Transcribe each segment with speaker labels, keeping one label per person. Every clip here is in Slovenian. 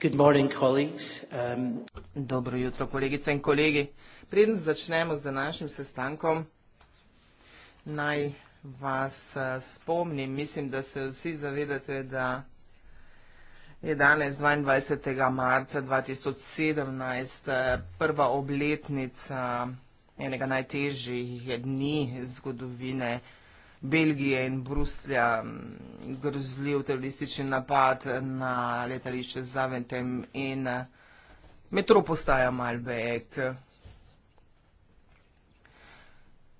Speaker 1: Good morning, colleagues. Um... Dobro jutro, kolegice in kolegi. Preden začnemo z današnjim sestankom, naj vas eh, spomnim, mislim, da se vsi zavedate, da je danes 22. marca 2017 eh, prva obletnica enega najtežjih dni zgodovine. Belgije in Bruslja grozljiv teroristični napad na letališče Zaventem in eh, metro postaja Malbek.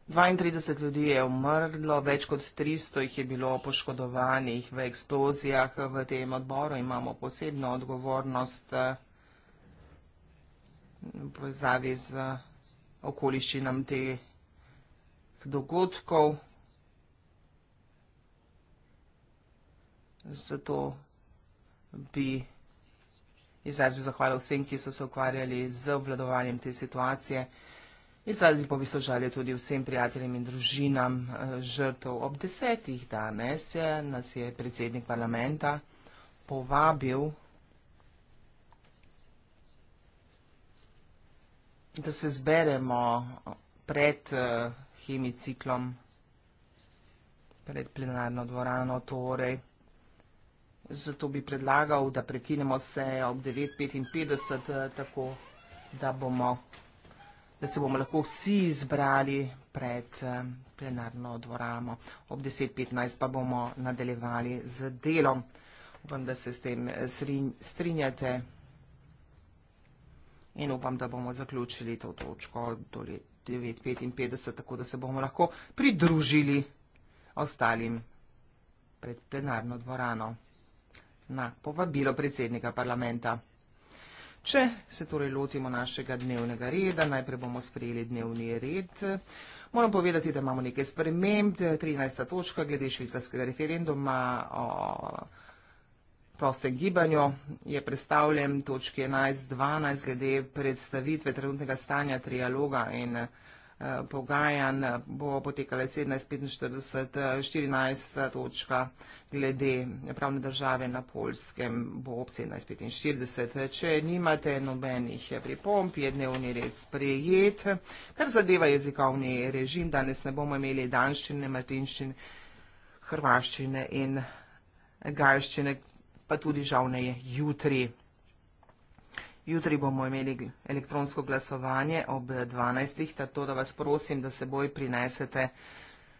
Speaker 1: 32 ljudi je umrlo, več kot 300 jih je bilo poškodovanih v eksplozijah. V tem odboru imamo posebno odgovornost eh, povezavi z okoliščinam teh dogodkov. zato bi izrazil zahvalo vsem, ki so se ukvarjali z obvladovanjem te situacije. Izrazil pa bi se žalje tudi vsem prijateljem in družinam eh, žrtev. Ob desetih danes je, nas je predsednik parlamenta povabil, da se zberemo pred eh, hemiciklom, pred plenarno dvorano, torej. Zato bi predlagal, da prekinemo sejo ob 9.55, eh, tako da, bomo, da se bomo lahko vsi izbrali pred eh, plenarno dvorano. Ob 10.15 pa bomo nadaljevali z delom. Upam, da se s tem eh, strinjate in upam, da bomo zaključili to točko do 9.55, tako da se bomo lahko pridružili ostalim pred plenarno dvorano na povabilo predsednika parlamenta. Če se torej lotimo našega dnevnega reda, najprej bomo sprejeli dnevni red. Moram povedati, da imamo nekaj sprememb. 13. točka glede švicarskega referenduma o prostem gibanju je predstavljen točki 11.12 glede predstavitve trenutnega stanja trialoga in Eh, pogajanj bo potekala 17.45-14. točka glede pravne države na Polskem bo ob 17.45. Če nimate nobenih pripomp, je dnevni red sprejet. Kar zadeva jezikovni režim, danes ne bomo imeli danščine, matinščine, hrvaščine in galščine, pa tudi žal ne je jutri. Jutri bomo imeli elektronsko glasovanje ob 12. Tato, da vas prosim, da seboj prinesete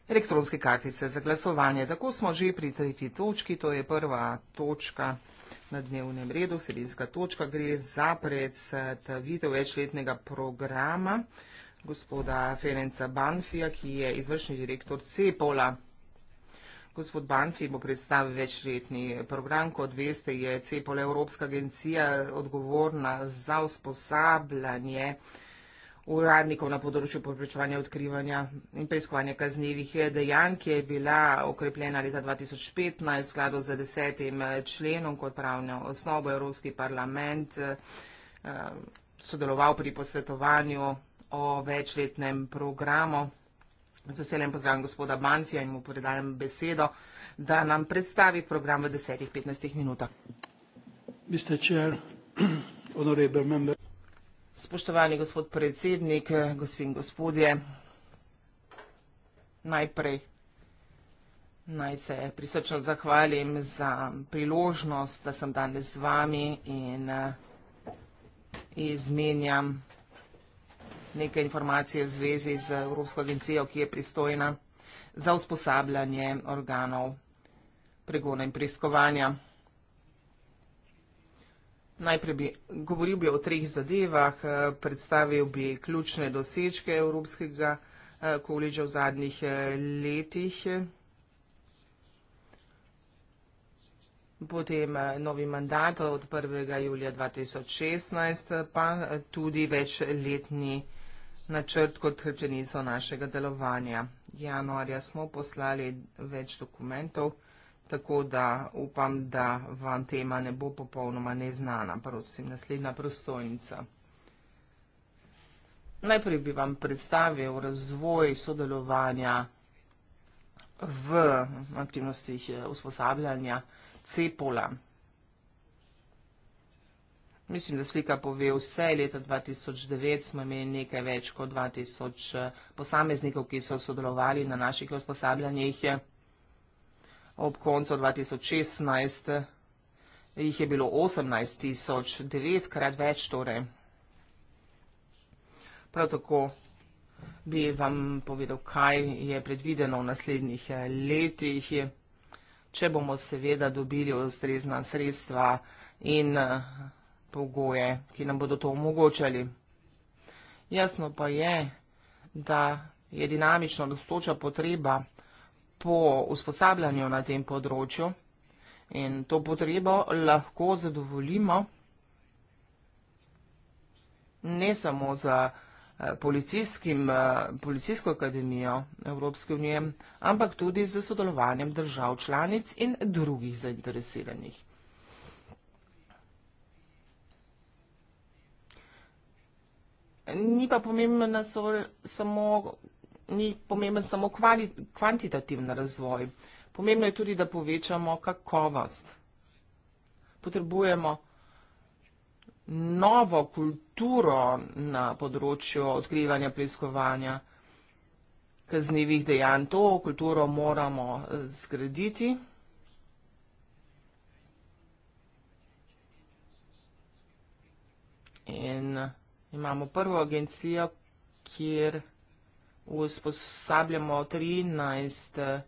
Speaker 1: elektronske kartice za glasovanje. Tako smo že pri tretji točki, to je prva točka na dnevnem redu, sebinska točka, gre za predstavitev večletnega programa gospoda Ferenca Banfija, ki je izvršni direktor Cepola. Gospod Banfi bo predstavil večletni program. Kot veste, je CEPOL Evropska agencija odgovorna za usposabljanje uradnikov na področju preprečevanja odkrivanja in preiskovanja kaznjivih dejanj, ki je bila okrepljena leta 2015 v skladu z desetim členom kot pravno osnovo Evropski parlament eh, sodeloval pri posvetovanju o večletnem programu Z veseljem pozdravljam gospoda Banfija in mu predajam besedo, da nam predstavi program v 10-15 minutah. Spoštovani gospod predsednik, gospodin gospodje, najprej naj se prisrčno zahvalim za priložnost, da sem danes z vami in eh, izmenjam neke informacije v zvezi z Evropsko agencijo, ki je pristojna za usposabljanje organov pregona in preiskovanja. Najprej bi govoril bi o treh zadevah, eh, predstavil bi ključne dosečke Evropskega eh, koledža v zadnjih eh, letih, potem novi mandat od 1. julija 2016, pa tudi večletni mandat načrt kot hrbtenico našega delovanja. Januarja smo poslali več dokumentov, tako da upam, da vam tema ne bo popolnoma neznana. Prosim, naslednja prostojnica. Najprej bi vam predstavil razvoj sodelovanja v aktivnostih usposabljanja CEPOLA. Mislim, da slika pove vse. Leta 2009 smo imeli nekaj več kot 2000 eh, posameznikov, ki so sodelovali na naših usposabljanjih. Ob koncu 2016 eh, jih je bilo 18 tisoč, devetkrat več torej. Prav tako bi vam povedal, kaj je predvideno v naslednjih eh, letih, če bomo seveda dobili ustrezna sredstva in pogoje, ki nam bodo to omogočali. Jasno pa je, da je dinamično dostoča potreba po usposabljanju na tem področju in to potrebo lahko zadovoljimo ne samo za eh, eh, policijsko akademijo Evropske unije, ampak tudi za sodelovanjem držav članic in drugih zainteresiranih. ni pa pomemben samo, ni pomemben samo kvali, kvantitativen razvoj. Pomembno je tudi, da povečamo kakovost. Potrebujemo novo kulturo na področju odkrivanja, preiskovanja kaznevih dejanj. To kulturo moramo eh, zgraditi. In uh, Imamo prvo agencijo, kjer usposabljamo 13 eh,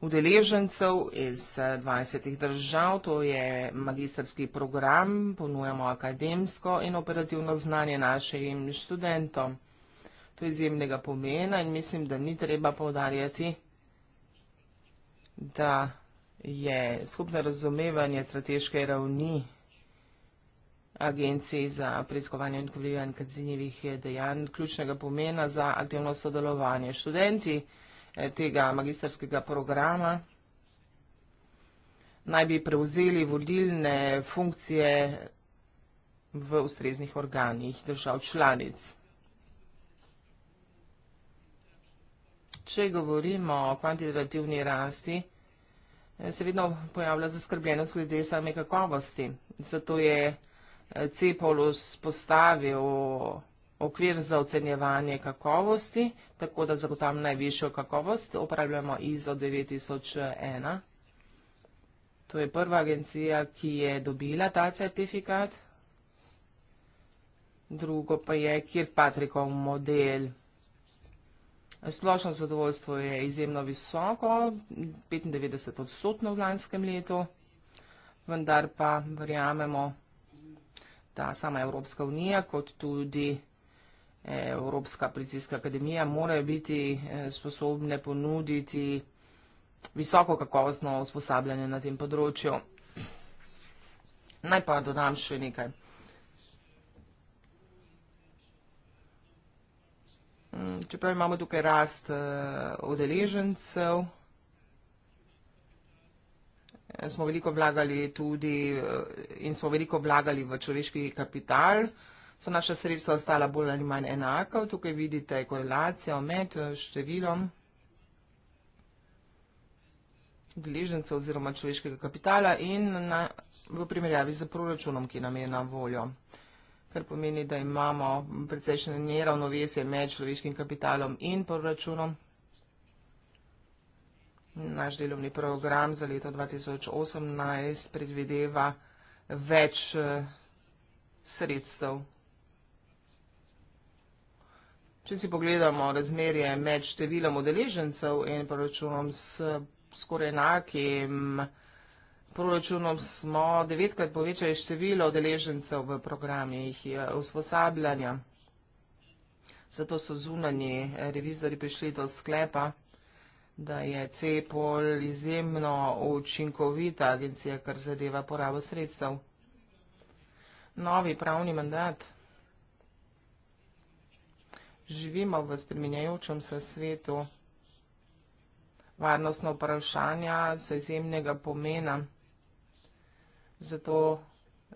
Speaker 1: udeležencev iz 20 eh, držav. To je magistrski program, ponujamo akademsko in operativno znanje našim študentom. To je izjemnega pomena in mislim, da ni treba povdarjati, da je skupne razumevanje strateške ravni vsega, Agenciji za preiskovanje in odkrivanje kaznjivih dejanj ključnega pomena za aktivno sodelovanje. Študenti eh, tega magistrskega programa naj bi prevzeli vodilne funkcije v ustreznih organih držav članic. Če govorimo o kvantitativni rasti, eh, se vedno pojavlja zaskrbljenost glede same kakovosti. Zato je Cepolus postavil okvir za ocenjevanje kakovosti, tako da zagotavljamo najvišjo kakovost. Upravljamo ISO 9001. To je prva agencija, ki je dobila ta certifikat. Drugo pa je Kirkpatrickov model. Splošno zadovoljstvo je izjemno visoko, 95 odstotno v lanskem letu, vendar pa verjamemo, da je ta sama Evropska unija, kot tudi eh, Evropska policijska akademija morajo biti eh, sposobne ponuditi visoko kakovostno usposabljanje na tem področju. Naj pa dodam še nekaj. Mm, čeprav imamo tukaj rast eh, udeležencev, uh, smo veliko vlagali tudi eh, in smo veliko vlagali v človeški kapital, so naša sredstva ostala bolj ali manj enaka. Tukaj vidite korelacijo med eh, številom gležnice oziroma človeškega kapitala in na, v primerjavi z proračunom, ki nam je na voljo. Kar pomeni, da imamo precejšnje neravnovesje med človeškim kapitalom in proračunom. Naš delovni program za leto 2018 predvideva več eh, sredstev. Če si pogledamo razmerje med številom udeležencev in proračunom s skoraj enakim proračunom, smo devetkrat povečali število udeležencev v programih eh, usposabljanja. Zato so zunani revizori prišli do sklepa, da je CEPOL izjemno učinkovita agencija, kar zadeva porabo sredstev. Novi pravni mandat. Živimo v spremenjajočem se svetu. Varnostno vprašanja so izjemnega pomena. Zato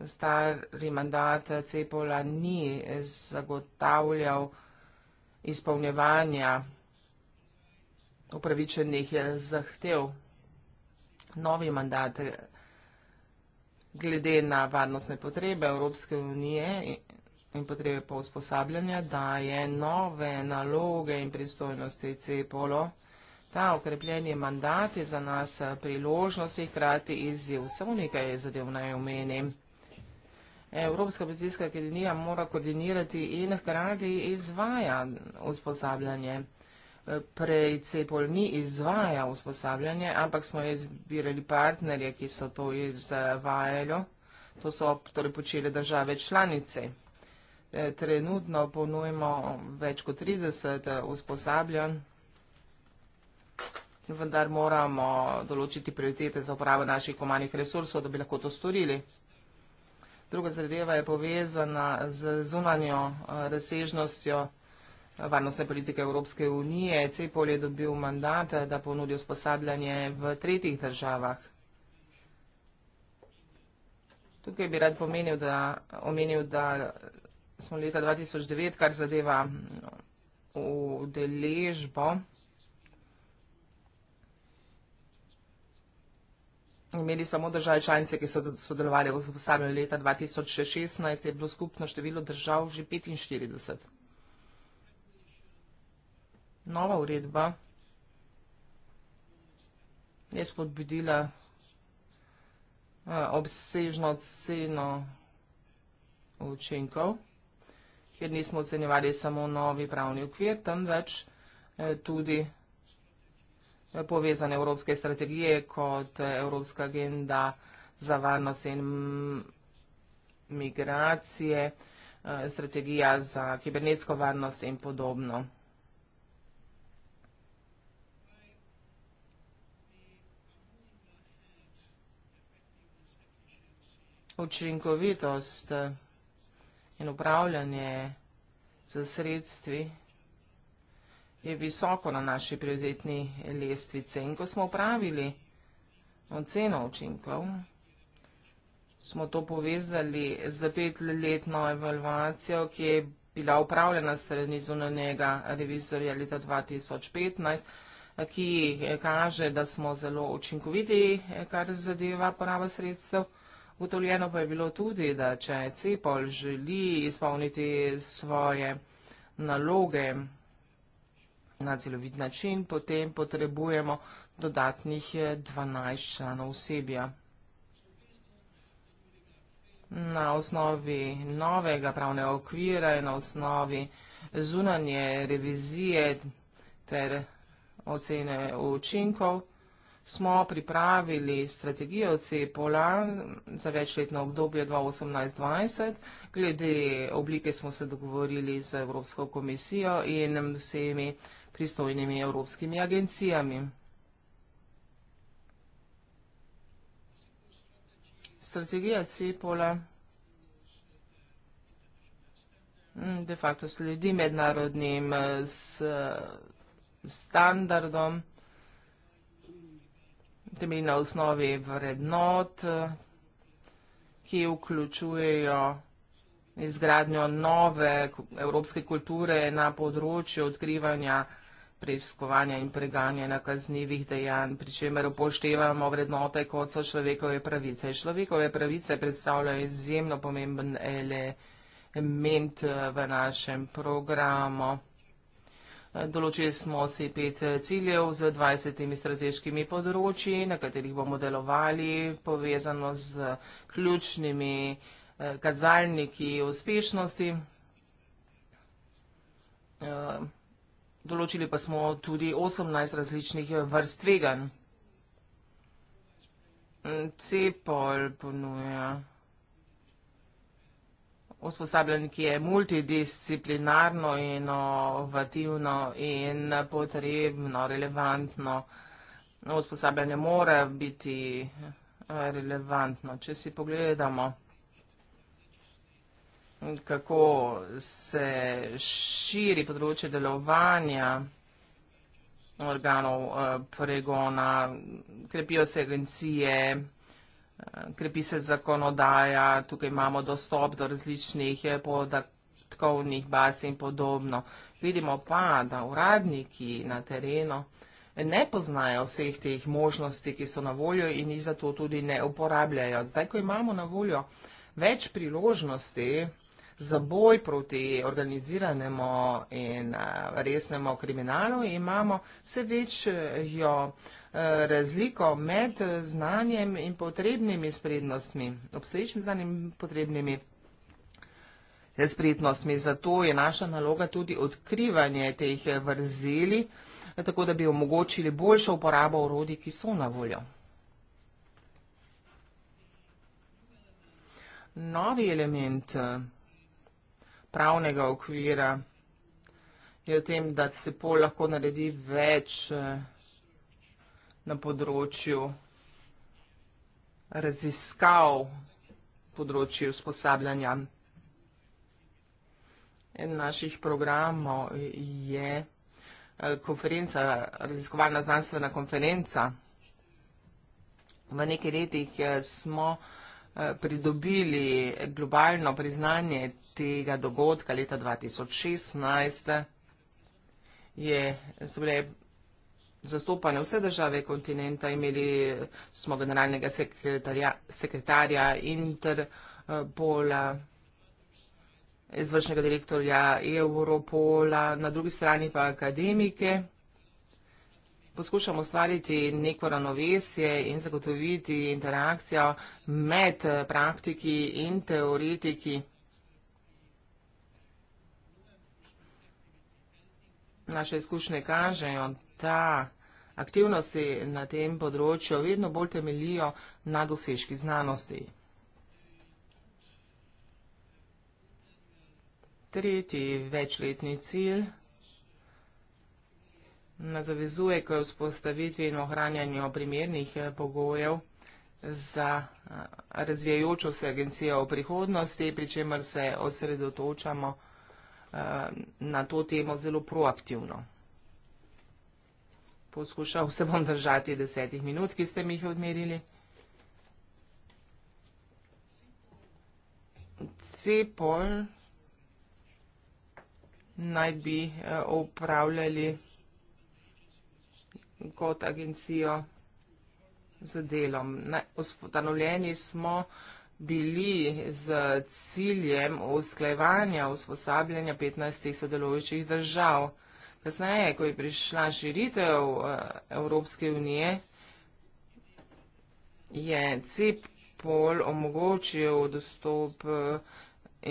Speaker 1: stari mandat CEPOL-a ni zagotavljal izpolnjevanja upravičenih eh, zahtev novi mandat eh, glede na varnostne potrebe Evropske unije in potrebe po usposabljanju, da je nove naloge in pristojnosti CEPOL-o. Ta okrepljeni mandat je za nas eh, priložnost in hkrati izziv. Samo nekaj zadev naj omenim. Evropska policijska akademija mora koordinirati in hkrati izvaja usposabljanje prej Cepol ni izvajal usposabljanje, ampak smo izbirali partnerje, ki so to izvajali. To so torej počeli države članice. E, trenutno ponujemo več kot 30 e, usposabljanj, vendar moramo določiti prioritete za upravo naših komanih resursov, da bi lahko to storili. Druga zadeva je povezana z zunanjo e, razsežnostjo, varnostne politike Evropske unije. Cepol je dobil mandat, da ponudi usposabljanje v tretjih državah. Tukaj bi rad pomenil, da, omenil, da smo leta 2009, kar zadeva udeležbo, imeli samo države članice, ki so sodelovali v usposabljanju leta 2016, je bilo skupno število držav že 45 nova uredba je spodbudila eh, obsežno ceno učinkov, kjer nismo ocenjevali samo novi pravni okvir, temveč eh, tudi eh, povezane evropske strategije kot Evropska agenda za varnost in migracije, strategija za kibernetsko varnost in podobno. učinkovitost in upravljanje z sredstvi je visoko na naši prioritetni lestvici. In ko smo upravili oceno učinkov, smo to povezali z petletno evalvacijo, ki je bila upravljena strani zunanjega revizorja leta 2015, ki kaže, da smo zelo učinkoviti, kar zadeva poraba sredstev. Ugotovljeno pa je bilo tudi, da če Cepol želi izpolniti svoje naloge na celovit način, potem potrebujemo dodatnih 12 eh, članov osebja. Na osnovi novega pravnega okvira in na osnovi zunanje revizije ter ocene učinkov, smo pripravili strategijo CEPOLA za večletno obdobje 2018-2020. Glede oblike smo se dogovorili z Evropsko komisijo in vsemi pristojnimi evropskimi agencijami. Strategija CEPOLA mm, de facto sledi mednarodnim standardom, temelji na osnovi vrednot, ki vključujejo izgradnjo nove evropske kulture na področju odkrivanja preiskovanja in preganjanja kaznjivih dejanj, pri čemer upoštevamo vrednote, kot so človekove pravice. Človekove pravice predstavljajo izjemno pomemben element v našem programu. Določili smo si pet eh, ciljev z 20 strateškimi področji, na katerih bomo delovali povezano z ključnimi eh, kazalniki uspešnosti. Eh, določili pa smo tudi 18 različnih vrst tveganj. Mm, Cepol ponuja usposabljanje, ki je multidisciplinarno, inovativno in potrebno, relevantno. Usposabljanje mora biti eh, relevantno. Če si pogledamo, kako se širi področje delovanja organov eh, pregona, krepijo se agencije, krepi se zakonodaja, tukaj imamo dostop do različnih eh, podatkovnih baz in podobno. Vidimo pa, da uradniki na terenu ne poznajo vseh teh možnosti, ki so na voljo in jih zato tudi ne uporabljajo. Zdaj, ko imamo na voljo več priložnosti za boj proti organiziranemu in eh, resnemu kriminalu, imamo vse večjo Eh, razliko med znanjem in potrebnimi sprednostmi, obstoječim znanjem in potrebnimi eh, sprednostmi. Zato je naša naloga tudi odkrivanje teh eh, vrzeli, tako da bi omogočili boljšo uporabo orodij, ki so na voljo. Novi element pravnega okvira je v tem, da CEPOL lahko naredi več na področju raziskav, področju usposabljanja. En naših programov je eh, konferenca, raziskovalna znanstvena konferenca. V nekaj letih eh, smo eh, pridobili globalno priznanje tega dogodka leta 2016. Je, so bile zastopane vse države kontinenta, imeli eh, smo generalnega sekretarja Interpola, izvršnega direktorja Europola, na drugi strani pa akademike. Poskušamo ustvariti neko ravnovesje in zagotoviti interakcijo med eh, praktiki in teoretiki. Naše izkušnje kažejo, ta aktivnosti na tem področju vedno bolj temeljijo na dosežki znanosti. Tretji večletni cilj nas zavezuje k vzpostavitvi in ohranjanju primernih eh, pogojev za eh, razvijajočo se agencijo v prihodnosti, pri čemer se osredotočamo eh, na to temo zelo proaktivno poskušal se bom držati desetih minut, ki ste mi jih odmerili. Cepol naj bi eh, upravljali kot agencijo z delom. Ustanovljeni smo bili z ciljem usklajevanja, usposabljanja 15 sodelujočih držav. Kasneje, ko je prišla širitev eh, Evropske unije, je CEPOL omogočil dostop eh,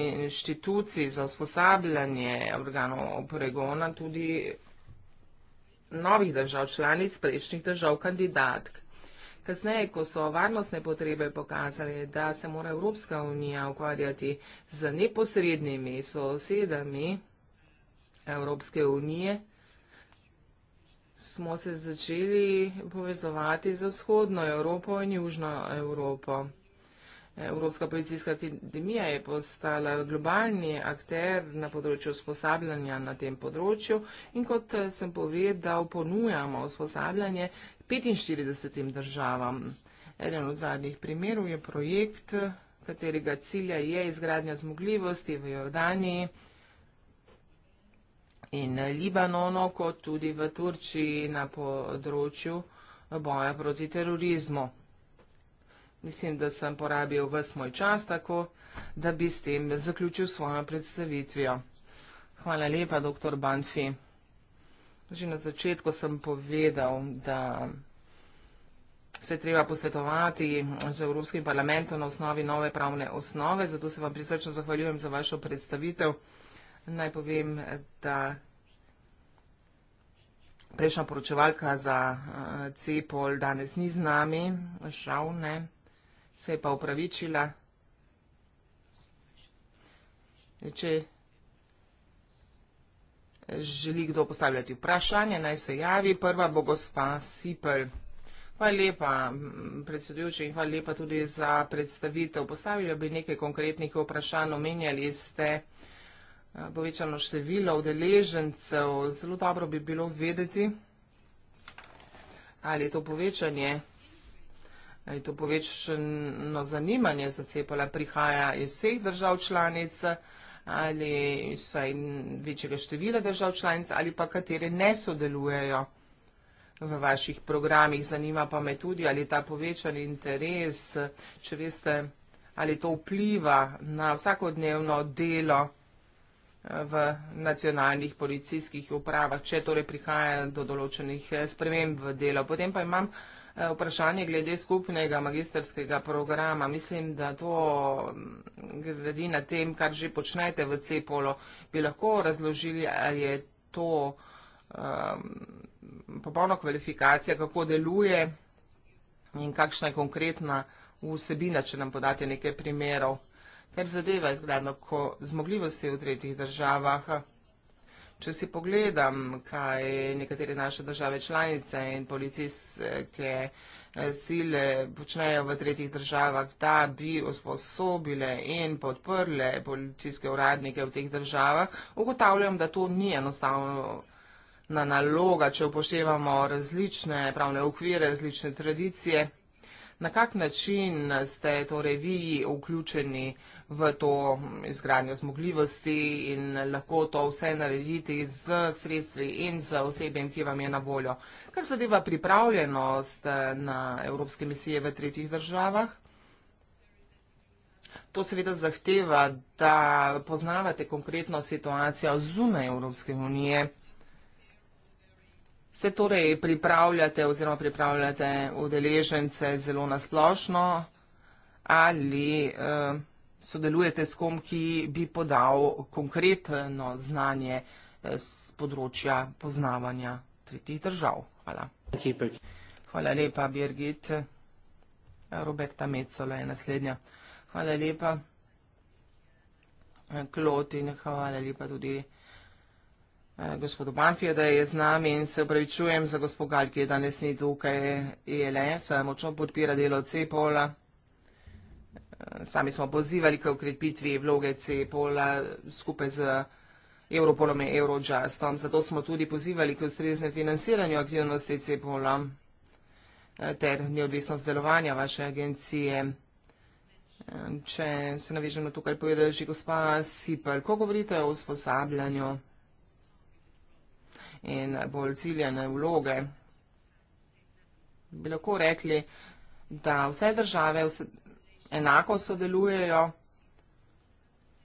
Speaker 1: inštitucij za usposabljanje organov pregona tudi novih držav, članic prejšnjih držav, kandidatk. Kasneje, ko so varnostne potrebe pokazali, da se mora Evropska unija ukvarjati z neposrednimi sosedami, Evropske unije, smo se začeli povezovati z vzhodno Evropo in južno Evropo. Evropska policijska akademija je postala globalni akter na področju usposabljanja na tem področju in kot eh, sem povedal, ponujamo usposabljanje 45 državam. Eden od zadnjih primerov je projekt, katerega cilja je izgradnja zmogljivosti v Jordaniji in Libanonu, kot tudi v Turčiji na področju boja proti terorizmu. Mislim, da sem porabil vse moj čas tako, da bi s tem zaključil svojo predstavitvijo. Hvala lepa, dr. Banfi. Že na začetku sem povedal, da se treba posvetovati z Evropskim parlamentom na osnovi nove pravne osnove, zato se vam prisrčno zahvaljujem za vašo predstavitev naj povem, da prejšnja poročevalka za eh, Cepol danes ni z nami, žal ne, se je pa upravičila. Če želi kdo postavljati vprašanje, naj se javi. Prva bo gospa Sipel. Hvala lepa, predsedujoči, in hvala lepa tudi za predstavitev. Postavili bi nekaj konkretnih vprašanj, omenjali ste. Eh, povečano število udeležencev. Zelo dobro bi bilo vedeti, ali je to povečanje, ali je to povečano zanimanje za cepola prihaja iz vseh držav članic, ali vsaj večjega števila držav članic, ali pa katere ne sodelujejo v vaših programih. Zanima pa me tudi, ali je ta povečan interes, če veste, ali to vpliva na vsakodnevno delo, v nacionalnih policijskih upravah, če torej prihaja do določenih eh, sprememb v delo. Potem pa imam eh, vprašanje glede skupnega magisterskega programa. Mislim, da to mm, gradi na tem, kar že počnete v CEPOLO. Bi lahko razložili, ali je to um, popolna kvalifikacija, kako deluje in kakšna je konkretna vsebina, če nam podate nekaj primerov kar zadeva izgradno zmogljivosti v tretjih državah. Če si pogledam, kaj nekatere naše države članice in policijske eh, sile počnejo v tretjih državah, da bi osposobile in podprle policijske uradnike v teh državah, ugotavljam, da to ni enostavna naloga, če upoštevamo različne pravne okvire, različne tradicije. Na kak način ste torej vi vključeni v to izgradnjo zmogljivosti in lahko to vse narediti z sredstvi in z osebjem, ki vam je na voljo. Kar zadeva pripravljenost eh, na evropske misije v tretjih državah, to seveda zahteva, da poznavate konkretno situacijo zunaj Evropske unije. Se torej pripravljate oziroma pripravljate udeležence zelo nasplošno ali eh, sodelujete s kom, ki bi podal konkretno znanje z eh, področja poznavanja tretjih držav. Hvala. Hvala lepa, Birgit. Roberta Mecola je naslednja. Hvala lepa, eh, Klot in hvala lepa tudi eh, gospodu Banfiju, da je z nami in se upravičujem za gospod Gal, ki je danes ni tukaj ILS, e močno podpira delo CEPOL-a sami smo pozivali k ukrepitvi vloge CEPOL-a skupaj z Europolom in Eurojustom. Zato smo tudi pozivali k ustreznem financiranju aktivnosti CEPOL-a eh, ter neodvisnost delovanja vaše agencije. Eh, če se navežem na to, kar povedal že gospa Sipel, ko govorite o usposabljanju in bolj ciljene vloge, bi lahko rekli, da vse države enako sodelujejo?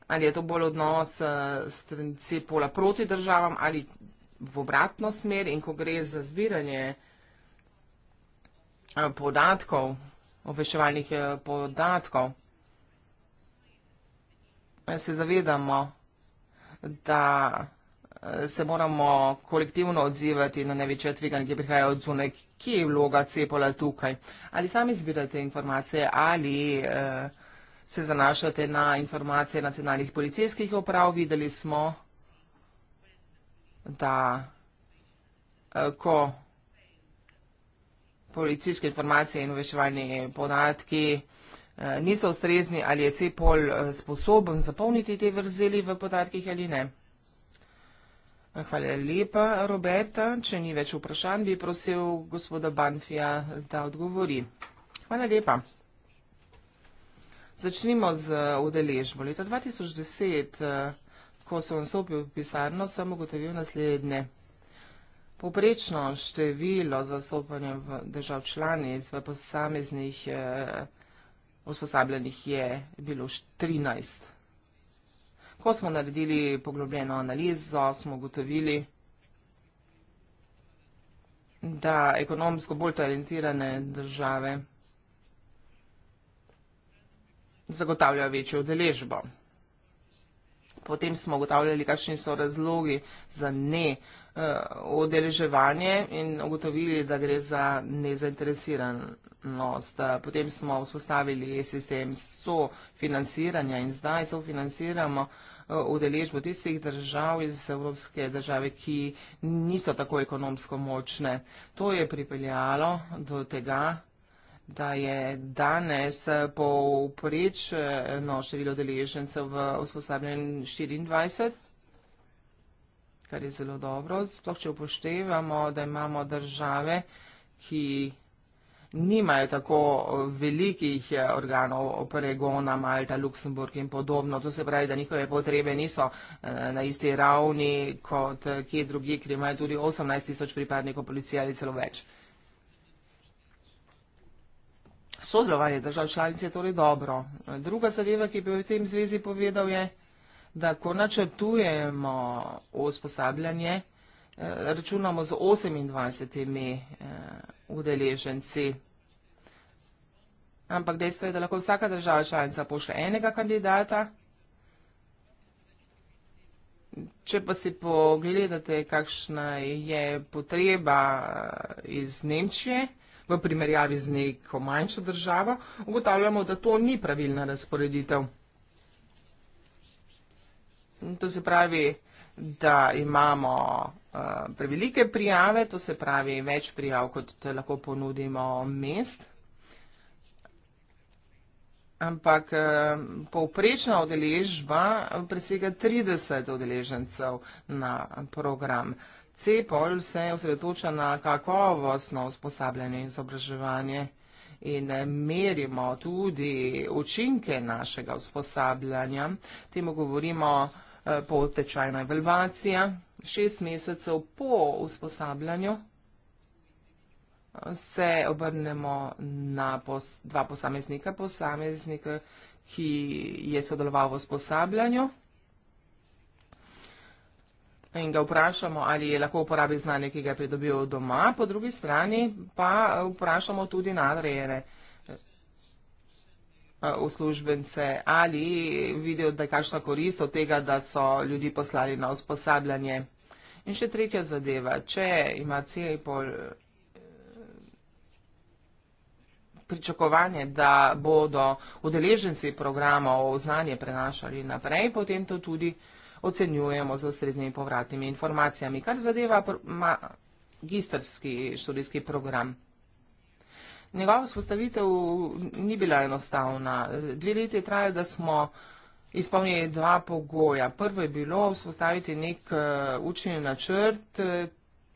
Speaker 1: Ali je to bolj odnos eh, stranice pola proti državam ali v obratno smer in ko gre za zbiranje eh, podatkov, obveščevalnih eh, podatkov, se zavedamo, da se moramo kolektivno odzivati na največje tveganje, ki prihajajo od zunaj. Kje je vloga cepola tukaj? Ali sami zbirate informacije ali eh, se zanašate na informacije nacionalnih policijskih uprav? Videli smo, da eh, ko policijske informacije in uveševalni podatki eh, niso ustrezni, ali je cepol eh, sposoben zapolniti te vrzeli v podatkih ali ne. Hvala lepa, Roberta. Če ni več vprašanj, bi prosil gospoda Banfija, da odgovori. Hvala lepa. Začnimo z udeležbo. Leta 2010, eh, ko sem vstopil v pisarno, sem ugotovil naslednje. Poprečno število zastopanja v držav članic v posameznih eh, usposabljanjih je bilo 13. Ko smo naredili poglobljeno analizo, smo ugotovili, da ekonomsko bolj talentirane države zagotavljajo večjo udeležbo. Potem smo ugotavljali, kakšni so razlogi za ne uh, eh, odeleževanje in ugotovili, da gre za nezainteresiranost. Potem smo vzpostavili sistem sofinanciranja in zdaj sofinanciramo uh, Eh, udeležbo tistih držav iz Evropske države, ki niso tako ekonomsko močne. To je pripeljalo do tega, da je danes povprečno število deležencev v usposabljanju 24 kar je zelo dobro, sploh če upoštevamo, da imamo države, ki nimajo tako eh, velikih eh, organov pregona, Malta, Luksemburg in podobno. To se pravi, da njihove potrebe niso eh, na isti ravni kot kje drugi, ker imajo tudi 18 tisoč pripadnikov policije ali celo več. Sodelovanje držav članic je torej dobro. Druga zadeva, ki bi v tem zvezi povedal, je, da ko načrtujemo usposabljanje, računamo z 28 udeleženci ampak dejstvo je, da lahko vsaka država članica pošlje enega kandidata. Če pa si pogledate, kakšna je potreba eh, iz Nemčije v primerjavi z neko manjšo državo, ugotavljamo, da to ni pravilna razporeditev. To se pravi, da imamo uh, prevelike prijave, to se pravi več prijav, kot lahko ponudimo mest ampak eh, povprečna odeležba presega 30 odeležencev na program. CEPOL se osredotoča na kakovostno usposabljanje in izobraževanje in eh, merimo tudi učinke našega usposabljanja. Temu govorimo eh, po tečajna evalvacija, šest mesecev po usposabljanju se obrnemo na pos, dva posameznika, posameznika, ki je sodeloval v usposabljanju in ga vprašamo, ali je lahko uporabil znanje, ki ga je pridobil doma, po drugi strani pa vprašamo tudi nadrejene eh, uslužbence, ali vidijo, da je kakšna korist od tega, da so ljudi poslali na usposabljanje. In še tretja zadeva, če ima CEPOL pričakovanje, da bodo udeleženci programov znanje prenašali naprej, potem to tudi ocenjujemo z ustreznimi povratnimi informacijami, kar zadeva magisterski študijski program. Njegova spostavitev ni bila enostavna. Dve leti trajajo, da smo izpolnili dva pogoja. Prvo je bilo vzpostaviti nek eh, učni načrt,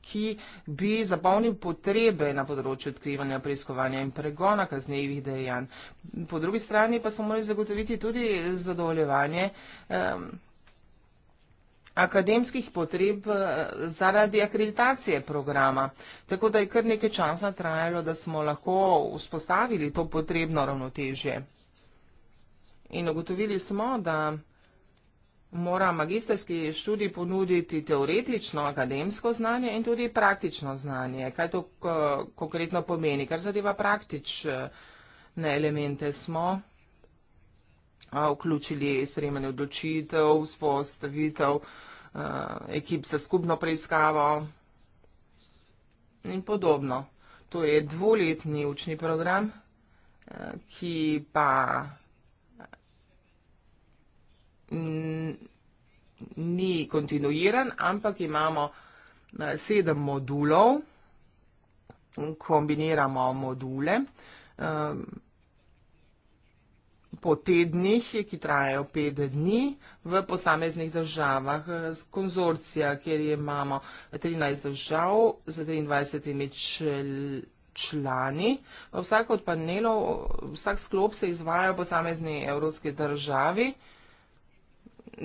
Speaker 1: ki bi zapolnil potrebe na področju odkrivanja, preiskovanja in pregona kaznevih dejanj. Po drugi strani pa smo morali zagotoviti tudi zadovoljevanje um, akademskih potreb eh, zaradi akreditacije programa. Tako da je kar nekaj časa trajalo, da smo lahko vzpostavili to potrebno ravnotežje. In ugotovili smo, da mora magistrski študij ponuditi teoretično, akademsko znanje in tudi praktično znanje. Kaj to konkretno pomeni, kar zadeva praktične elemente smo? vključili sprejemanje odločitev, vzpostavitev ekip za skupno preiskavo in podobno. To je dvoletni učni program, ki pa ni kontinuiran, ampak imamo eh, sedem modulov, kombiniramo module eh, po tednih, ki trajajo pet dni v posameznih državah. Eh, konzorcija, kjer imamo 13 držav z 23 člani. Vsak od panelov, vsak sklop se izvaja v posamezni evropski državi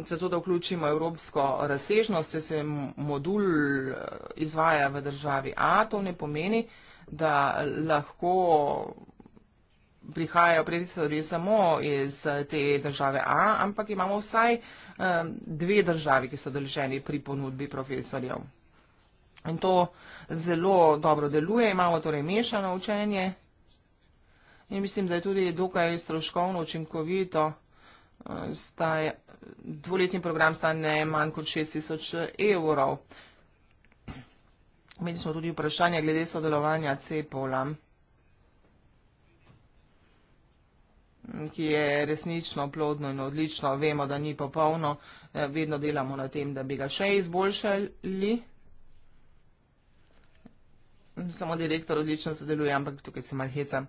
Speaker 1: zato da vključimo evropsko razsežnost, se, se modul eh, izvaja v državi A, to ne pomeni, da lahko prihajajo profesori samo iz eh, te države A, ampak imamo vsaj eh, dve državi, ki so deleženi pri ponudbi profesorjev. In to zelo dobro deluje, imamo torej mešano učenje in mislim, da je tudi dokaj stroškovno učinkovito. Zdaj, dvoletni program stane manj kot 6000 evrov. Imeli smo tudi vprašanje glede sodelovanja Cepola, ki je resnično plodno in odlično. Vemo, da ni popolno, eh, vedno delamo na tem, da bi ga še izboljšali. Samo direktor odlično sodeluje, ampak tukaj se malo hecam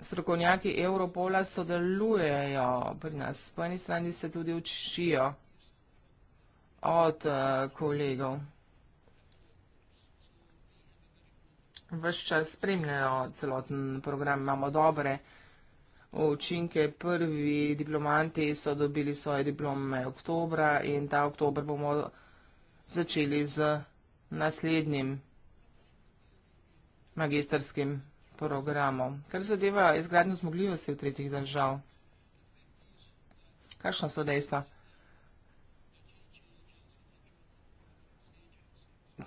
Speaker 1: strokovnjaki Europola sodelujejo pri nas. Po eni strani se tudi učijo od uh, kolegov. Ves čas spremljajo celoten program, imamo dobre učinke. Prvi diplomanti so dobili svoje diplome oktobra in ta oktober bomo začeli z naslednjim magistrskim programov. Kar zadeva izgradnjo zmogljivosti v tretjih držav, kakšna so dejstva?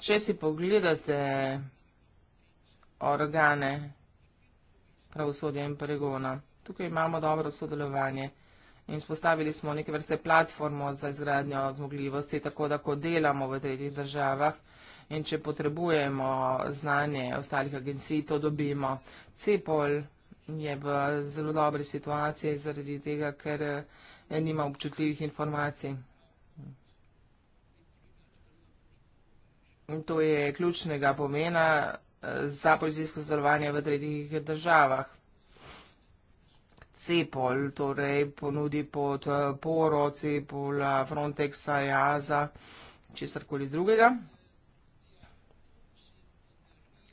Speaker 1: Če si pogledate organe pravosodja in pregona, tukaj imamo dobro sodelovanje in spostavili smo neke vrste platformo za izgradnjo zmogljivosti, tako da ko delamo v tretjih državah, in če potrebujemo znanje ostalih agencij, to dobimo. Cepol je v zelo dobri situaciji zaradi tega, ker eh, nima občutljivih informacij. To je ključnega pomena eh, za policijsko zdravljanje v tretjih državah. Cepol torej ponudi pod poro Cepola, Frontexa, Jaza, česarkoli drugega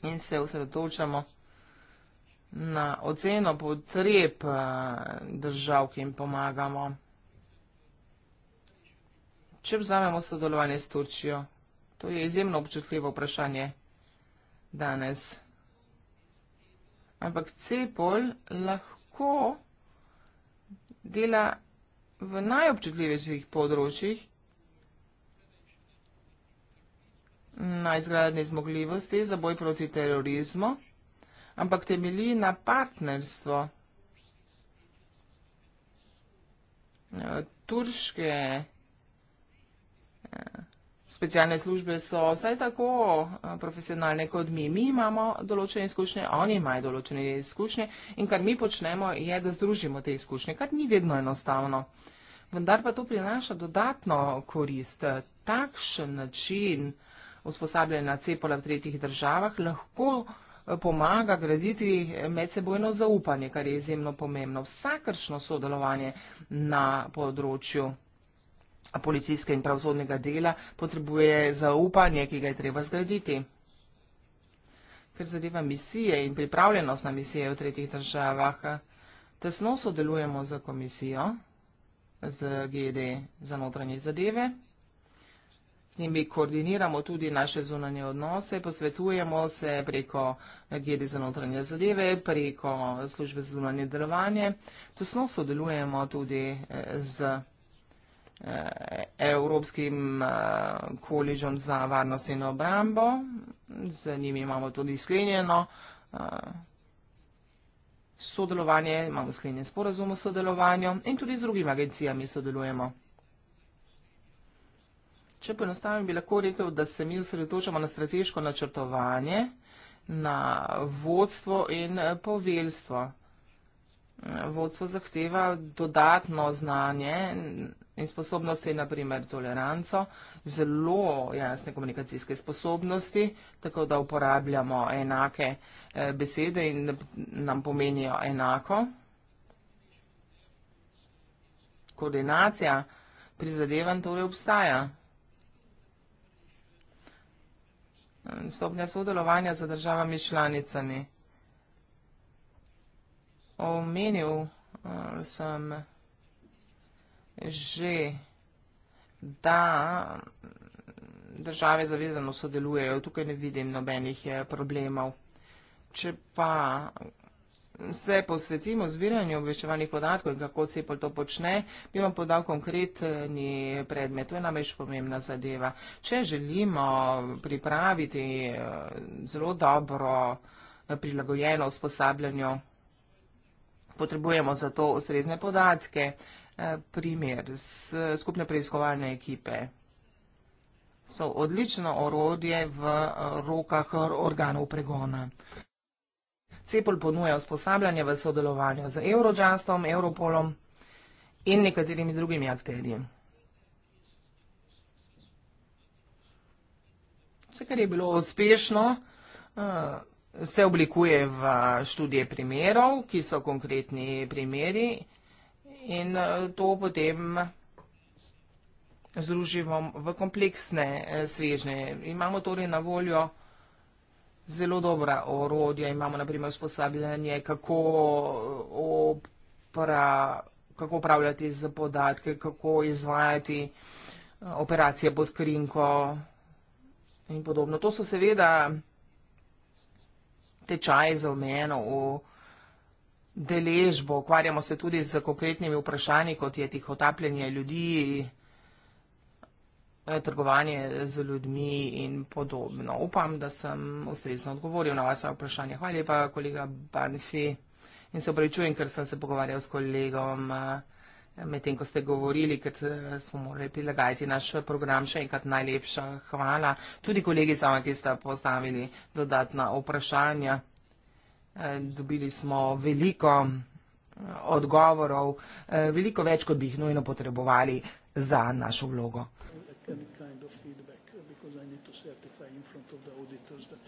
Speaker 1: in se osredotočamo na oceno potreb eh, držav, ki jim pomagamo. Če vzamemo sodelovanje s Turčijo, to je izjemno občutljivo vprašanje danes. Ampak Cepol lahko dela v najobčutljivejših področjih na izgradnje zmogljivosti za boj proti terorizmu, ampak temelji na partnerstvo. E, turške e, specialne službe so vsaj tako e, profesionalne kot mi. Mi imamo določene izkušnje, oni imajo določene izkušnje in kar mi počnemo je, da združimo te izkušnje, kar ni vedno enostavno. Vendar pa to prinaša dodatno korist. Takšen način, usposabljena cepola v tretjih državah, lahko eh, pomaga graditi medsebojno zaupanje, kar je izjemno pomembno. Vsakršno sodelovanje na področju policijske in pravzodnega dela potrebuje zaupanje, ki ga je treba zgraditi. Ker zadeva misije in pripravljenost na misije v tretjih državah, tesno sodelujemo z komisijo, z GED, za notranje zadeve z njimi koordiniramo tudi naše zunanje odnose, posvetujemo se preko GED za notranje zadeve, preko službe za zunanje delovanje. Tosno sodelujemo tudi eh, z eh, Evropskim eh, koližom za varnost in obrambo. Z njimi imamo tudi sklenjeno sodelovanje, imamo sklenjen sporazum o sodelovanju in tudi z drugimi agencijami sodelujemo. Če poenostavim, bi lahko rekel, da se mi osredotočamo na strateško načrtovanje, na vodstvo in eh, poveljstvo. Eh, vodstvo zahteva dodatno znanje in sposobnosti, naprimer toleranco, zelo jasne komunikacijske sposobnosti, tako da uporabljamo enake eh, besede in nam pomenijo enako. Koordinacija prizadevanj torej obstaja. stopnja sodelovanja za državami članicami. Omenil eh, sem že, da države zavezano sodelujejo, tukaj ne vidim nobenih eh, problemov. Če pa se posvetimo zbiranju obveščevalnih podatkov in kako CEPOL to počne, bi vam podal konkretni predmet. To je namreč pomembna zadeva. Če želimo pripraviti eh, zelo dobro eh, prilagojeno usposabljanje, potrebujemo za to ustrezne podatke. Eh, primer skupne preiskovalne ekipe so odlično orodje v rokah organov pregona. Cepol ponuja usposabljanje v sodelovanju z Eurojustom, Europolom in nekaterimi drugimi akterji. Vse, kar je bilo uspešno, eh, se oblikuje v študije primerov, ki so konkretni primeri in eh, to potem združimo v kompleksne eh, svežne. Imamo torej na voljo vsega, zelo dobra orodja. Imamo naprimer usposabljanje, kako, opra, kako upravljati z podatke, kako izvajati eh, operacije pod krinko in podobno. To so seveda tečaje za omejeno v deležbo. Ukvarjamo se tudi z konkretnimi vprašanji, kot je tih otapljanje ljudi, Eh, trgovanje z ljudmi in podobno. Upam, da sem ustrezno odgovoril na vaše vprašanje. Hvala lepa, kolega Banfi. In se opravičujem, ker sem se pogovarjal s kolegom eh, medtem, ko ste govorili, ker smo morali prilagajati naš program. Še enkrat najlepša hvala. Tudi kolegi sama, ki ste postavili dodatna vprašanja. Eh, dobili smo veliko odgovorov, veliko več, kot bi jih nujno potrebovali za našo vlogo
Speaker 2: any kind of feedback uh, because I need to certify in front of the auditors that.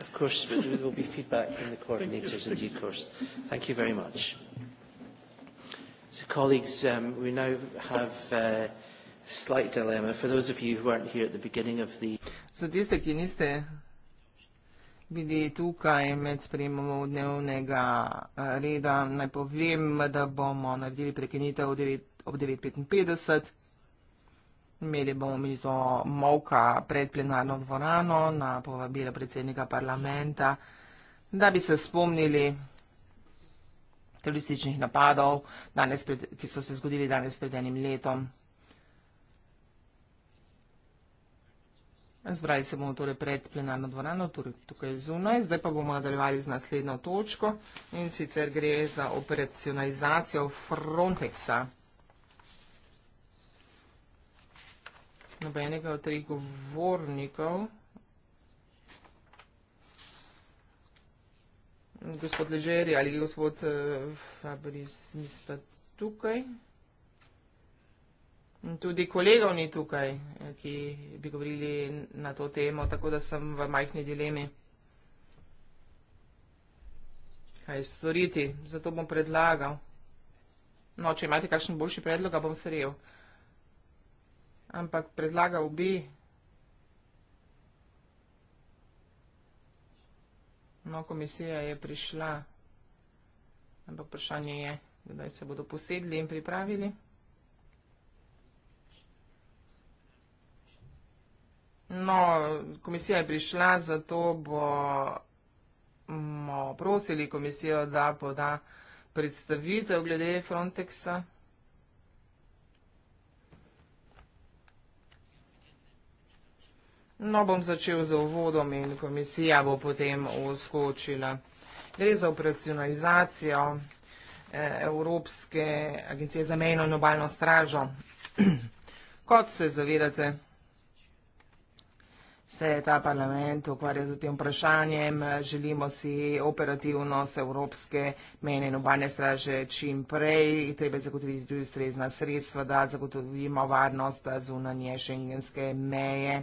Speaker 1: Of course,
Speaker 3: but there will be feedback from the coordinators in due course. Thank you very much. So, colleagues, um, we now have. Uh, Slight dilemma for those of you who weren't here at the beginning of the.
Speaker 1: Zdaj ste, ki niste bili tukaj med spremom dnevnega uh, reda, naj povem, da bomo naredili prekinitev ob 9.55. Imeli bomo mizo Movka pred plenarno dvorano na povabilo predsednika parlamenta, da bi se spomnili terorističnih napadov, pred, ki so se zgodili danes pred enim letom. Zbrali se bomo torej pred plenarno dvorano, torej tukaj zunaj. Zdaj pa bomo nadaljevali z naslednjo točko in sicer gre za operacionalizacijo Frontexa. nobenega od treh govornikov. Gospod Ležeri ali gospod eh, Fabris nista tukaj. Tudi kolegov ni tukaj, eh, ki bi govorili na to temo, tako da sem v majhni dilemi. Kaj storiti? Zato bom predlagal. No, če imate kakšen boljši predlog, ga bom srejal ampak predlaga obi. No, komisija je prišla, ampak vprašanje je, kdaj se bodo posedli in pripravili. No, komisija je prišla, zato bomo prosili komisijo, da poda predstavitev glede Frontexa. No, bom začel z uvodom in komisija bo potem uskočila. Gre za operacionalizacijo eh, Evropske agencije za mejno in obaljno stražo. Kot se zavedate, se je ta parlament ukvarja z tem vprašanjem. Želimo si operativnost Evropske mejne in obaljne straže čim prej. Treba zagotoviti tudi ustrezna sredstva, da zagotovimo varnost zunanje šengenske meje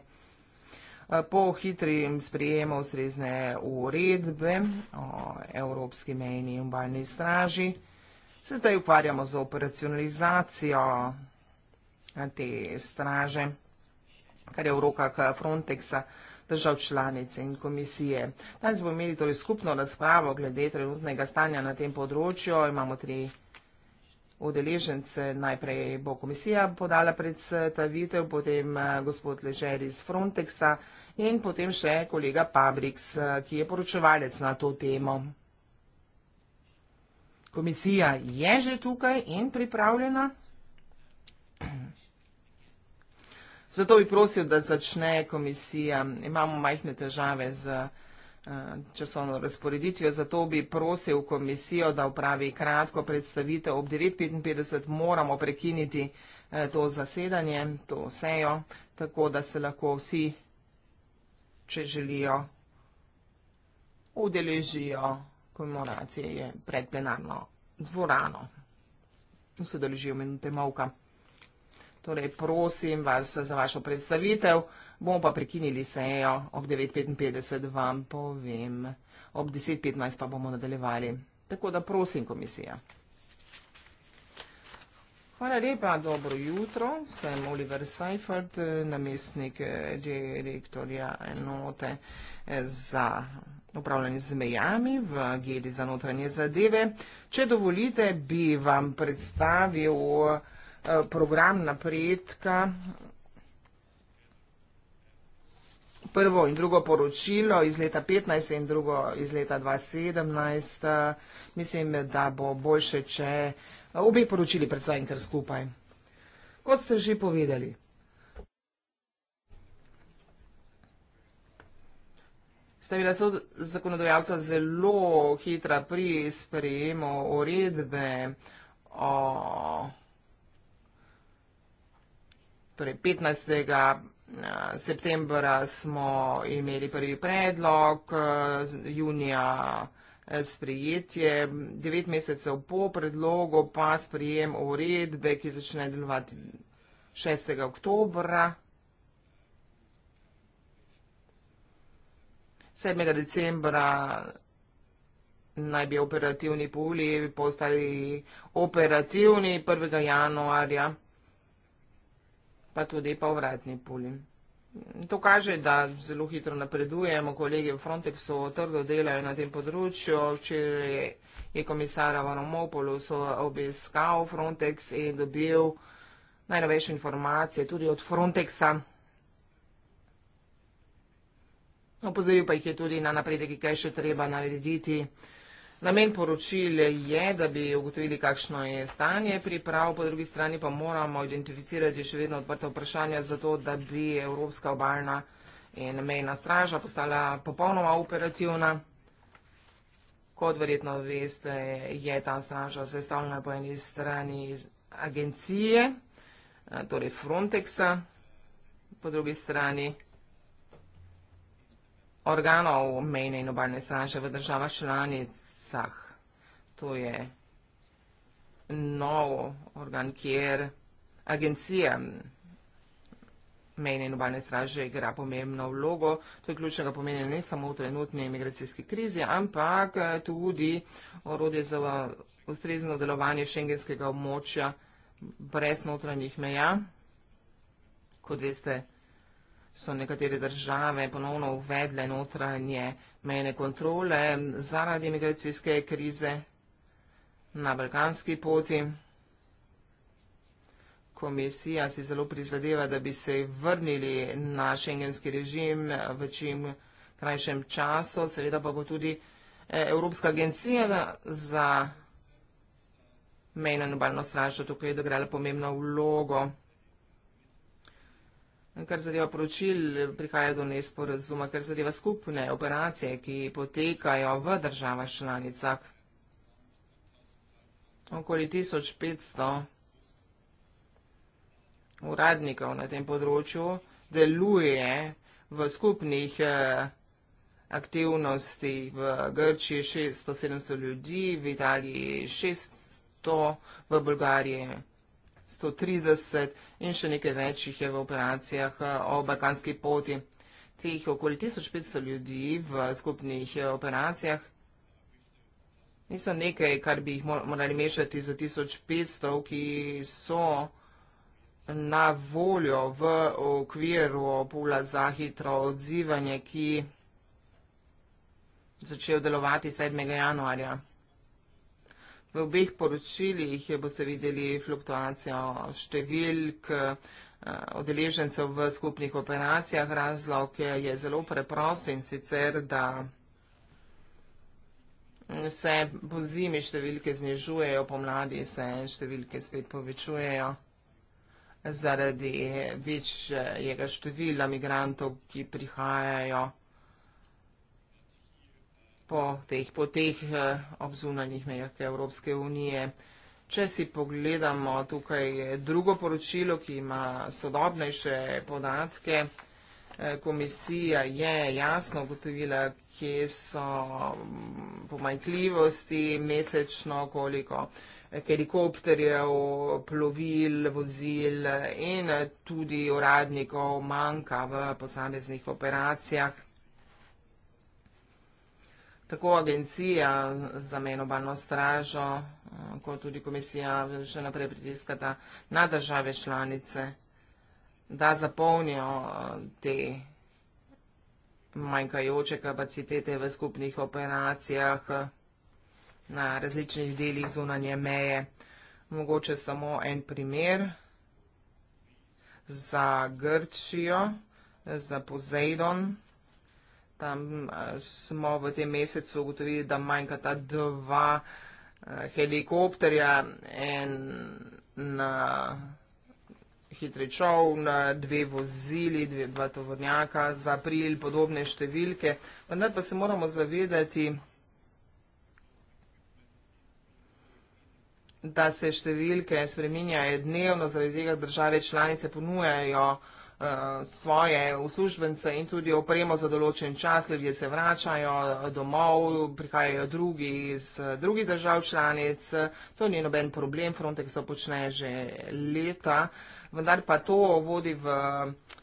Speaker 1: po hitrem sprijemu ustrezne uredbe o Evropski mejni in obaljni straži. Se zdaj ukvarjamo z operacionalizacijo te straže, kar je v rokah Frontexa držav članice in komisije. Danes bomo imeli torej skupno razpravo glede trenutnega stanja na tem področju. Imamo tri udeležence. Najprej bo komisija podala predstavitev, potem eh, gospod Ležer iz Frontexa in potem še kolega Pabriks, eh, ki je poročevalec na to temo. Komisija je že tukaj in pripravljena. Zato bi prosil, da začne komisija. Imamo majhne težave z eh, časovno razporeditvijo, zato bi prosil komisijo, da upravi kratko predstavitev. Ob 9.55 moramo prekiniti eh, to zasedanje, to sejo, tako da se lahko vsi če želijo, udeležijo komemoracije pred plenarno dvorano. Sodeležijo minute mavka. Torej, prosim vas za vašo predstavitev. Bomo pa prekinili sejo ob 9.55, vam povem. Ob 10.15 pa bomo nadaljevali. Tako da prosim, komisija. Hvala lepa, dobro jutro. Sem Oliver Seifert, namestnik eh, direktorja enote eh, za upravljanje z mejami v Gedi za notranje zadeve. Če dovolite, bi vam predstavil eh, program napredka. Prvo in drugo poročilo iz leta 2015 in drugo iz leta 2017. Mislim, da bo boljše, če obe poročili predvsej in kar skupaj. Kot ste že povedali. Sta bila so zakonodajalca zelo hitra pri sprejemu uredbe o Torej, 15. Eh, septembra smo imeli prvi predlog, eh, junija sprejetje, devet mesecev po predlogu pa sprejem uredbe, ki začne delovati 6. oktobra. 7. decembra naj bi operativni puli postali operativni 1. januarja, pa tudi povratni puli. To kaže, da zelo hitro napredujemo. Kolegi v Frontexu trdo delajo na tem področju. Včeraj je komisar Avonomopolus obiskal Frontex in dobil najnovejše informacije tudi od Frontexa. Opozoril pa jih je tudi na napredek, kaj še treba narediti. Namen poročil je, da bi ugotovili, kakšno je stanje priprav, po drugi strani pa moramo identificirati še vedno odprte vprašanja za to, da bi Evropska obaljna in mejna straža postala popolnoma operativna. Kot verjetno veste, je ta straža sestavljena po eni strani iz agencije, torej Frontexa, po drugi strani organov mejne in obaljne straže v državah članic ledvicah. To je nov organ, kjer agencija mejne in obalne straže igra pomembno vlogo. To je ključnega pomena ne samo v trenutni imigracijski krizi, ampak eh, tudi orodje za ustrezno delovanje šengenskega območja brez notranjih meja. Kot veste, so nekatere države ponovno uvedle notranje meje mejne kontrole zaradi imigracijske krize na balkanski poti. Komisija si zelo prizadeva, da bi se vrnili na šengenski režim v čim krajšem času, seveda pa bo tudi eh, Evropska agencija za mejno in obaljno stražo tukaj dogrela pomembno vlogo kar zadeva poročil, prihaja do nesporazuma, kar zadeva skupne operacije, ki potekajo v državah članicah. Okoli 1500 uradnikov na tem področju deluje v skupnih eh, aktivnosti v Grčiji 600-700 ljudi, v Italiji 600, v Bulgariji 600. 130 in še nekaj večjih je v operacijah eh, o balkanski poti. Teh okoli 1500 ljudi v skupnih eh, operacijah niso nekaj, kar bi jih morali mešati za 1500, ki so na voljo v okviru pula za hitro odzivanje, ki začel delovati 7. januarja. V obeh poročilih boste videli fluktuacijo številk odeležencev eh, v skupnih operacijah. Razlog je zelo preprost in sicer, da se po zimi številke znižujejo, po mladi se številke spet povečujejo zaradi večjega števila migrantov, ki prihajajo vsega po, teh, po teh obzunanjih mejah Evropske unije. Če si pogledamo tukaj drugo poročilo, ki ima sodobnejše podatke, eh, komisija je jasno ugotovila, kje so mm, pomanjkljivosti mesečno, koliko eh, helikopterjev, plovil, vozil eh, in tudi uradnikov manjka v posameznih operacijah tako agencija za meno obalno stražo, eh, kot tudi komisija še naprej pritiskata na države članice, da zapolnijo eh, te manjkajoče kapacitete v skupnih operacijah eh, na različnih delih zunanje meje. Mogoče samo en primer za Grčijo, za Poseidon, Tam eh, smo v tem mesecu ugotovili, da manjka ta dva eh, helikopterja, en na hitri čov, na dve vozili, dve, dva tovornjaka za april, podobne številke. Vendar pa se moramo zavedati, da se številke spreminjajo dnevno, zaradi tega države članice ponujajo uh, Eh, svoje uslužbence in tudi opremo za določen čas, ljudje se vračajo domov, prihajajo drugi iz eh, drugih držav članic, to ni noben problem, Frontex to počne že leta, vendar pa to vodi v eh,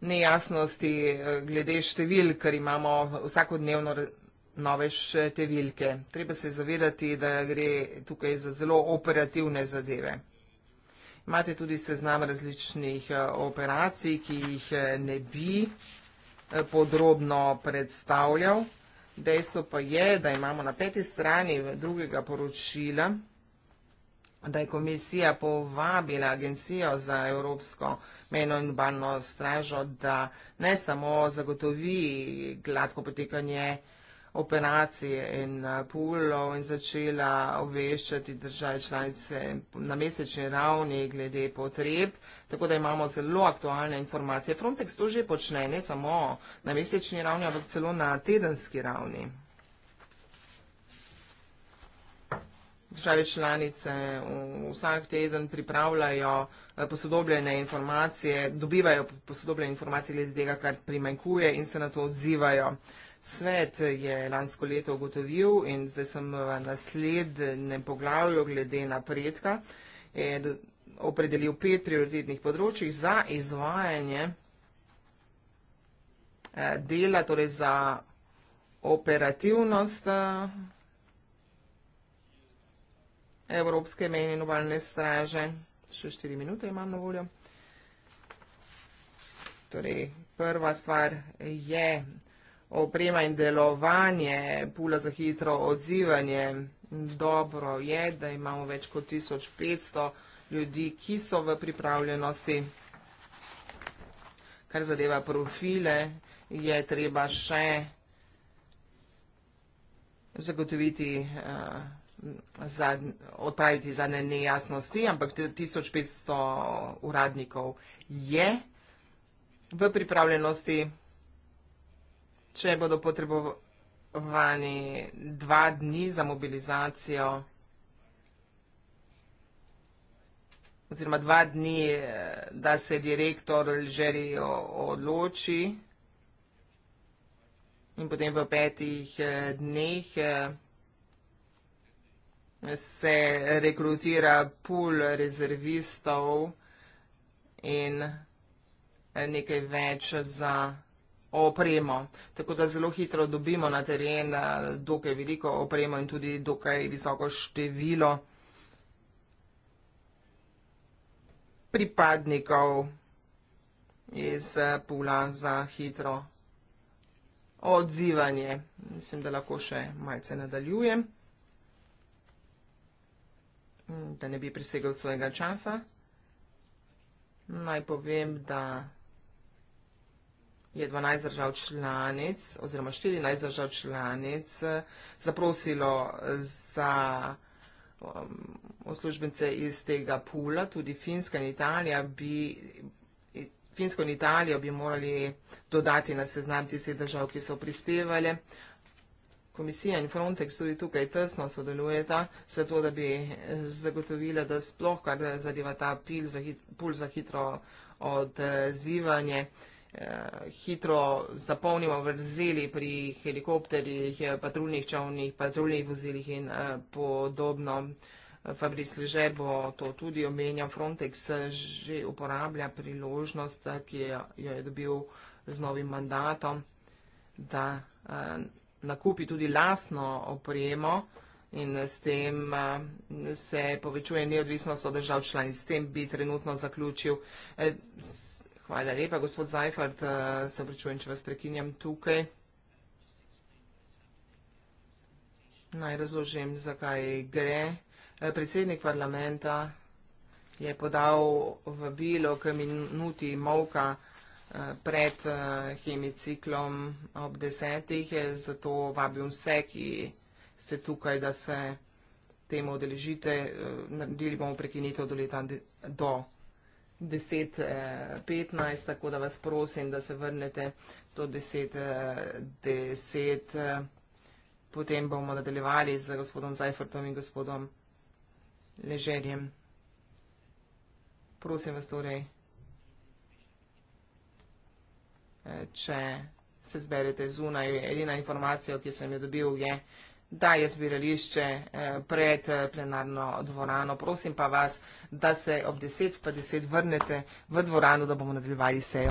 Speaker 1: nejasnosti glede števil, ker imamo vsakodnevno nove številke. Treba se zavedati, da gre tukaj za zelo operativne zadeve. Imate tudi seznam različnih eh, operacij, ki jih eh, ne bi eh, podrobno predstavljal. Dejstvo pa je, da imamo na peti strani drugega poročila, da je komisija povabila Agencijo za Evropsko meno in banjo stražo, da ne samo zagotovi gladko potekanje operacije in eh, pulov in začela obveščati države članice na mesečni ravni glede potreb, tako da imamo zelo aktualne informacije. Frontex to že počne, ne samo na mesečni ravni, ampak celo na tedenski ravni. Države članice vsak teden pripravljajo eh, posodobljene informacije, dobivajo posodobljene informacije glede tega, kar primankuje in se na to odzivajo. Svet je lansko leto ugotovil in zdaj sem v naslednjem poglavju glede napredka opredelil pet prioritetnih področjih za izvajanje eh, dela, torej za operativnost eh, Evropske meni in obalne straže. Še štiri minute imam na voljo. Torej, prva stvar je vsega, oprema in delovanje, pula za hitro odzivanje. Dobro je, da imamo več kot 1500 ljudi, ki so v pripravljenosti. Kar zadeva profile, je treba še zagotoviti, uh, eh, zad, odpraviti zadnje nejasnosti, ampak 1500 uradnikov je v pripravljenosti če bodo potrebovani dva dni za mobilizacijo oziroma dva dni, eh, da se direktor Ljžeri odloči in potem v petih eh, dneh eh, se rekrutira pul rezervistov in nekaj več za vsega opremo. Tako da zelo hitro dobimo na teren eh, dokaj veliko opremo in tudi dokaj visoko število pripadnikov iz eh, pula za hitro odzivanje. Mislim, da lahko še malce nadaljujem da ne bi presegal svojega časa. Naj povem, da je 12 držav članic oziroma 14 držav članic eh, zaprosilo za um, uslužbence iz tega pula, tudi Finska in Italija bi, Finsko in Italijo bi morali dodati na seznam tistih držav, ki so prispevali. Komisija in Frontex tudi tukaj tesno sodelujeta, zato da bi zagotovila, da sploh kar zadeva ta pil za hit, pul za hitro odzivanje, eh, Eh, hitro zapolnimo vrzeli pri helikopterjih, patruljnih čovnih, patruljnih vozilih in eh, podobno. Fabrice Leže bo to tudi omenjal. Frontex eh, že uporablja priložnost, ki jo je dobil z novim mandatom, da nakupi tudi lasno opremo in s tem se povečuje neodvisnost od držav članic. S tem bi trenutno zaključil. Hvala lepa, gospod Zajfart, eh, se opričujem, če vas prekinjam tukaj. Naj razložim, zakaj gre. Eh, predsednik parlamenta je podal v bilo k minuti molka eh, pred hemiciklom ob desetih, zato vabim vse, ki ste tukaj, da se temu odeležite. Naredili bomo prekinitev do leta do 2030. 10, 15, eh, tako da vas prosim, da se vrnete do 10, 10. Eh, eh. Potem bomo nadaljevali z gospodom Zajfrtom in gospodom Ležerjem. Prosim vas torej, če se zberete zunaj, edina informacija, ki sem jo dobil, je, da je zbirališče eh, pred eh, plenarno dvorano. Prosim pa vas, da se ob 10.50 vrnete v dvorano, da bomo nadaljevali sejo.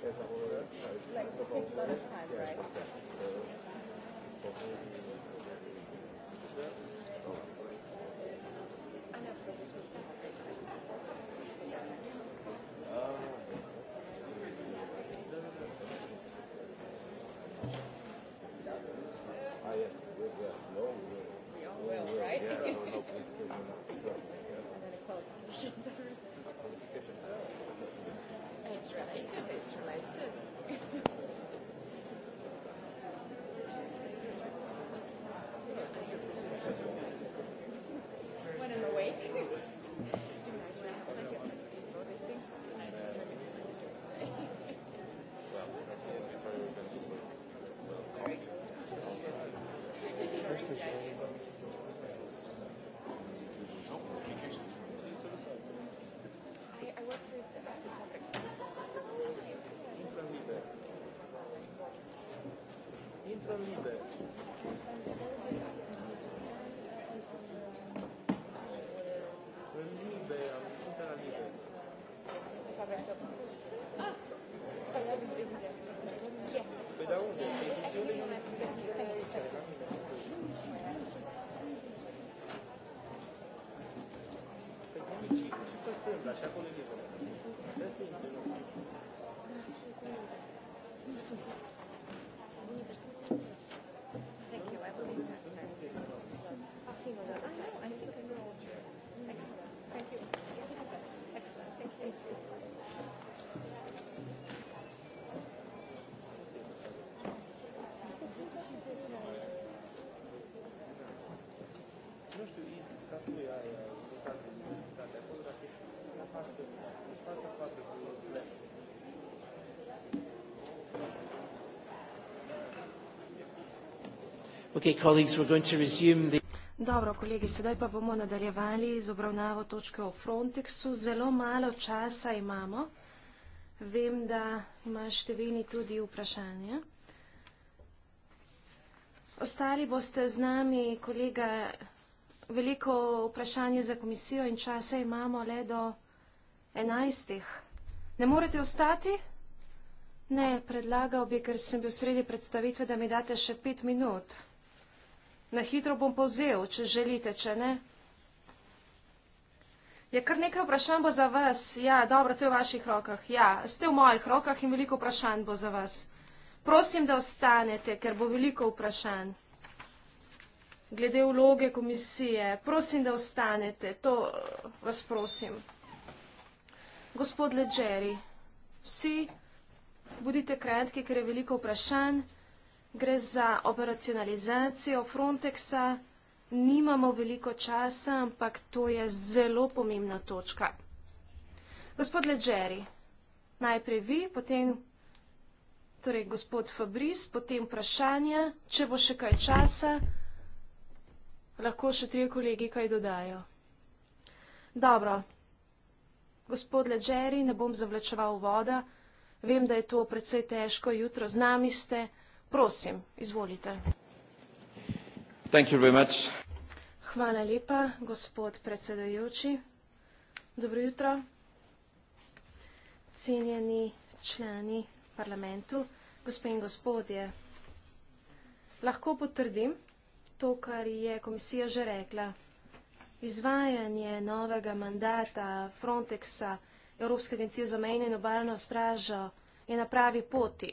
Speaker 2: Thank you.
Speaker 3: Okay, colleagues, we're going to resume the...
Speaker 4: Dobro, kolegi, sedaj pa bomo nadaljevali z obravnavo točke o Frontexu. Zelo malo časa imamo. Vem, da imaš številni tudi vprašanje. Ostali boste z nami, kolega, veliko vprašanje za komisijo in časa imamo le do 15 enajstih. Ne morete ostati? Ne, predlagal bi, ker sem bil sredi predstavitve, da mi date še pet minut. Na hitro bom povzel, če želite, če ne. Je kar nekaj vprašanj bo za vas. Ja, dobro, to je v vaših rokah. Ja, ste v mojih rokah in veliko vprašanj bo za vas. Prosim, da ostanete, ker bo veliko vprašanj. Glede vloge komisije, prosim, da ostanete. To eh, vas prosim. Gospod Ledžeri, vsi budite kratki, ker je veliko vprašanj. Gre za operacionalizacijo Frontexa. Nimamo veliko časa, ampak to je zelo pomembna točka. Gospod Ledžeri, najprej vi, potem torej gospod Fabris, potem vprašanja, če bo še kaj časa, lahko še tri kolegi kaj dodajo. Dobro, Gospod Leđeri, ne bom zavlačeval voda, vem, da je to precej težko jutro, z nami ste, prosim, izvolite. Hvala lepa, gospod predsedojoči. Dobro jutro, cenjeni člani parlamentu, gospe in gospodje. Lahko potrdim to, kar je komisija že rekla izvajanje novega mandata Frontexa, Evropske agencije za mejno in obalno stražo, je na pravi poti.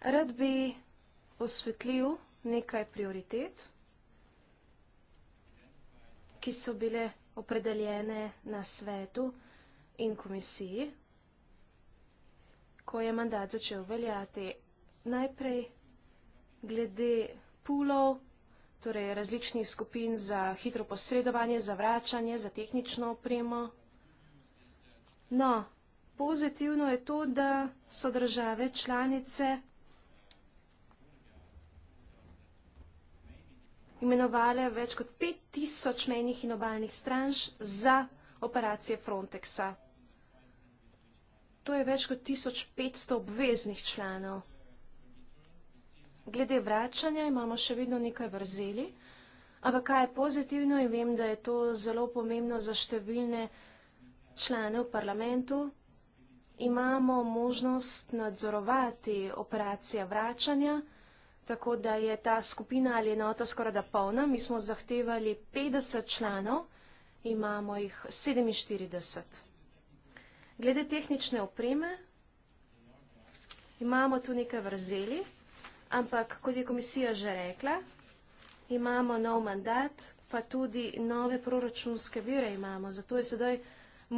Speaker 4: Rad bi osvetlil nekaj prioritet, ki so bile opredeljene na svetu in komisiji, ko je mandat začel veljati. Najprej glede pulov, torej različnih skupin za hitro posredovanje, za vračanje, za tehnično opremo. No, pozitivno je to, da so države članice imenovale več kot 5000 menjih in obaljnih stranž za operacije Frontexa. To je več kot 1500 obveznih članov. Glede vračanja imamo še vedno nekaj vrzeli, ampak kaj je pozitivno in vem, da je to zelo pomembno za številne člane v parlamentu, imamo možnost nadzorovati operacije vračanja, tako da je ta skupina ali enota skoraj da polna. Mi smo zahtevali 50 članov, imamo jih 47. Glede tehnične opreme, imamo tu nekaj vrzeli. Ampak, kot je komisija že rekla, imamo nov mandat, pa tudi nove proračunske vire imamo. Zato je sedaj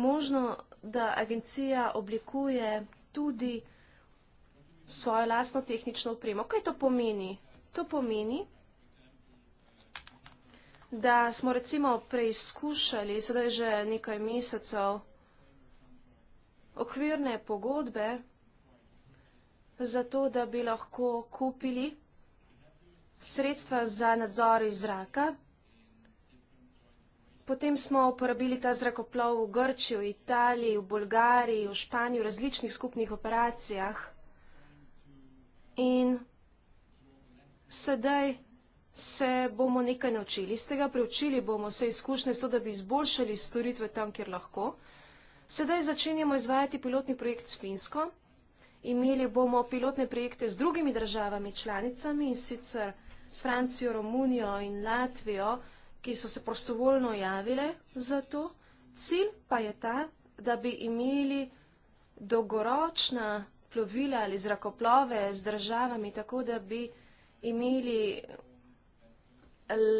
Speaker 4: možno, da agencija oblikuje tudi svojo lastno tehnično upremo. Kaj to pomeni? To pomeni, da smo recimo preizkušali sedaj že nekaj mesecev okvirne pogodbe, zato da bi lahko kupili sredstva za nadzor iz zraka. Potem smo uporabili ta zrakoplov v Grčiji, v Italiji, v Bolgariji, v Španiji, v različnih skupnih operacijah. In sedaj se bomo nekaj naučili. Z tega preučili bomo vse izkušnje, so da bi izboljšali storitve tam, kjer lahko. Sedaj začenjamo izvajati pilotni projekt s Finsko. Imeli bomo pilotne projekte z drugimi državami članicami in sicer s Francijo, Romunijo in Latvijo, ki so se prostovoljno javile za to. Cilj pa je ta, da bi imeli dolgoročna plovila ali zrakoplove z državami, tako da bi imeli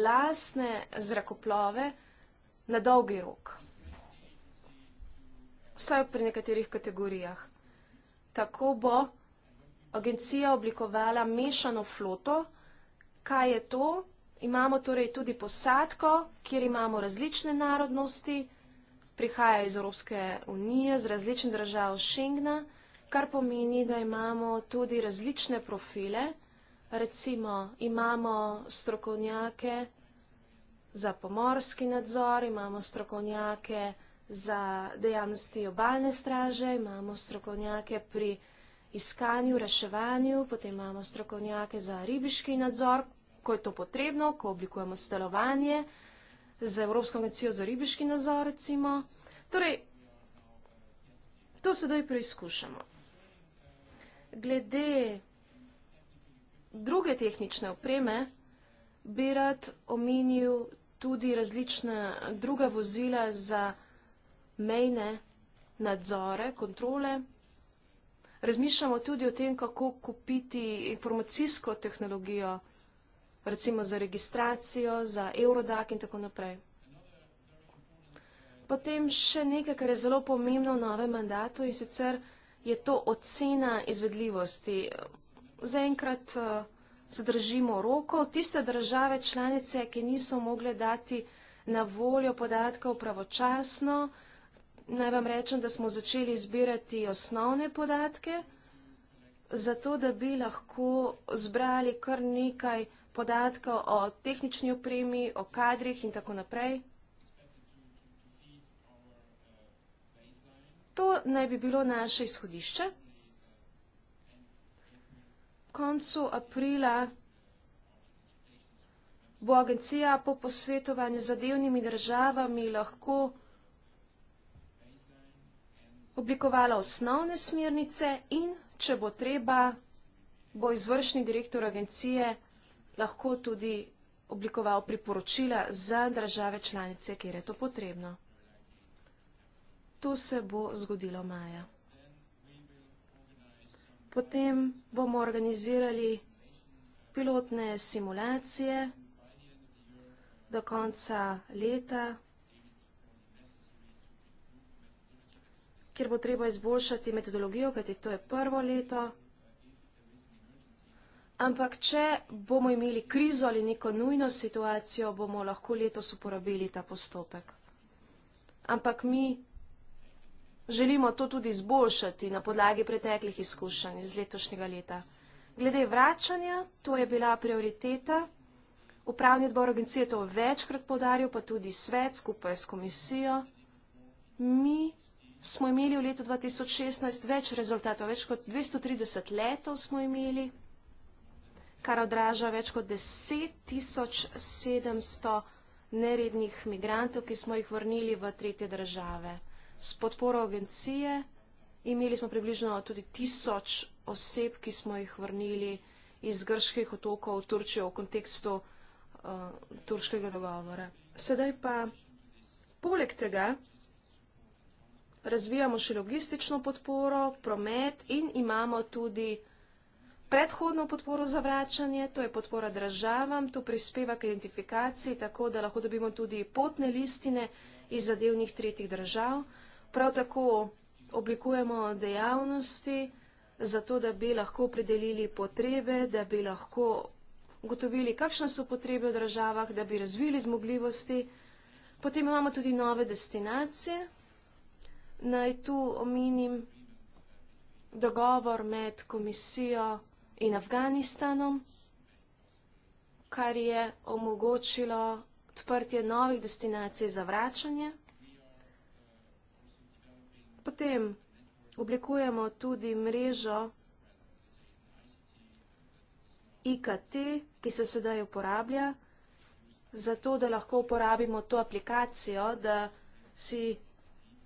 Speaker 4: lasne zrakoplove na dolgi rok. Vsaj pri nekaterih kategorijah. Tako bo agencija oblikovala mešano floto. Kaj je to? Imamo torej tudi posadko, kjer imamo različne narodnosti, prihajajo iz Evropske unije, iz različnih držav Schengna, kar pomeni, da imamo tudi različne profile. Recimo imamo strokovnjake za pomorski nadzor, imamo strokovnjake za za dejavnosti obalne straže, imamo strokovnjake pri iskanju, reševanju, potem imamo strokovnjake za ribiški nadzor, ko je to potrebno, ko oblikujemo stelovanje, za Evropsko agencijo za ribiški nadzor, recimo. Torej, to sedaj preizkušamo. Glede druge tehnične opreme, bi rad omenil tudi različne druga vozila za vsega, mejne nadzore, kontrole. Razmišljamo tudi o tem, kako kupiti informacijsko tehnologijo, recimo za registracijo, za Eurodac in tako naprej. Potem še nekaj, kar je zelo pomembno v novem mandatu in sicer je to ocena izvedljivosti. Zaenkrat eh, se držimo roko. Tiste države članice, ki niso mogle dati na voljo podatkov pravočasno, naj vam rečem, da smo začeli zbirati osnovne podatke, zato da bi lahko zbrali kar nekaj podatkov o tehnični opremi, o kadrih in tako naprej. To naj bi bilo naše izhodišče. V koncu aprila bo agencija po posvetovanju z zadevnimi državami lahko vsega, oblikovala osnovne smernice in, če bo treba, bo izvršni direktor agencije lahko tudi oblikoval priporočila za države članice, kjer je to potrebno. To se bo zgodilo maja. Potem bomo organizirali pilotne simulacije do konca leta 2020. kjer bo treba izboljšati metodologijo, kajti to je prvo leto. Ampak, če bomo imeli krizo ali neko nujno situacijo, bomo lahko letos uporabili ta postopek. Ampak mi želimo to tudi izboljšati na podlagi preteklih izkušenj iz letošnjega leta. Glede vračanja, to je bila prioriteta. Upravni odbor agencije to večkrat podaril, pa tudi svet skupaj s komisijo. Mi smo imeli v letu 2016 več rezultatov, več kot 230 letov smo imeli, kar odraža več kot 10.700 nerednih migrantov, ki smo jih vrnili v tretje države. S podporo agencije imeli smo približno tudi tisoč oseb, ki smo jih vrnili iz grških otokov v Turčijo v kontekstu uh, turškega dogovora. Sedaj pa, poleg tega, razvijamo še logistično podporo, promet in imamo tudi predhodno podporo za vračanje, to je podpora državam, to prispeva k identifikaciji, tako da lahko dobimo tudi potne listine iz zadevnih tretjih držav. Prav tako oblikujemo dejavnosti, zato da bi lahko predelili potrebe, da bi lahko gotovili, kakšne so potrebe v državah, da bi razvili zmogljivosti. Potem imamo tudi nove destinacije, naj tu omenim dogovor med komisijo in Afganistanom, kar je omogočilo odprtje novih destinacij za vračanje. Potem oblikujemo tudi mrežo IKT, ki se sedaj uporablja, zato da lahko uporabimo to aplikacijo, da si vsega,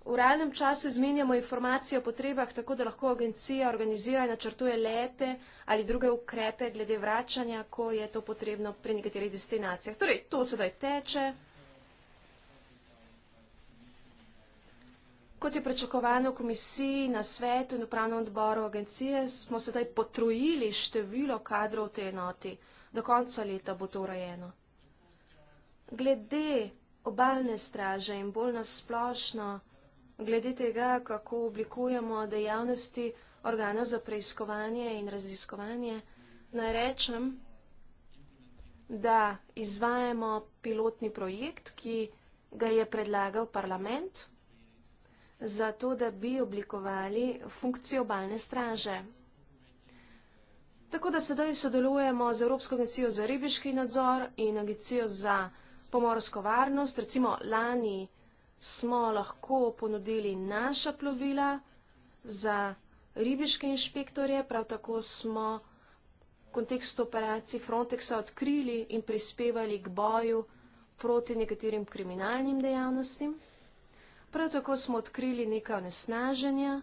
Speaker 4: V realnem času izmenjamo informacije o potrebah, tako da lahko agencija organizira in načrtuje lete ali druge ukrepe glede vračanja, ko je to potrebno pri nekaterih destinacijah. Torej, to sedaj teče. Kot je prečakovano v komisiji, na svetu in upravnem odboru agencije, smo sedaj potrujili število kadrov te enoti. Do konca leta bo to urejeno. Glede obalne straže in bolj nasplošno, glede tega, kako oblikujemo dejavnosti organov za preiskovanje in raziskovanje, naj rečem, da izvajamo pilotni projekt, ki ga je predlagal parlament, zato da bi oblikovali funkcijo obalne straže. Tako da sedaj sodelujemo z Evropsko agencijo za ribiški nadzor in agencijo za pomorsko varnost, recimo lani smo lahko ponudili naša plovila za ribiške inšpektorje, prav tako smo v kontekstu operacij Frontexa odkrili in prispevali k boju proti nekaterim kriminalnim dejavnostim. Prav tako smo odkrili nekaj onesnaženja,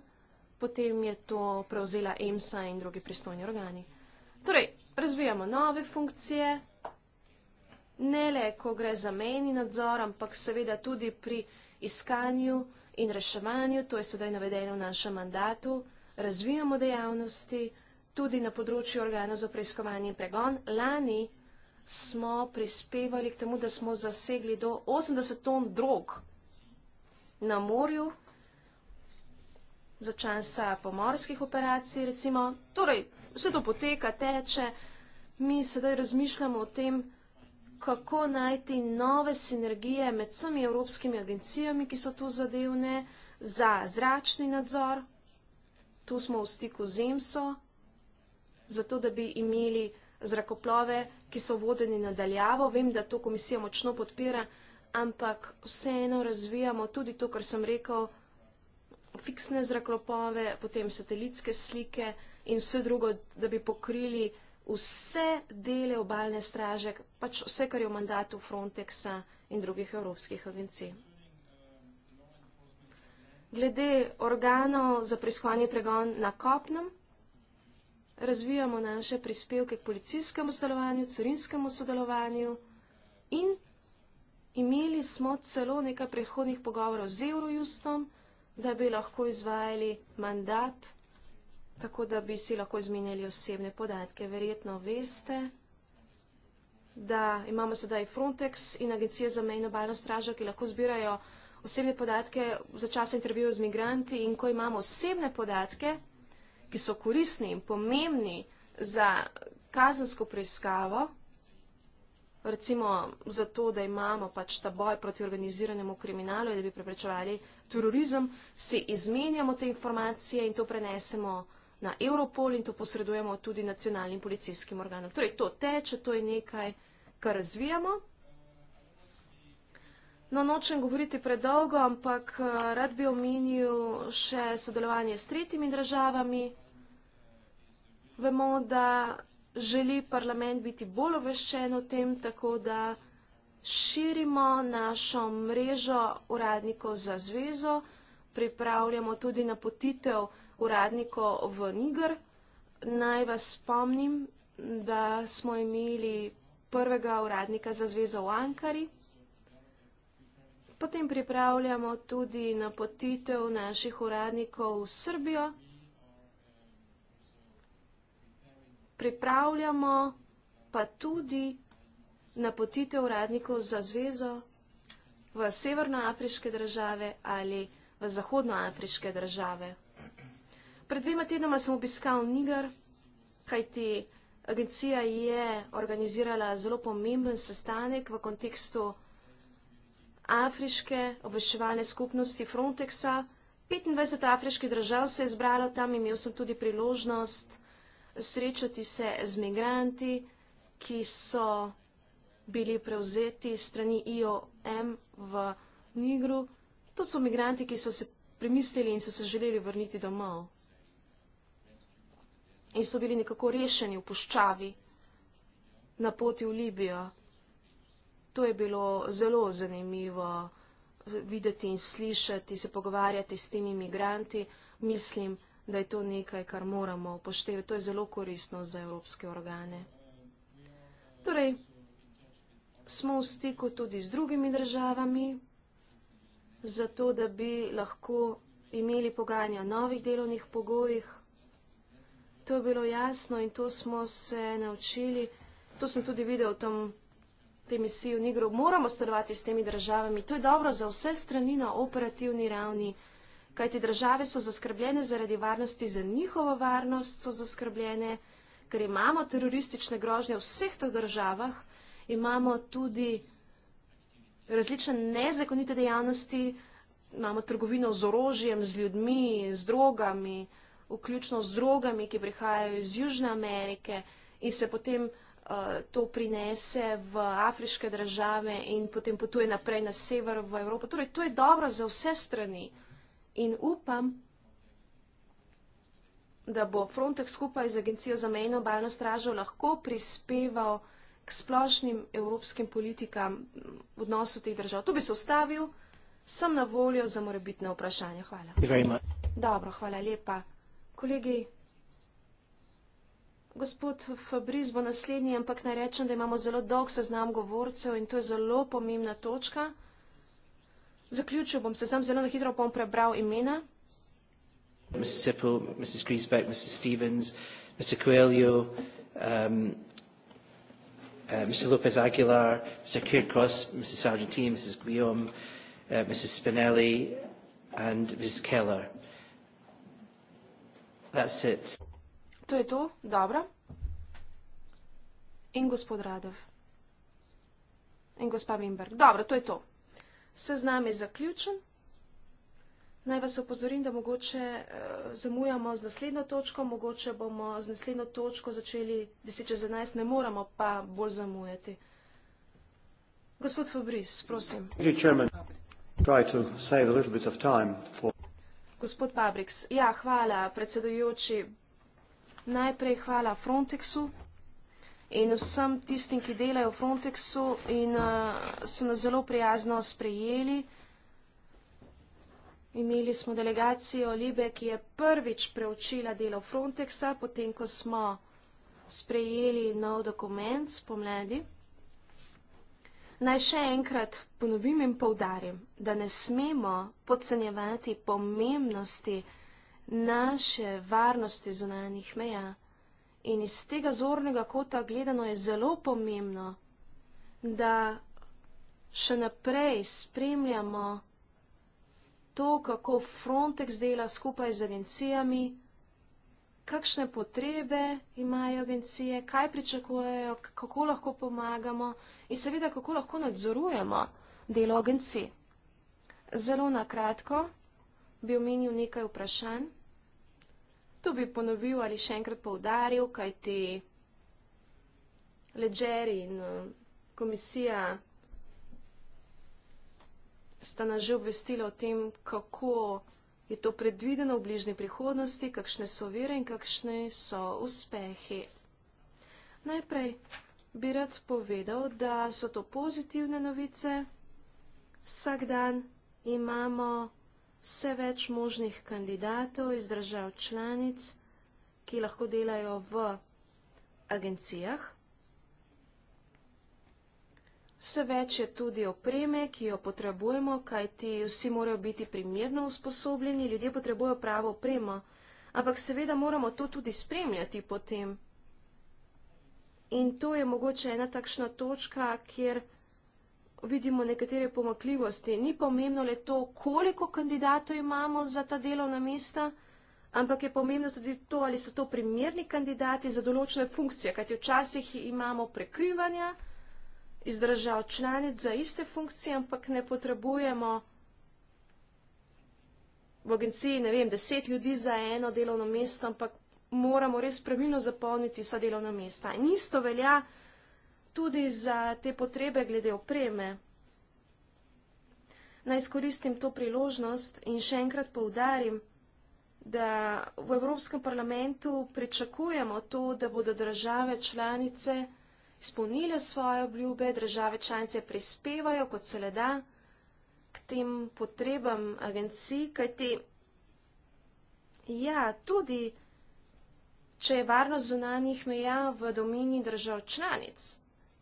Speaker 4: potem je to prevzela EMSA in drugi pristojni organi. Torej, razvijamo nove funkcije, ne le, ko gre za meni nadzor, ampak seveda tudi pri nekaj iskanju in reševanju, to je sedaj navedeno v našem mandatu, razvijamo dejavnosti tudi na področju organa za preiskovanje in pregon. Lani smo prispevali k temu, da smo zasegli do 80 ton drog na morju za časa pomorskih operacij, recimo. Torej, vse to poteka, teče. Mi sedaj razmišljamo o tem, kako najti nove sinergije med vsemi evropskimi agencijami, ki so tu zadevne, za zračni nadzor. Tu smo v stiku z EMSO, zato da bi imeli zrakoplove, ki so vodeni nadaljavo. Vem, da to komisija močno podpira, ampak vseeno razvijamo tudi to, kar sem rekel, fiksne zrakoplove, potem satelitske slike in vse drugo, da bi pokrili vse, vse dele obalne straže, pač vse, kar je v mandatu Frontexa in drugih evropskih agencij. Glede organov za preiskovanje pregon na kopnem, razvijamo naše prispevke k policijskemu sodelovanju, carinskemu sodelovanju in imeli smo celo nekaj prehodnih pogovorov z Eurojustom, da bi lahko izvajali mandat tako da bi si lahko zmenili osebne podatke. Verjetno veste, da imamo sedaj Frontex in Agencije za mejno obalno stražo, ki lahko zbirajo osebne podatke za čas intervjuja z migranti in ko imamo osebne podatke, ki so korisni in pomembni za kazensko preiskavo, recimo za to, da imamo pač ta boj proti organiziranemu kriminalu in da bi preprečevali terorizem, si izmenjamo te informacije in to prenesemo vsega na Europol in to posredujemo tudi nacionalnim policijskim organom. Torej, to teče, to je nekaj, kar razvijamo. No, nočem govoriti predolgo, ampak eh, rad bi omenil še sodelovanje s tretjimi državami. Vemo, da želi parlament biti bolj obveščen o tem, tako da širimo našo mrežo uradnikov za zvezo, pripravljamo tudi napotitev potitev uradniko v Niger. Naj vas spomnim, da smo imeli prvega uradnika za zvezo v Ankari. Potem pripravljamo tudi napotitev naših uradnikov v Srbijo. Pripravljamo pa tudi napotitev uradnikov za zvezo v severnoafriške države ali v zahodnoafriške države. Pred dvema tednoma sem obiskal Niger, kajti agencija je organizirala zelo pomemben sestanek v kontekstu afriške obveščevalne skupnosti Frontexa. 25 afriških držav se je zbralo tam, imel sem tudi priložnost srečati se z migranti, ki so bili prevzeti strani IOM v Nigru. To so migranti, ki so se premislili in so se želeli vrniti domov in so bili nekako rešeni v puščavi na poti v Libijo. To je bilo zelo zanimivo videti in slišati, se pogovarjati s temi imigranti. Mislim, da je to nekaj, kar moramo upoštevati. To je zelo koristno za evropske organe. Torej, smo v stiku tudi z drugimi državami, zato da bi lahko imeli pogajanja o novih delovnih pogojih, to je bilo jasno in to smo se naučili. To sem tudi videl v tem misiji v Nigru. Moramo strvati s temi državami. To je dobro za vse strani na operativni ravni, kajti države so zaskrbljene zaradi varnosti, za njihovo varnost so zaskrbljene, ker imamo teroristične grožnje v vseh teh državah, imamo tudi različne nezakonite dejavnosti, imamo trgovino z orožjem, z ljudmi, z drogami vključno z drogami, ki prihajajo iz Južne Amerike in se potem uh, to prinese v afriške države in potem potuje naprej na sever v Evropo. Torej, to je dobro za vse strani in upam, da bo Frontex skupaj z Agencijo za mejno obaljno stražo lahko prispeval k splošnim evropskim politikam v odnosu teh držav. To bi se ustavil, sem na voljo za morebitne vprašanja. Hvala. Dobro, hvala lepa. Kolegi, gospod Fabriz bo naslednji, ampak naj rečem, da imamo zelo dolg seznam govorcev in to je zelo pomembna točka. Zaključil bom seznam, zelo na hitro bom prebral imena.
Speaker 3: Mr. Sippel, Mrs. Griesbeck, Mr. Stevens, Mr. Coelho, um, Uh, Mr. Lopez Aguilar, Mr. Kirkos, Mrs. Sargentini, Mrs. Guillaume, uh, Mrs. Spinelli, and Mrs. Keller. That's it.
Speaker 4: To je to, dobro. In gospod Radov. In gospa Wimberg. Dobro, to je to. Se z nami zaključen. Naj vas opozorim, da mogoče uh, zamujamo z naslednjo točko, mogoče bomo z naslednjo točko začeli 10 čez 11, ne moramo pa bolj zamujati. Gospod Fabris, prosim.
Speaker 2: Try to save a little bit of time for...
Speaker 4: Gospod Pabriks, ja, hvala predsedujoči. Najprej hvala Frontexu in vsem tistim, ki delajo v Frontexu in uh, so nas zelo prijazno sprejeli. Imeli smo delegacijo Libe, ki je prvič preučila delo Frontexa, potem ko smo sprejeli nov dokument spomladi. Naj še enkrat ponovim in povdarim, da ne smemo podcenjevati pomembnosti naše varnosti zunanjih meja. In iz tega zornega kota gledano je zelo pomembno, da še naprej spremljamo to, kako Frontex dela skupaj z agencijami, kakšne potrebe imajo agencije, kaj pričakujejo, kako lahko pomagamo in seveda, kako lahko nadzorujemo delo agencij. Zelo na kratko bi omenil nekaj vprašanj. To bi ponovil ali še enkrat poudaril, kaj ti ledžeri in komisija sta nas že obvestila o tem, kako je to predvideno v bližnji prihodnosti, kakšne so vire in kakšni so uspehi. Najprej bi rad povedal, da so to pozitivne novice. Vsak dan imamo vse več možnih kandidatov iz držav članic, ki lahko delajo v agencijah, Vse več je tudi opreme, ki jo potrebujemo, kajti vsi morajo biti primerno usposobljeni, ljudje potrebujejo pravo opremo, ampak seveda moramo to tudi spremljati potem. In to je mogoče ena takšna točka, kjer vidimo nekatere pomakljivosti. Ni pomembno le to, koliko kandidatov imamo za ta delovna mesta, ampak je pomembno tudi to, ali so to primerni kandidati za določene funkcije, kajti včasih imamo prekrivanja iz držav članic za iste funkcije, ampak ne potrebujemo v agenciji, ne vem, deset ljudi za eno delovno mesto, ampak moramo res pravilno zapolniti vsa delovna mesta. In isto velja tudi za te potrebe glede opreme. Naj izkoristim to priložnost in še enkrat poudarim, da v Evropskem parlamentu pričakujemo to, da bodo države članice izpolnile svoje obljube, države članice prispevajo, kot se le da, k tem potrebam agencij, kajti ja, tudi če je varnost zunanjih meja v domeni držav članic,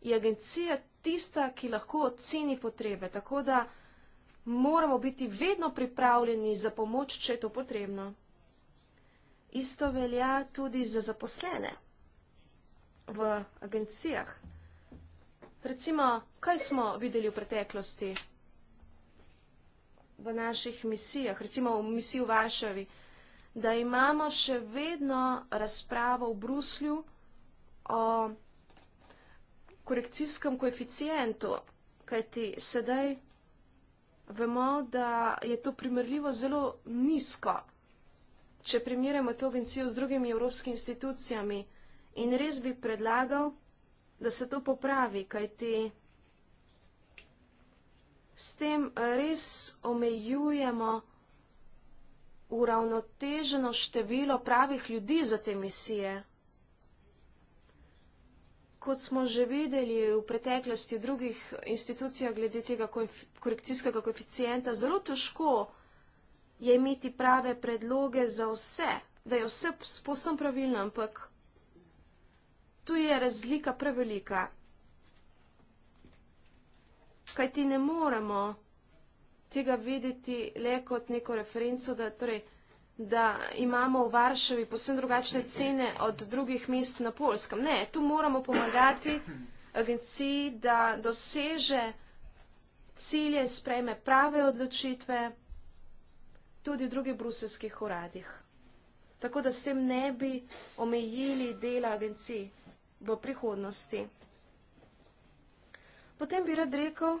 Speaker 4: je agencija tista, ki lahko oceni potrebe, tako da moramo biti vedno pripravljeni za pomoč, če je to potrebno. Isto velja tudi za zaposlene v agencijah. Recimo, kaj smo videli v preteklosti v naših misijah, recimo v misiji v Varšavi, da imamo še vedno razpravo v Bruslju o korekcijskem koeficijentu, kajti sedaj vemo, da je to primerljivo zelo nizko. Če primerjamo to agencijo z drugimi evropskimi institucijami, In res bi predlagal, da se to popravi, kajti s tem res omejujemo uravnoteženo število pravih ljudi za te misije. Kot smo že videli v preteklosti v drugih institucijah glede tega korekcijskega koeficienta, zelo težko je imeti prave predloge za vse, da je vse posem pravilno, ampak tu je razlika prevelika. Kaj ti ne moremo tega videti le kot neko referenco, da, torej, da imamo v Varšavi posebno drugačne cene od drugih mest na Polskem. Ne, tu moramo pomagati agenciji, da doseže cilje, sprejme prave odločitve tudi v drugih bruselskih uradih. Tako da s tem ne bi omejili dela agencij v prihodnosti. Potem bi rad rekel,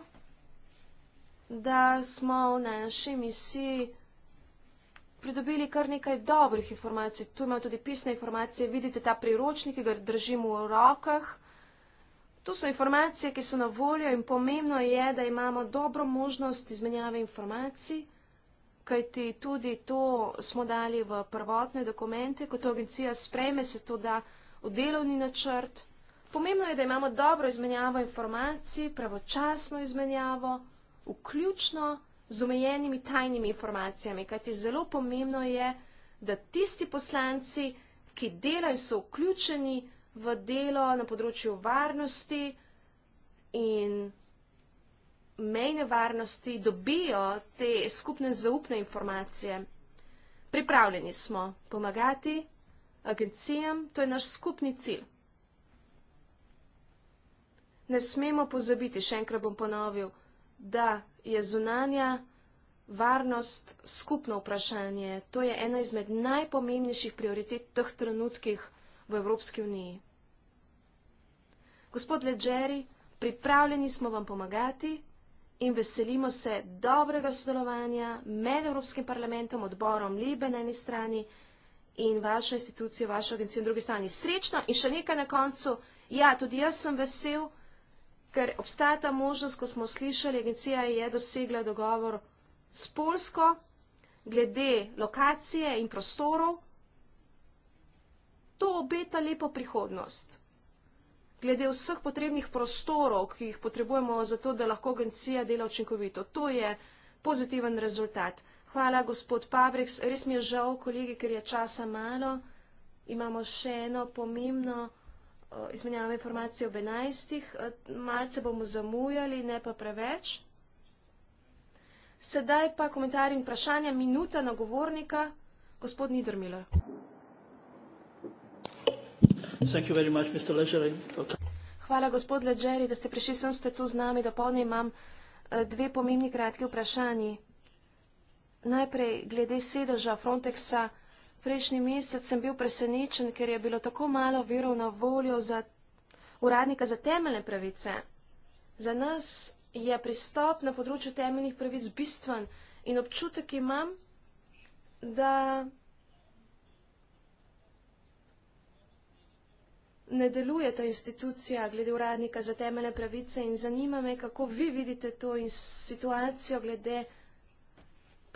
Speaker 4: da smo v naši misiji pridobili kar nekaj dobrih informacij. Tu imajo tudi pisne informacije. Vidite ta priročnik, ki ga držimo v rokah. Tu so informacije, ki so na voljo in pomembno je, da imamo dobro možnost izmenjave informacij, kajti tudi to smo dali v prvotne dokumente, ko to agencija sprejme, se to da vsega v delovni načrt. Pomembno je, da imamo dobro izmenjavo informacij, pravočasno izmenjavo, vključno z omejenimi tajnimi informacijami, kajti zelo pomembno je, da tisti poslanci, ki delajo, so vključeni v delo na področju varnosti in mejne varnosti, dobijo te skupne zaupne informacije. Pripravljeni smo pomagati agencijam, to je naš skupni cilj. Ne smemo pozabiti, še enkrat bom ponovil, da je zunanja varnost skupno vprašanje. To je ena izmed najpomembnejših prioritet v teh trenutkih v Evropski uniji. Gospod Leđeri, pripravljeni smo vam pomagati in veselimo se dobrega sodelovanja med Evropskim parlamentom, odborom Libe na eni strani in in vašo institucijo, vašo agencijo in drugi strani. Srečno in še nekaj na koncu. Ja, tudi jaz sem vesel, ker obstaja ta možnost, ko smo slišali, agencija je dosegla dogovor s Polsko glede lokacije in prostorov. To obeta lepo prihodnost. Glede vseh potrebnih prostorov, ki jih potrebujemo za to, da lahko agencija dela učinkovito. To je pozitiven rezultat. Hvala, gospod Pabriks. Res mi je žal, kolegi, ker je časa malo. Imamo še eno pomembno eh, izmenjavo informacije o benajstih. Eh, malce bomo zamujali, ne pa preveč. Sedaj pa komentar in vprašanja. Minuta na govornika, gospod Nidrmila. Hvala, gospod Leđeri, da ste prišli sem, ste tu z nami. Dopolne imam eh, dve pomembni kratki vprašanji. Najprej glede sedeža Frontexa. Prejšnji mesec sem bil presenečen, ker je bilo tako malo virov na voljo za uradnika za temeljne pravice. Za nas je pristop na področju temeljnih pravic bistven in občutek imam, da ne deluje ta institucija glede uradnika za temeljne pravice in zanima me, kako vi vidite to in situacijo glede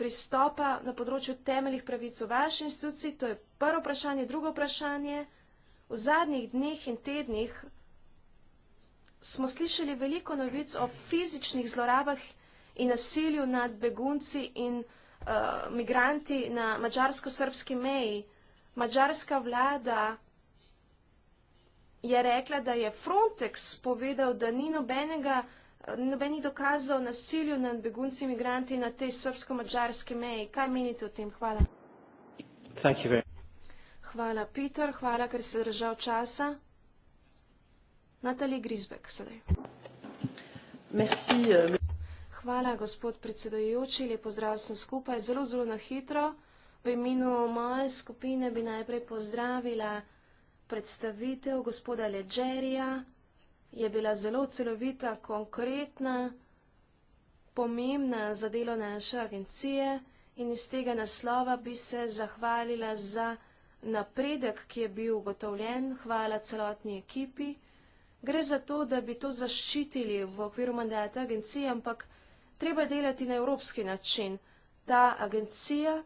Speaker 4: pristopa na področju temeljih pravic v vaši instituciji? To je prvo vprašanje. Drugo vprašanje. V zadnjih dneh in tednih smo slišali veliko novic o fizičnih zlorabah in nasilju nad begunci in uh, migranti na mačarsko-srbski meji. Mačarska vlada je rekla, da je Frontex povedal, da ni nobenega nobenih dokazov o nasilju nad begunci imigranti na tej srbsko-mačarski meji. Kaj menite o tem? Hvala. Hvala, Peter. Hvala, ker se držal časa. Natalija Grizbek, sedaj.
Speaker 3: Eh,
Speaker 4: Hvala, gospod predsedojoči. Lep pozdrav sem skupaj. Zelo, zelo na hitro. V imenu moje skupine bi najprej pozdravila predstavitev gospoda Leđerija je bila zelo celovita, konkretna, pomembna za delo naše agencije in iz tega naslova bi se zahvalila za napredek, ki je bil ugotovljen, hvala celotni ekipi. Gre za to, da bi to zaščitili v okviru mandata agencije, ampak treba delati na evropski način. Ta agencija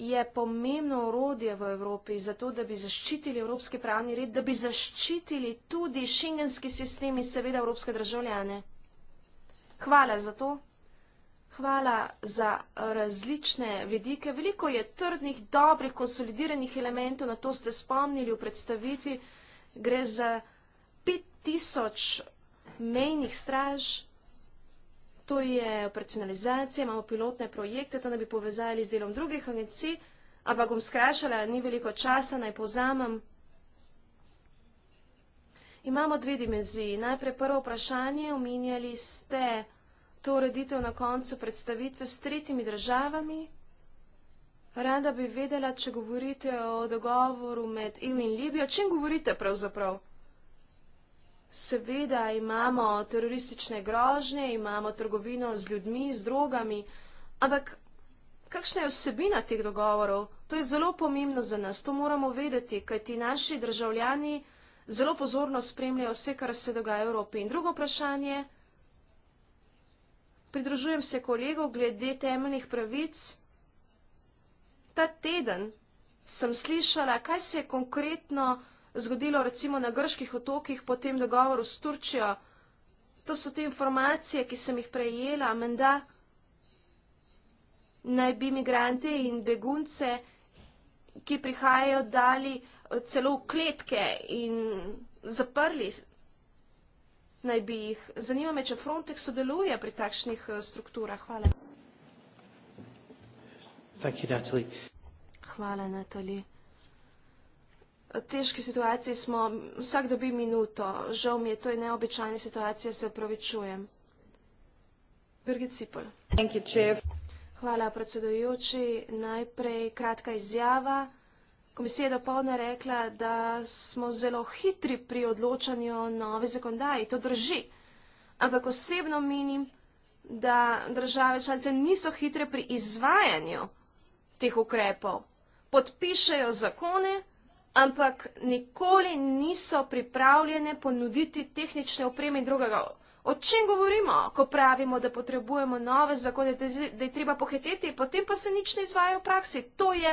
Speaker 4: je pomembno urodje v Evropi za to, da bi zaščitili evropski pravni red, da bi zaščitili tudi šengenski sistem in seveda evropske državljane. Hvala za to. Hvala za različne vidike. Veliko je trdnih, dobrih, konsolidiranih elementov, na to ste spomnili v predstavitvi. Gre za 5000 mejnih straž to je operacionalizacija, imamo pilotne projekte, to ne bi povezali z delom drugih agencij, ampak bom skrajšala, ni veliko časa, naj povzamem. Imamo dve dimenziji. Najprej prvo vprašanje, omenjali ste to ureditev na koncu predstavitve s tretjimi državami. Rada bi vedela, če govorite o dogovoru med EU in Libijo, čem govorite pravzaprav? Seveda imamo teroristične grožnje, imamo trgovino z ljudmi, z drogami, ampak kakšna je vsebina teh dogovorov? To je zelo pomembno za nas, to moramo vedeti, kajti naši državljani zelo pozorno spremljajo vse, kar se dogaja v Evropi. In drugo vprašanje, pridružujem se kolegov glede temeljnih pravic. Ta teden sem slišala, kaj se je konkretno vprašanje, zgodilo recimo na grških otokih, potem dogovoru s Turčijo. To so te informacije, ki sem jih prejela, menda naj bi migrante in begunce, ki prihajajo, dali celo v kletke in zaprli. Naj bi jih. Zanima me, če Frontex sodeluje pri takšnih eh, strukturah. Hvala. Thank you, Natalie. Hvala, Natalie težki situaciji smo, vsak dobi minuto. Žal mi je, to je neobičajna situacija, se upravičujem. Birgit Sipol. Thank you, chief. Hvala, predsedujoči. Najprej kratka izjava. Komisija je dopolne rekla, da smo zelo hitri pri odločanju nove zakonodaje. To drži. Ampak osebno menim, da države članice niso hitre pri izvajanju teh ukrepov. Podpišejo zakone, ampak nikoli niso pripravljene ponuditi tehnične opreme in drugega. O čem govorimo, ko pravimo, da potrebujemo nove zakone, da je treba pohiteti, potem pa se nič ne izvaja v praksi. To je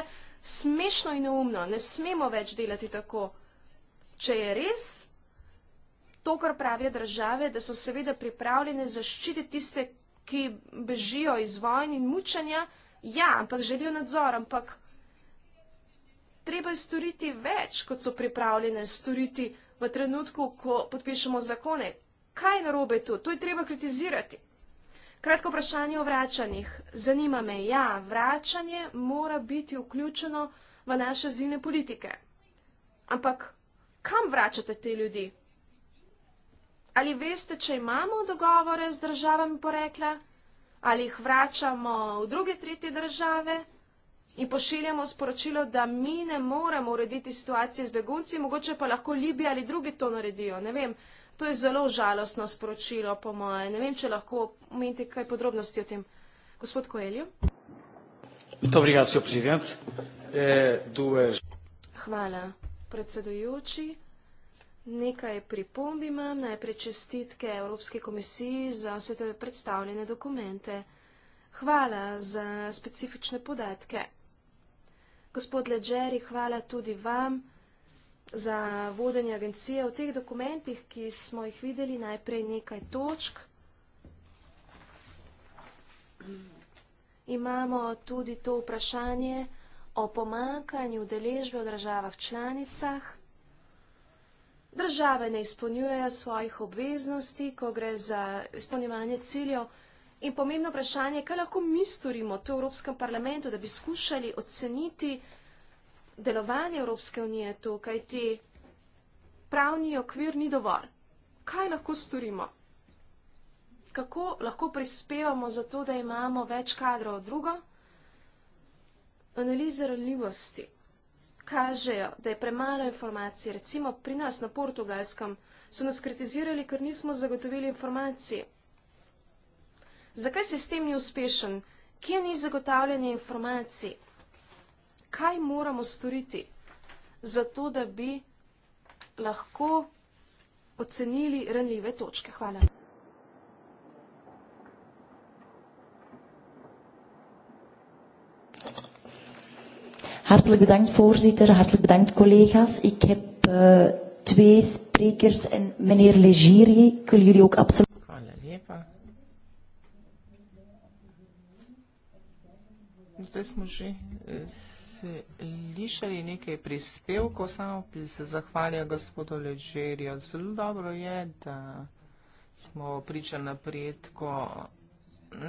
Speaker 4: smešno in neumno. Ne smemo več delati tako. Če je res to, kar pravijo države, da so seveda pripravljene zaščititi tiste, ki bežijo iz vojn in mučanja, ja, ampak želijo nadzor, ampak treba je storiti več, kot so pripravljene storiti v trenutku, ko podpišemo zakone. Kaj narobe tu? To je treba kritizirati. Kratko vprašanje o vračanjih. Zanima me, ja, vračanje mora biti vključeno v naše zilne politike. Ampak kam vračate te ljudi? Ali veste, če imamo dogovore z državami porekla? Ali jih vračamo v druge, tretje države? in pošiljamo sporočilo, da mi ne moremo urediti situacije z begunci, mogoče pa lahko Libija ali drugi to naredijo. To je zelo žalostno sporočilo, po moje. Ne vem, če lahko omenite kaj podrobnosti o tem. Gospod Koeljo. Hvala, predsedujoči. Nekaj pripomb imam, najprej čestitke Evropske komisiji za vse te predstavljene dokumente. Hvala za specifične podatke. Gospod Ledžeri, hvala tudi vam za vodenje agencije. V teh dokumentih, ki smo jih videli, najprej nekaj točk. Imamo tudi to vprašanje o pomankanju deležbe v državah članicah. Države ne izpolnjujejo svojih obveznosti, ko gre za izpolnjevanje ciljev, In pomembno vprašanje, kaj lahko mi storimo tu v Evropskem parlamentu, da bi skušali oceniti delovanje Evropske unije tu, kaj ti pravni okvir ni dovolj. Kaj lahko storimo? Kako lahko prispevamo za to, da imamo več kadrov od drugo? Analize ranljivosti kažejo, da je premalo informacij. Recimo pri nas na portugalskem so nas kritizirali, ker nismo zagotovili informacije zakaj sistem ni uspešen, kje ni zagotavljanje informacij, kaj moramo storiti, zato da bi lahko ocenili renljive točke. Hvala. Hartelijk bedankt, voorzitter. Hartelijk bedankt, collega's. Ik heb uh, twee sprekers en meneer Legiri, ik wil jullie ook absoluut...
Speaker 1: zdaj smo že eh, slišali nekaj prispevkov, samo bi se zahvalila gospodu Leđerju. Zelo dobro je, da smo priča napredko.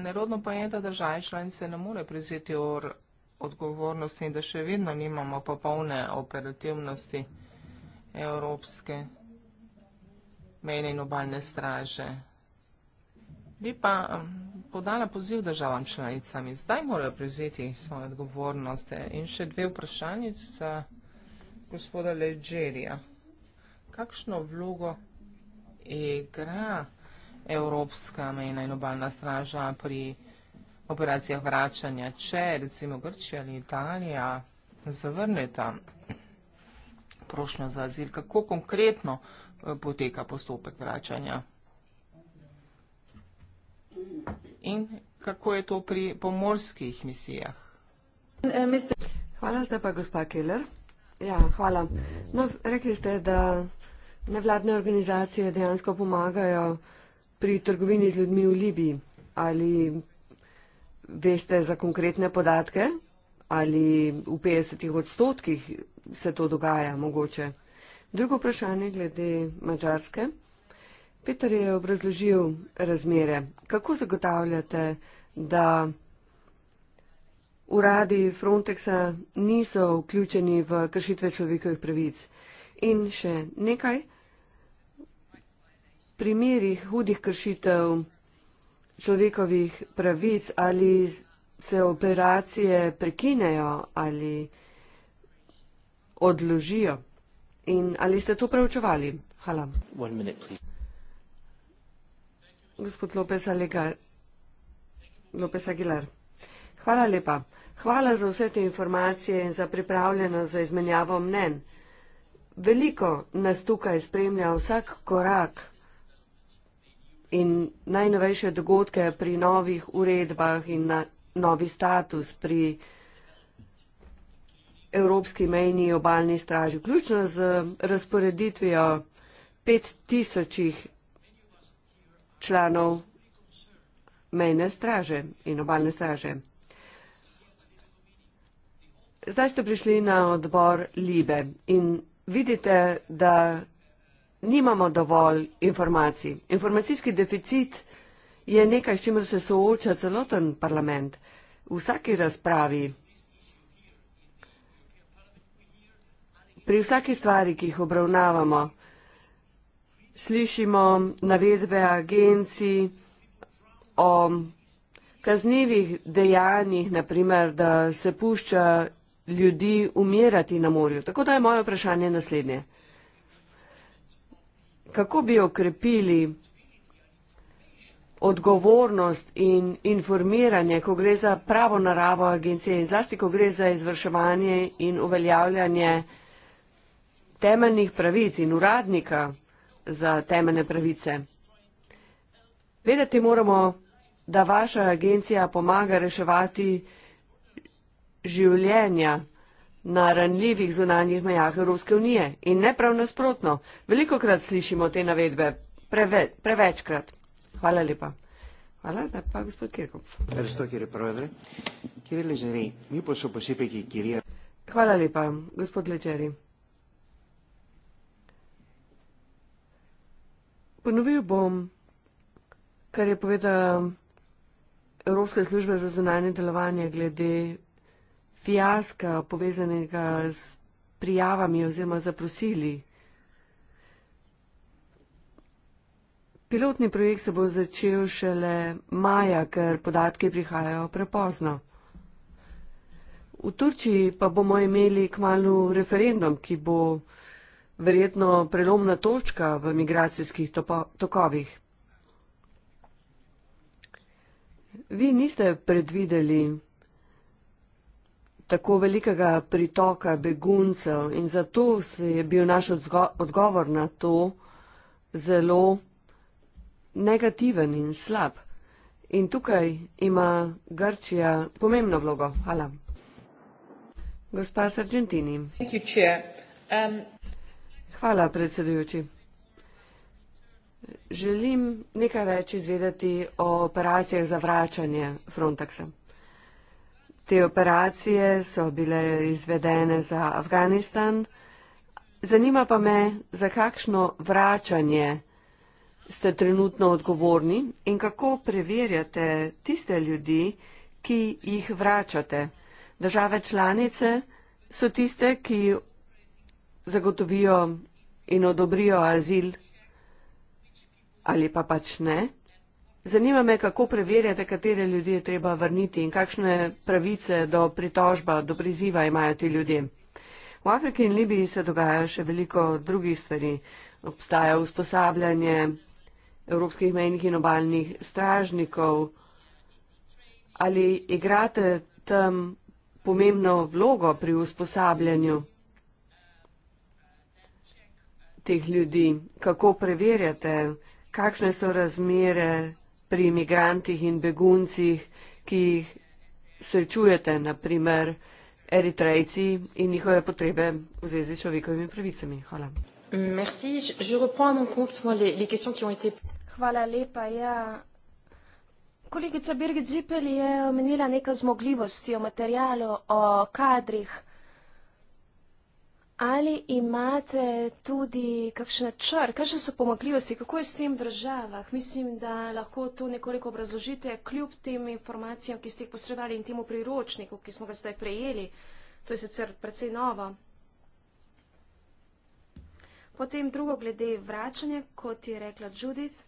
Speaker 1: Nerodno pa je, da države članice ne more prizeti odgovornosti in da še vedno nimamo popolne operativnosti Evropske mejne in obaljne straže. Bi pa podala poziv državam članicam in zdaj morajo prevzeti svoje odgovornosti. In še dve vprašanje za gospoda Leđerija. Kakšno vlogo igra Evropska mejna in obalna straža pri operacijah vračanja, če recimo Grčija ali Italija zavrneta prošnjo za azil? Kako konkretno eh, poteka postopek vračanja? Hvala. In kako je to pri pomorskih misijah?
Speaker 5: Hvala, zdaj pa gospa Keller. Ja, hvala. No, rekli ste, da nevladne organizacije dejansko pomagajo pri trgovini z ljudmi v Libiji. Ali veste za konkretne podatke? Ali v 50 odstotkih se to dogaja mogoče? Drugo vprašanje glede Mačarske. Peter je obrazložil razmere. Kako zagotavljate, da uradi Frontexa niso vključeni v kršitve človekovih pravic? In še nekaj primerih hudih kršitev človekovih pravic ali se operacije prekinejo ali odložijo. In ali ste to preučevali? Hvala.
Speaker 3: One minute, please.
Speaker 5: Gospod Lopez, Alega, Lopez Aguilar, hvala lepa. Hvala za vse te informacije in za pripravljeno za izmenjavo mnen. Veliko nas tukaj spremlja vsak korak in najnovejše dogodke pri novih uredbah in na novi status pri Evropski mejni obalni straži, vključno z razporeditvijo 5000 članov mejne straže in obalne straže. Zdaj ste prišli na odbor Libe in vidite, da nimamo dovolj informacij. Informacijski deficit je nekaj, s čimer se sooča celoten parlament. V vsaki razpravi, pri vsaki stvari, ki jih obravnavamo, slišimo navedbe agencij o kaznivih dejanjih, naprimer, da se pušča ljudi umirati na morju. Tako da je moje vprašanje naslednje. Kako bi okrepili odgovornost in informiranje, ko gre za pravo naravo agencije in zlasti, ko gre za izvrševanje in uveljavljanje temeljnih pravic in uradnika za temene pravice. Vedeti moramo, da vaša agencija pomaga reševati življenja na ranljivih zunanjih mejah Evropske unije in ne prav nasprotno. Veliko krat slišimo te navedbe, preve, prevečkrat. Hvala lepa. Hvala, da pa gospod Kirkov. Hvala lepa, gospod Lečeri. Ponovil bom, kar je povedala Evropska služba za zunanje delovanje glede fijaska povezanega z prijavami oziroma zaprosili. Pilotni projekt se bo začel šele maja, ker podatke prihajajo prepozno. V Turčiji pa bomo imeli kmalo referendum, ki bo verjetno prelomna točka v migracijskih tokovih. Vi niste predvideli tako velikega pritoka beguncev in zato se je bil naš odgo odgovor na to zelo negativen in slab. In tukaj ima Grčija pomembno vlogo. Hvala. Gospa Sargentini. Hvala, predsedujoči. Želim nekaj več izvedeti o operacijah za vračanje Frontexa. Te operacije so bile izvedene za Afganistan. Zanima pa me, za kakšno vračanje ste trenutno odgovorni in kako preverjate tiste ljudi, ki jih vračate. Države članice so tiste, ki zagotovijo in odobrijo azil ali pa pač ne. Zanima me, kako preverjate, katere ljudi je treba vrniti in kakšne pravice do pritožba, do priziva imajo ti ljudje. V Afriki in Libiji se dogajajo še veliko drugih stvari. Obstaja usposabljanje evropskih mejnih in obaljnih stražnikov. Ali igrate tam pomembno vlogo pri usposabljanju? teh ljudi? Kako preverjate, kakšne so razmere pri imigrantih in beguncih, ki jih srečujete, naprimer eritrejci in njihove potrebe v zvezi s človekovimi pravicami? Hvala.
Speaker 4: Hvala lepa. Ja. Kolegica Birgit Zipel je omenila neko zmogljivosti o materialu, o kadrih. Ali imate tudi kakšne črke, kakšne so pomakljivosti, kako je s tem v državah? Mislim, da lahko to nekoliko obrazložite, kljub tem informacijam, ki ste jih posrevali in temu priročniku, ki smo ga zdaj prejeli. To je sicer precej novo. Potem drugo glede vračanja, kot je rekla Judith.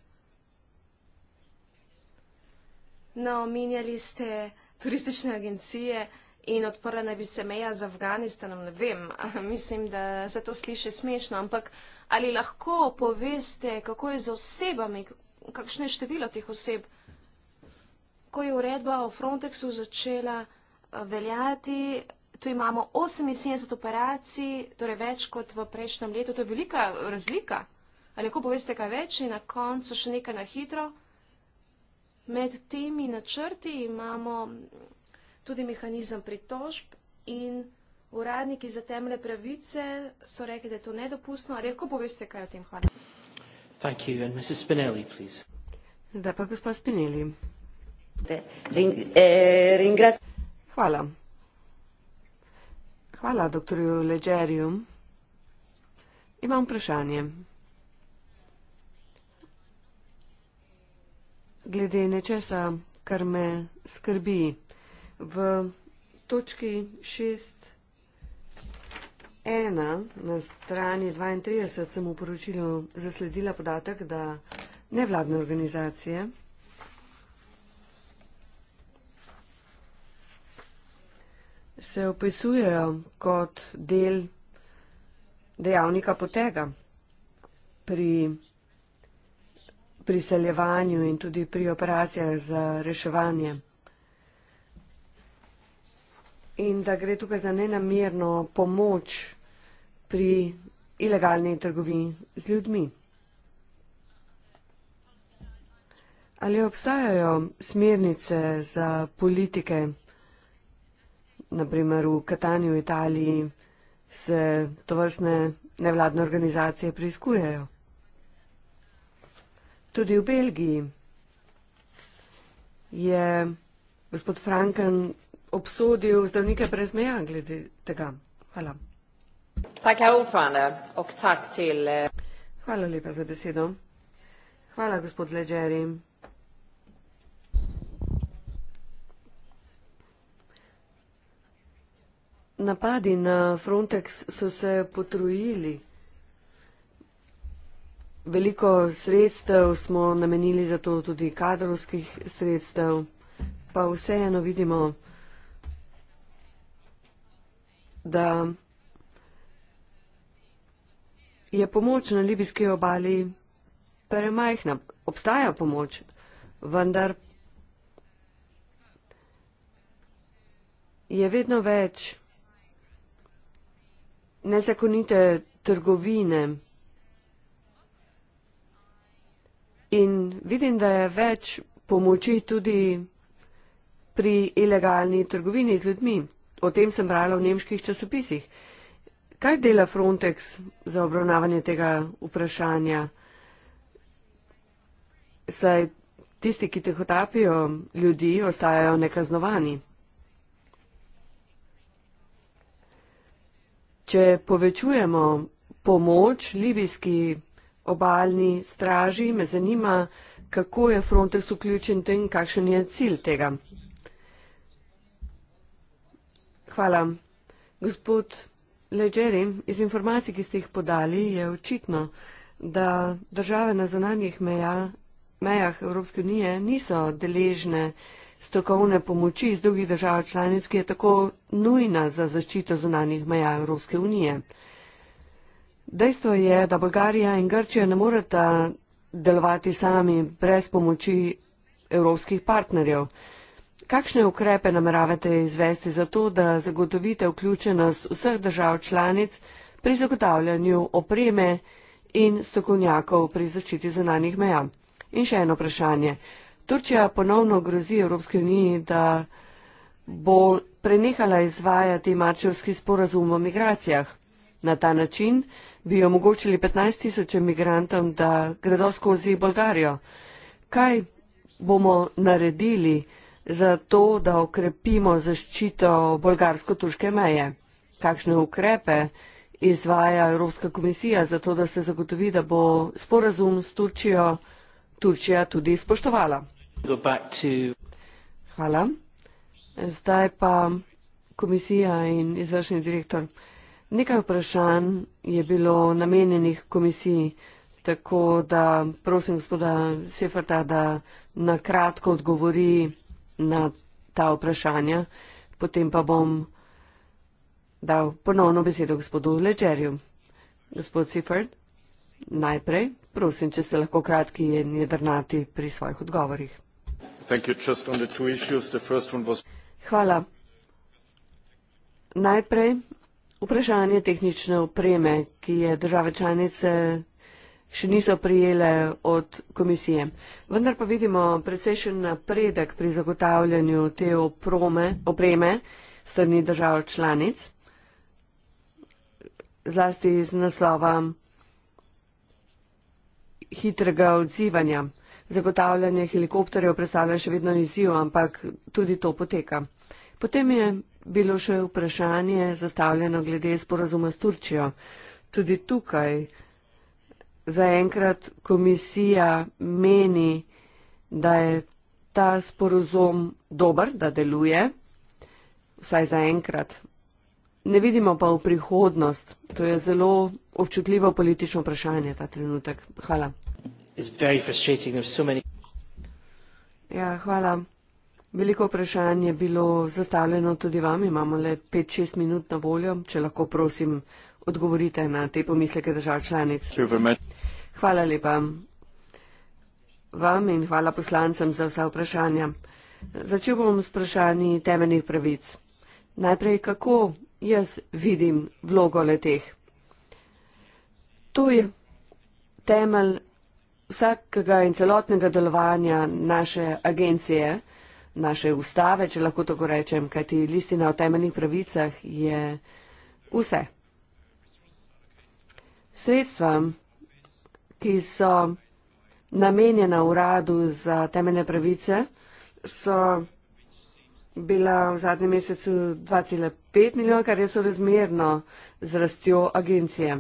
Speaker 4: Naominjali no, ste turistične agencije, in odprla naj bi se meja z Afganistanom. Ne vem, mislim, da se to sliši smešno, ampak ali lahko poveste, kako je z osebami, kakšno je število teh oseb? Ko je uredba o Frontexu začela veljati, tu imamo 78 operacij, torej več kot v prejšnjem letu, to je velika razlika. Ali lahko poveste kaj več in na koncu še nekaj na hitro? Med temi načrti imamo tudi mehanizem pritožb in uradniki za temne pravice so rekli, da je to nedopustno. Ali lahko poveste kaj o tem? Hvala.
Speaker 3: Thank you. And Mrs. Spinelli, please.
Speaker 5: Da pa gospod Spinelli. De, ring, eh, ringra... Hvala. Hvala, dr. Leđerju. Imam vprašanje. Glede nečesa, kar me skrbi, V točki 6.1 na strani 32 sem v poročilu zasledila podatek, da nevladne organizacije se opisujejo kot del dejavnika potega pri priseljevanju in tudi pri operacijah za reševanje in da gre tukaj za nenamirno pomoč pri ilegalni trgovini z ljudmi. Ali obstajajo smernice za politike, naprimer v Kataniji, v Italiji, se to vrstne nevladne organizacije preizkujejo? Tudi v Belgiji je gospod Franken obsodil zdravnike brez meja glede tega. Hvala. Tako je upane, ok tak cilj. Eh. Hvala lepa za besedo. Hvala, gospod Leđeri. Napadi na Frontex so se potrujili. Veliko sredstev smo namenili za to, tudi kadrovskih sredstev, pa vseeno vidimo, da je pomoč na libijski obali premajhna. Obstaja pomoč, vendar je vedno več nezakonite trgovine. In vidim, da je več pomoči tudi pri ilegalni trgovini z ljudmi o tem sem brala v nemških časopisih. Kaj dela Frontex za obravnavanje tega vprašanja? Saj tisti, ki te hotapijo ljudi, ostajajo nekaznovani. Če povečujemo pomoč libijski obaljni straži, me zanima, kako je Frontex vključen in kakšen je cilj tega. Hvala. Gospod Leđeri, iz informacij, ki ste jih podali, je očitno, da države na zonanjih meja, mejah Evropske unije niso deležne strokovne pomoči iz drugih držav članic, ki je tako nujna za zaščito zonanjih meja Evropske unije. Dejstvo je, da Bolgarija in Grčija ne moreta delovati sami brez pomoči evropskih partnerjev. Kakšne ukrepe nameravate izvesti za to, da zagotovite vključenost vseh držav članic pri zagotavljanju opreme in stokovnjakov pri zaščiti zunanjih meja? In še eno vprašanje. Turčija ponovno grozi Evropske unije, da bo prenehala izvajati mačevski sporazum o migracijah. Na ta način bi omogočili 15 tisoč migrantom, da gredo skozi Bolgarijo. Kaj bomo naredili? za to, da okrepimo zaščito bolgarsko-turške meje? Kakšne ukrepe izvaja Evropska komisija za to, da se zagotovi, da bo sporazum s Turčijo Turčija tudi spoštovala? Hvala. Zdaj pa komisija in izvršni direktor. Nekaj vprašanj je bilo namenjenih komisiji, tako da prosim gospoda Seferta, da na kratko odgovori na ta vprašanja, potem pa bom dal ponovno besedo gospodu Ledžerju. Gospod Sifrd, najprej prosim, če ste lahko kratki in jedrnati pri svojih odgovorih. Hvala. Najprej vprašanje tehnične opreme, ki je države članice še niso prijele od komisije. Vendar pa vidimo precejšen napredek pri zagotavljanju te oprome, opreme strani držav članic, zlasti iz naslova hitrega odzivanja. Zagotavljanje helikopterjev predstavlja še vedno izziv, ampak tudi to poteka. Potem je bilo še vprašanje zastavljeno glede sporazuma s Turčijo. Tudi tukaj zaenkrat komisija meni, da je ta sporozum dober, da deluje, vsaj zaenkrat. Ne vidimo pa v prihodnost. To je zelo občutljivo politično vprašanje ta trenutek. Hvala. Ja, hvala. Veliko vprašanje je bilo zastavljeno tudi vam. Imamo le 5-6 minut na voljo. Če lahko prosim odgovorite na te pomisleke držav članic. Super, Hvala lepa vam in hvala poslancem za vsa vprašanja. Začel bom s vprašanji temeljnih pravic. Najprej, kako jaz vidim vlogo leteh? To je temelj vsakega in celotnega delovanja naše agencije, naše ustave, če lahko tako rečem, kajti listina o temeljnih pravicah je vse. Sredstva ki so namenjena uradu za temeljne pravice, so bila v zadnjem mesecu 2,5 milijona, kar je sorazmerno z rastjo agencije.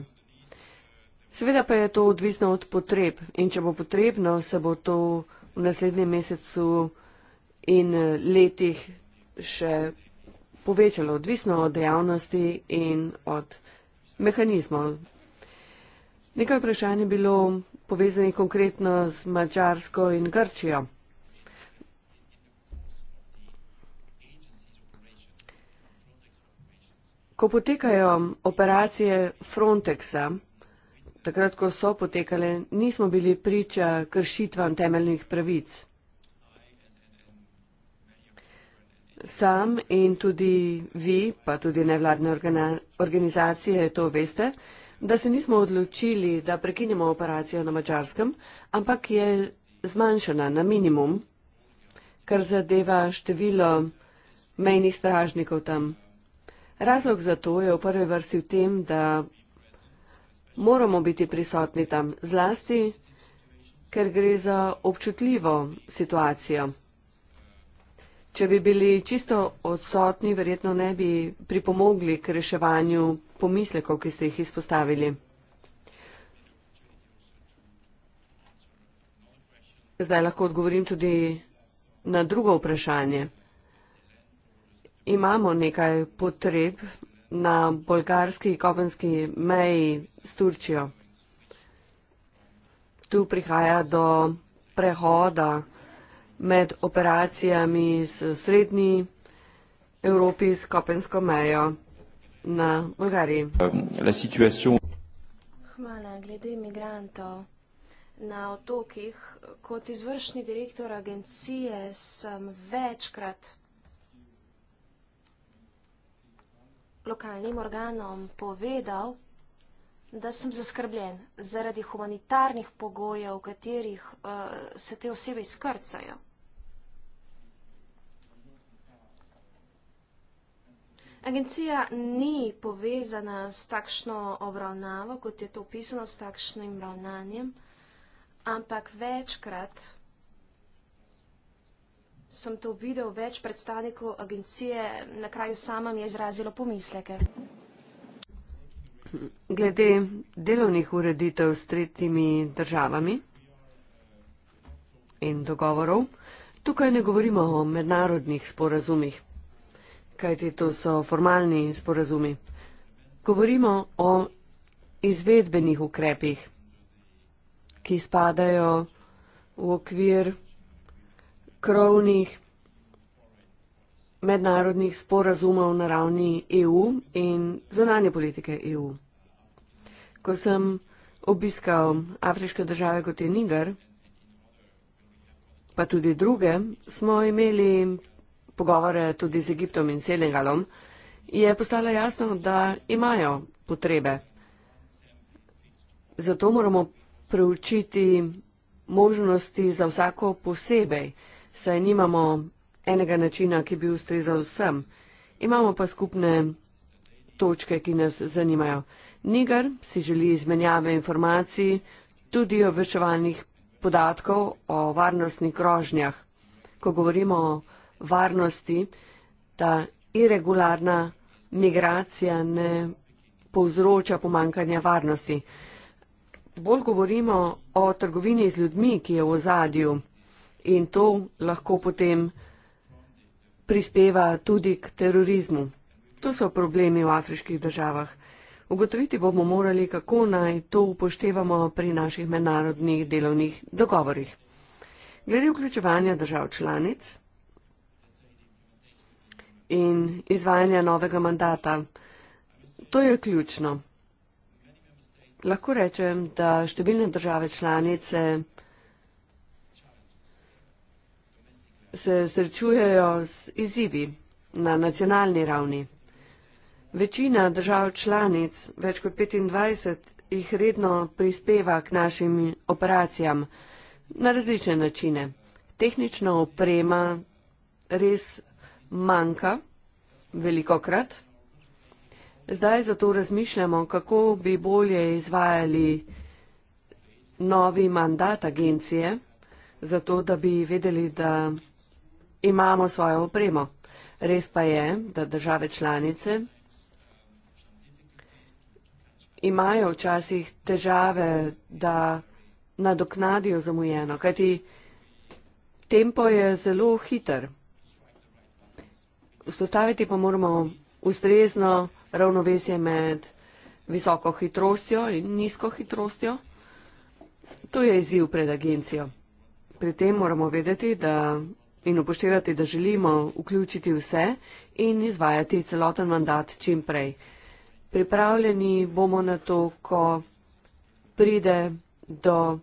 Speaker 5: Seveda pa je to odvisno od potreb in če bo potrebno, se bo to v naslednjem mesecu in letih še povečalo, odvisno od dejavnosti in od mehanizmov. Nekaj vprašanj je bilo povezanih konkretno z Mačarsko in Grčijo. Ko potekajo operacije Frontexa, takrat, ko so potekale, nismo bili priča kršitvam temeljnih pravic. Sam in tudi vi, pa tudi nevladne organizacije to veste, da se nismo odločili, da prekinemo operacijo na Mačarskem, ampak je zmanjšana na minimum, kar zadeva število mejnih stražnikov tam. Razlog za to je v prvi vrsti v tem, da moramo biti prisotni tam zlasti, ker gre za občutljivo situacijo. Če bi bili čisto odsotni, verjetno ne bi pripomogli k reševanju pomislekov, ki ste jih izpostavili. Zdaj lahko odgovorim tudi na drugo vprašanje. Imamo nekaj potreb na bolgarski kopenski meji s Turčijo. Tu prihaja do prehoda med operacijami s srednji Evropi s kopensko mejo na Bolgariji.
Speaker 3: Um,
Speaker 4: Hvala, glede imigrantov. Na otokih, kot izvršni direktor agencije, sem večkrat lokalnim organom povedal, da sem zaskrbljen zaradi humanitarnih pogojev, v katerih uh, se te osebe izkrcajo. Agencija ni povezana s takšno obravnavo, kot je to opisano, s takšnim ravnanjem, ampak večkrat sem to videl, več predstavnikov agencije na kraju samem je izrazilo pomisleke.
Speaker 5: Glede delovnih ureditev s tretjimi državami in dogovorov, tukaj ne govorimo o mednarodnih sporazumih kajti to so formalni sporazumi. Govorimo o izvedbenih ukrepih, ki spadajo v okvir krovnih mednarodnih sporazumov na ravni EU in zunanje politike EU. Ko sem obiskal afriške države kot je Niger, pa tudi druge, smo imeli pogovore tudi z Egiptom in Senegalom, je postalo jasno, da imajo potrebe. Zato moramo preučiti možnosti za vsako posebej, saj nimamo enega načina, ki bi ustrezal vsem. Imamo pa skupne točke, ki nas zanimajo. Niger si želi izmenjave informacij, tudi o vrševalnih podatkov o varnostnih grožnjah. Ko govorimo o varnosti, da irregularna migracija ne povzroča pomankanja varnosti. Bolj govorimo o trgovini z ljudmi, ki je v ozadju in to lahko potem prispeva tudi k terorizmu. To so problemi v afriških državah. Ugotoviti bomo morali, kako naj to upoštevamo pri naših mednarodnih delovnih dogovorih. Glede vključevanja držav članic, in izvajanja novega mandata. To je ključno. Lahko rečem, da številne države članice se srečujejo z izzivi na nacionalni ravni. Večina držav članic, več kot 25, jih redno prispeva k našim operacijam na različne načine. Tehnična oprema res manjka veliko krat. Zdaj zato razmišljamo, kako bi bolje izvajali novi mandat agencije, zato da bi vedeli, da imamo svojo opremo. Res pa je, da države članice imajo včasih težave, da nadoknadijo zamujeno, kajti tempo je zelo hitro vzpostaviti pa moramo ustrezno ravnovesje med visoko hitrostjo in nizko hitrostjo. To je izziv pred agencijo. Pri tem moramo vedeti, da in upoštevati, da želimo vključiti vse in izvajati celoten mandat čim prej. Pripravljeni bomo na to, ko pride do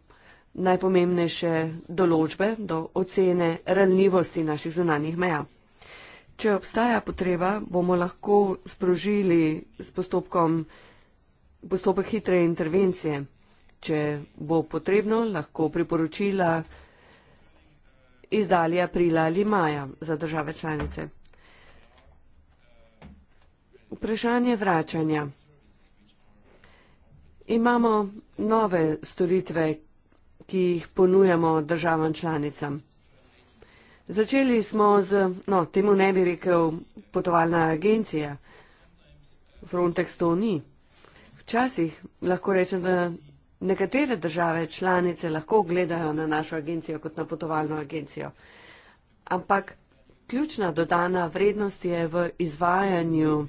Speaker 5: najpomembnejše določbe, do ocene ranljivosti naših zunanjih meja. Če obstaja potreba, bomo lahko sprožili s postopkom postopek hitre intervencije. Če bo potrebno, lahko priporočila izdali aprila ali maja za države članice. Vprašanje vračanja. Imamo nove storitve, ki jih ponujamo državam članicam. Začeli smo z, no, temu ne bi rekel, potovalna agencija. Frontex to ni. Včasih lahko rečem, da nekatere države članice lahko gledajo na našo agencijo kot na potovalno agencijo. Ampak ključna dodana vrednost je v izvajanju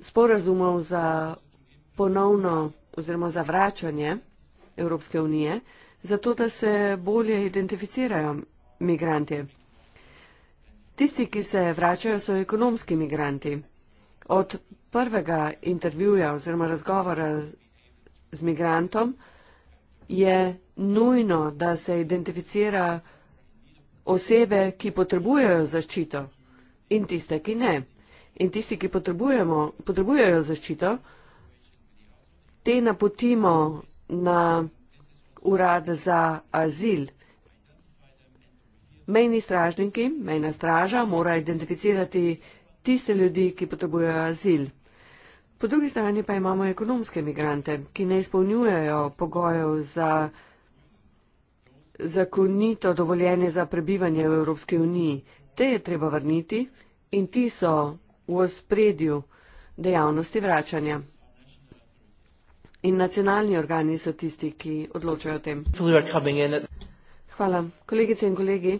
Speaker 5: sporazumov za ponovno oziroma za vračanje Evropske unije, zato da se bolje identificirajo migrante. Tisti, ki se vračajo, so ekonomski migranti. Od prvega intervjuja oziroma razgovora z migrantom je nujno, da se identificira osebe, ki potrebujejo zaščito in tiste, ki ne. In tisti, ki potrebujejo zaščito, te napotimo na urad za azil Mejni stražniki, mejna straža mora identificirati tiste ljudi, ki potrebujejo azil. Po drugi strani pa imamo ekonomske migrante, ki ne izpolnjujejo pogojev za zakonito dovoljenje za prebivanje v Evropski uniji. Te je treba vrniti in ti so v ospredju dejavnosti vračanja. In nacionalni organi so tisti, ki odločajo o tem. Hvala, kolegice in kolegi.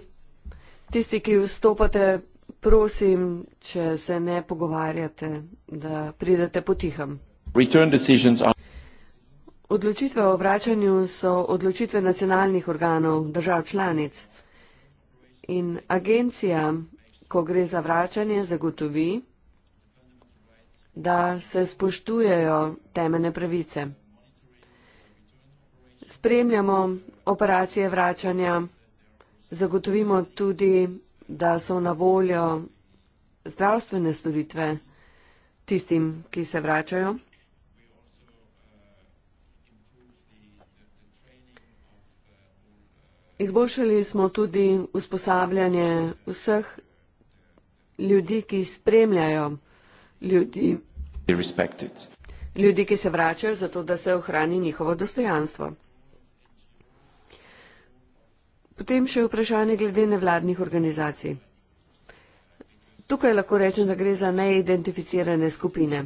Speaker 5: Tisti, ki vstopate, prosim, če se ne pogovarjate, da pridete potiham. Odločitve o vračanju so odločitve nacionalnih organov držav članic. In agencija, ko gre za vračanje, zagotovi, da se spoštujejo temene pravice. Spremljamo operacije vračanja zagotovimo tudi, da so na voljo zdravstvene storitve tistim, ki se vračajo. Izboljšali smo tudi usposabljanje vseh ljudi, ki spremljajo ljudi, ljudi ki se vračajo, zato da se ohrani njihovo dostojanstvo. Potem še vprašanje glede nevladnih organizacij. Tukaj lahko rečem, da gre za neidentificirane skupine.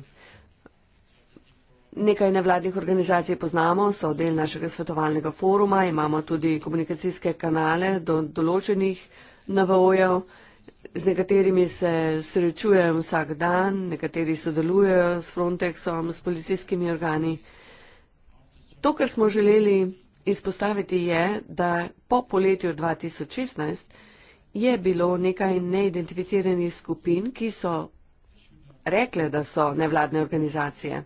Speaker 5: Nekaj nevladnih organizacij poznamo, so del našega svetovalnega foruma, imamo tudi komunikacijske kanale do določenih NVO-jev, z nekaterimi se srečujem vsak dan, nekateri sodelujejo s Frontexom, s policijskimi organi. To, kar smo želeli Izpostaviti je, da po poletju 2016 je bilo nekaj neidentificiranih skupin, ki so rekle, da so nevladne organizacije,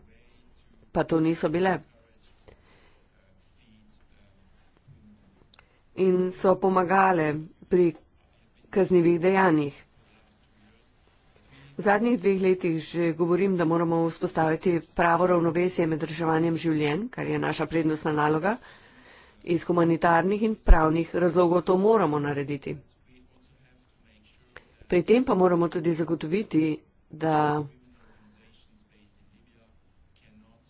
Speaker 5: pa to niso bile. In so pomagale pri kaznjivih dejanjih. V zadnjih dveh letih že govorim, da moramo vzpostaviti pravo ravnovesje med reševanjem življenj, kar je naša prednostna naloga, iz humanitarnih in pravnih razlogov to moramo narediti. Pri tem pa moramo tudi zagotoviti, da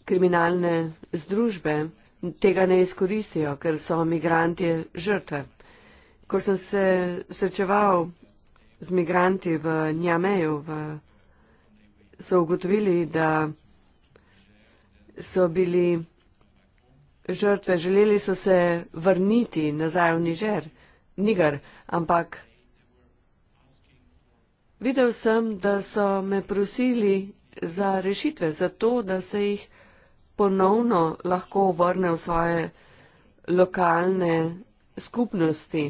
Speaker 5: kriminalne združbe tega ne izkoristijo, ker so migranti žrtve. Ko sem se srečeval z migranti v Njameju, v, so ugotovili, da so bili žrtve, želeli so se vrniti nazaj v Nižer, Niger, ampak videl sem, da so me prosili za rešitve, za to, da se jih ponovno lahko vrne v svoje lokalne skupnosti.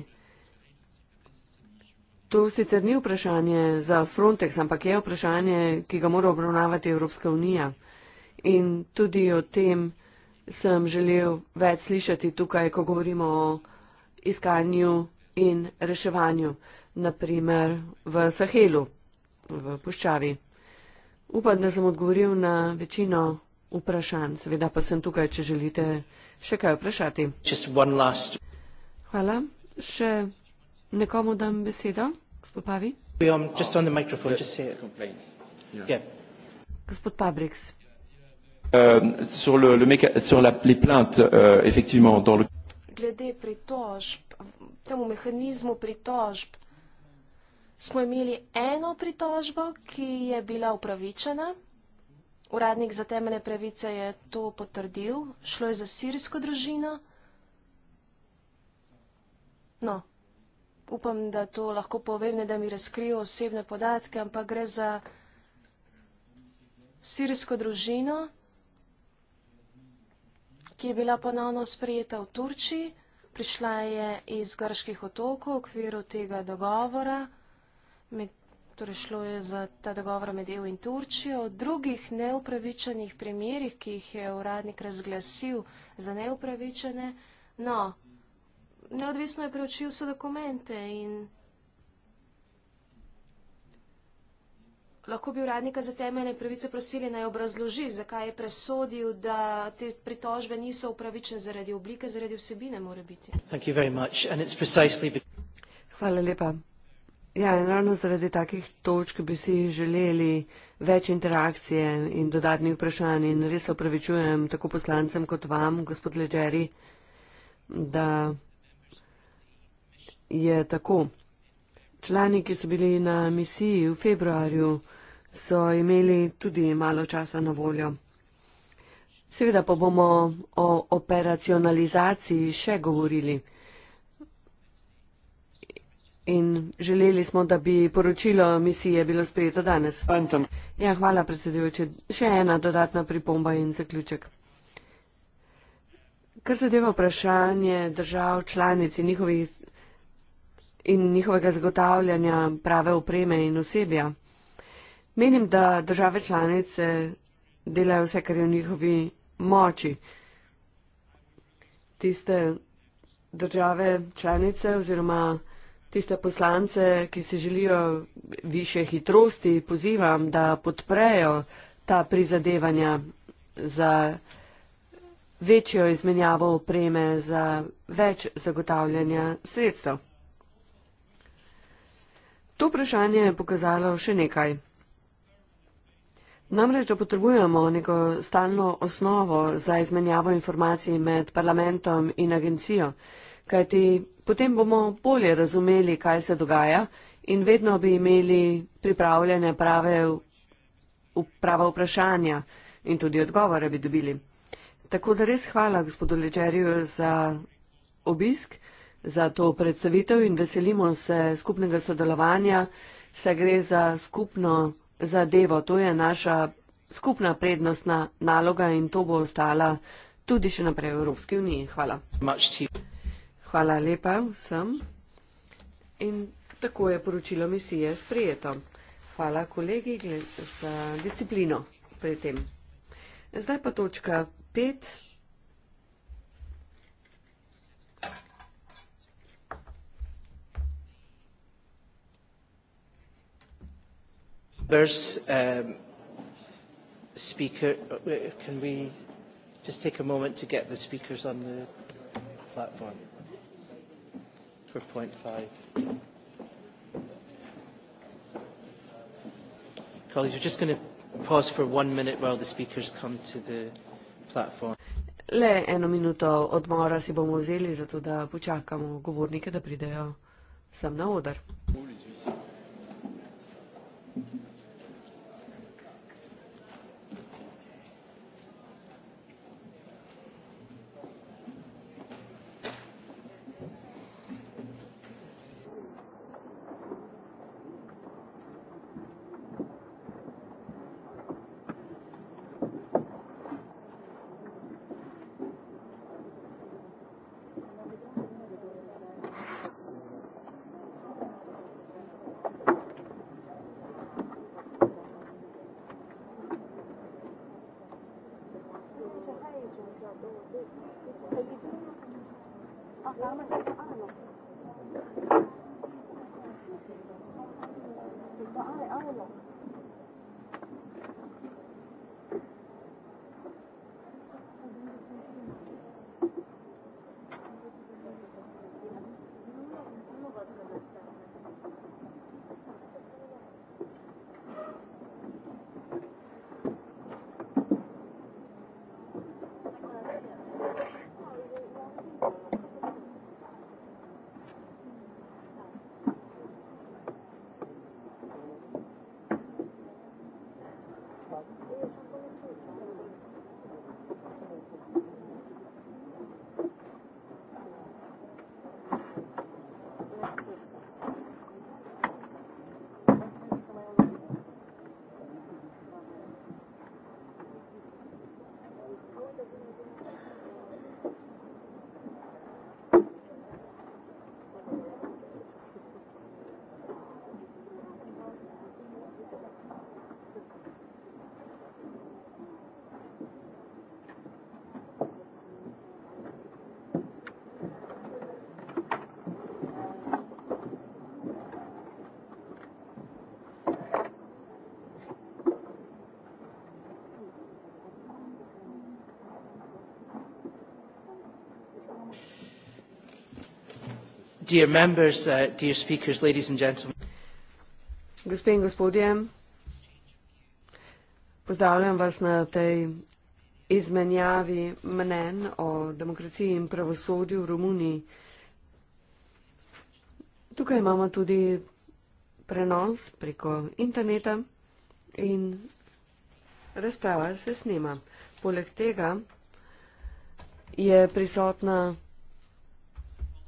Speaker 5: To sicer ni vprašanje za Frontex, ampak je vprašanje, ki ga mora obravnavati Evropska unija. In tudi o tem sem želel več slišati tukaj, ko govorimo o iskanju in reševanju, naprimer v Sahelu, v Puščavi. Upam, da sem odgovoril na večino vprašanj, seveda pa sem tukaj, če želite še kaj vprašati. Hvala. Še nekomu dam besedo, gospod Pavi.
Speaker 3: Gospod Pabriks, Euh, sur le, le méca... sur la, les plaintes, euh, effectivement, dans le.
Speaker 4: Gledé pritožb, temu mehanizmu pritožb, smo imeli eno pritožbo, ki je bila upravičena. Uradnik za temeljne pravice je to potrdil. Šlo je za sirsko družino. No, upam, da to lahko povem, ne da mi razkrijo osebne podatke, ampak gre za sirsko družino ki je bila ponovno sprejeta v Turčiji. Prišla je iz grških otokov v okviru tega dogovora. Med, torej šlo je za ta dogovor med EU in Turčijo. O drugih neupravičenih primerjih, ki jih je uradnik razglasil za neupravičene, no, neodvisno je preučil vse dokumente in lahko bi uradnika za temeljne pravice prosili naj obrazloži, zakaj je presodil, da te pritožbe niso upravične zaradi oblike, zaradi vsebine mora biti.
Speaker 5: Hvala lepa. Ja, in ravno zaradi takih točk bi si želeli več interakcije in dodatnih vprašanj in res opravičujem tako poslancem kot vam, gospod Leđeri, da je tako. Člani, ki so bili na misiji v februarju, so imeli tudi malo časa na voljo. Seveda pa bomo o operacionalizaciji še govorili. In želeli smo, da bi poročilo misije bilo sprejeto danes. Anton. Ja, hvala, predsedujoče. Še ena dodatna pripomba in zaključek. Kar zadeva vprašanje držav članic in, njihovih, in njihovega zagotavljanja prave upreme in osebja. Menim, da države članice delajo vse, kar je v njihovi moči. Tiste države članice oziroma tiste poslance, ki si želijo više hitrosti, pozivam, da podprejo ta prizadevanja za večjo izmenjavo opreme, za več zagotavljanja sredstev. To vprašanje je pokazalo še nekaj. Namreč, da potrebujemo neko stalno osnovo za izmenjavo informacij med parlamentom in agencijo, kajti potem bomo bolje razumeli, kaj se dogaja in vedno bi imeli pripravljene prave, prava vprašanja in tudi odgovore bi dobili. Tako da res hvala gospodu Lečerju za obisk, za to predstavitev in veselimo se skupnega sodelovanja, saj gre za skupno zadevo. To je naša skupna prednostna naloga in to bo ostala tudi še naprej v Evropski uniji. Hvala. Hvala lepa vsem. In tako je poročilo misije sprijeto. Hvala kolegi za disciplino pri tem. Zdaj pa točka 5.
Speaker 3: members, um, speaker, uh, can we just take a moment to get the speakers on the platform for point five? Colleagues, we're just going to pause for one minute while the speakers come to the platform.
Speaker 5: Le eno minuto odmora si bomo vzeli, zato da počakamo govornike, da pridejo sem na odr.
Speaker 3: Uh,
Speaker 5: Gospe in gospodje, pozdravljam vas na tej izmenjavi mnen o demokraciji in pravosodju v Romuniji. Tukaj imamo tudi prenos preko interneta in razprava se snema. Poleg tega je prisotna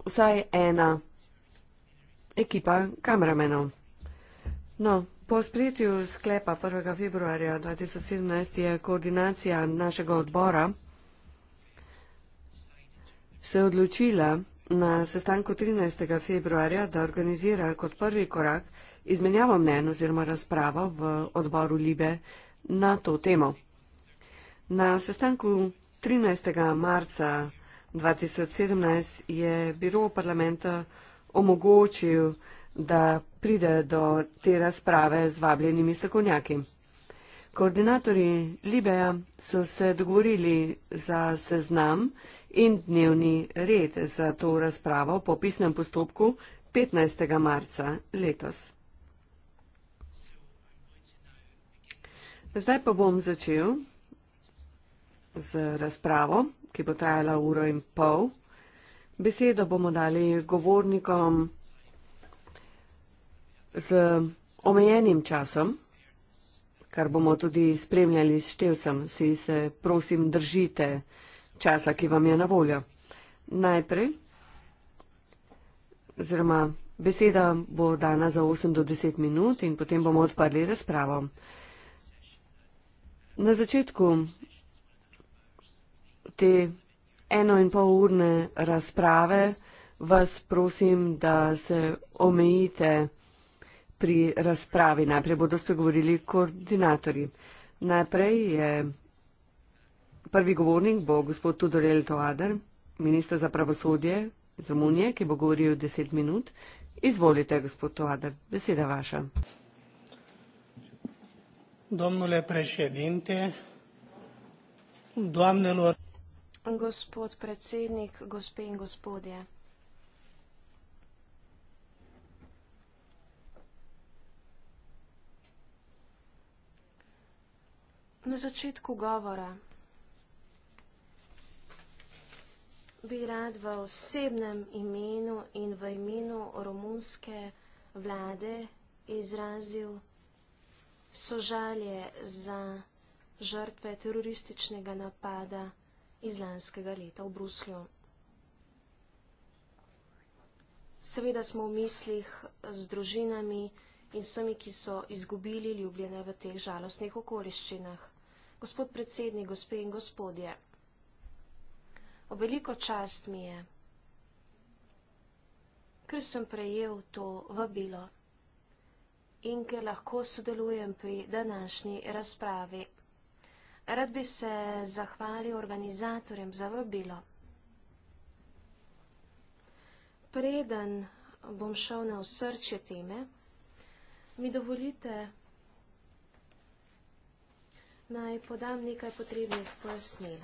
Speaker 5: vsaj ena ekipa kameramenov. No, po sprejetju sklepa 1. februarja 2017 je koordinacija našega odbora se odločila na sestanku 13. februarja, da organizira kot prvi korak izmenjavo mnen oziroma razpravo v odboru Libe na to temo. Na sestanku 13. marca 2017 je biro parlamenta omogočil, da pride do te razprave z vabljenimi strokovnjaki. Koordinatorji Libeja so se dogovorili za seznam in dnevni red za to razpravo po pisnem postopku 15. marca letos. Zdaj pa bom začel z razpravo ki bo trajala uro in pol. Besedo bomo dali govornikom z omejenim časom, kar bomo tudi spremljali s števcem. Vsi se prosim držite časa, ki vam je na voljo. Najprej, oziroma beseda bo dana za 8 do 10 minut in potem bomo odprli razpravo. Na začetku te eno in pol urne razprave vas prosim, da se omejite pri razpravi. Najprej bodo spregovorili koordinatorji. Najprej je prvi govornik bo gospod Tudorel Toader, minister za pravosodje iz Romunije, ki bo govoril 10 minut. Izvolite, gospod Toader, beseda vaša. Domnule predsednik, domnilor.
Speaker 4: Gospod predsednik, gospe in gospodje. Na začetku govora bi rad v osebnem imenu in v imenu romunske vlade izrazil sožalje za žrtve terorističnega napada iz lanskega leta v Bruslju. Seveda smo v mislih z družinami in vsemi, ki so izgubili ljubljene v teh žalostnih okoliščinah. Gospod predsednik, gospe in gospodje, o veliko čast mi je, ker sem prejel to vabilo in ker lahko sodelujem pri današnji razpravi. Rad bi se zahvalil organizatorjem za vabilo. Preden bom šel na osrče teme, mi dovolite, naj podam nekaj potrebnih pojasnil.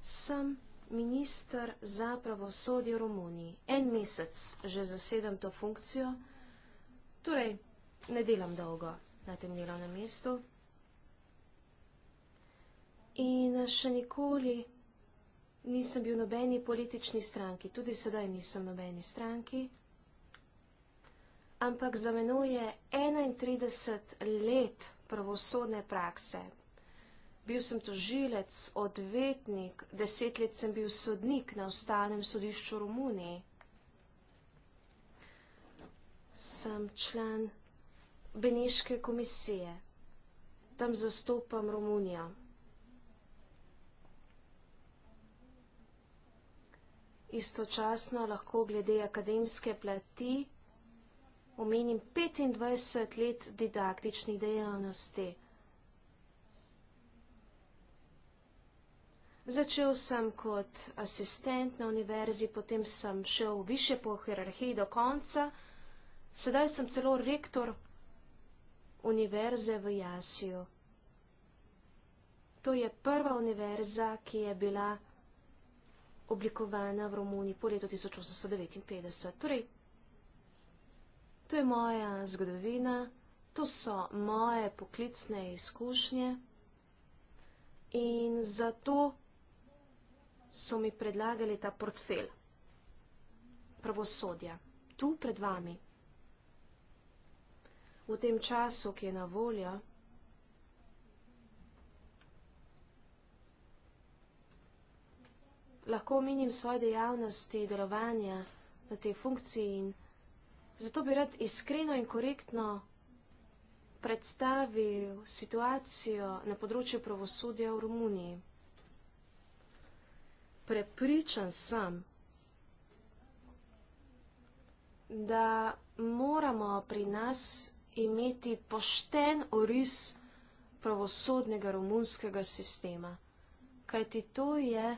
Speaker 4: Sem minister za pravosodje Romuniji. En mesec že zasedam to funkcijo, torej ne delam dolgo na tem delovnem mestu. In eh, še nikoli nisem bil nobeni politični stranki, tudi sedaj nisem nobeni stranki, ampak za menoj je 31 let pravosodne prakse. Bil sem tožilec, odvetnik, deset let sem bil sodnik na ostalnem sodišču Romuniji. Sem član Beniške komisije. Tam zastopam Romunijo. istočasno lahko glede akademske plati omenim 25 let didaktičnih dejavnosti. Začel sem kot asistent na univerzi, potem sem šel više po hierarhiji do konca, sedaj sem celo rektor univerze v Jasiju. To je prva univerza, ki je bila vsega oblikovana v Romuniji po letu 1859. Torej, to je moja zgodovina, to so moje poklicne izkušnje in zato so mi predlagali ta portfel pravosodja, tu pred vami. V tem času, ki je na voljo, lahko omenim svoje dejavnosti, delovanja na tej funkciji in zato bi rad iskreno in korektno predstavil situacijo na področju pravosodja v Romuniji. Prepričan sem, da moramo pri nas imeti pošten oris pravosodnega romunskega sistema, kajti to je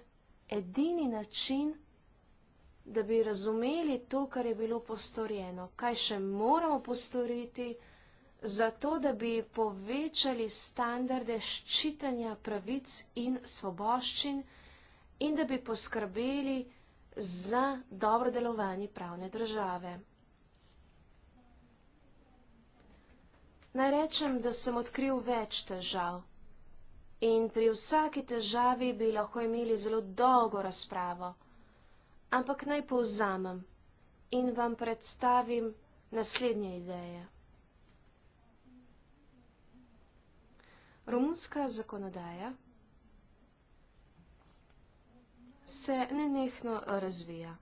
Speaker 4: edini način, da bi razumeli to, kar je bilo postorjeno, kaj še moramo postoriti, zato da bi povečali standarde ščitanja pravic in svoboščin in da bi poskrbeli za dobro delovanje pravne države. Naj rečem, da sem odkril več težav in pri vsaki težavi bi lahko imeli zelo dolgo razpravo. Ampak naj povzamem in vam predstavim naslednje ideje. Romunska zakonodaja se nenehno razvija.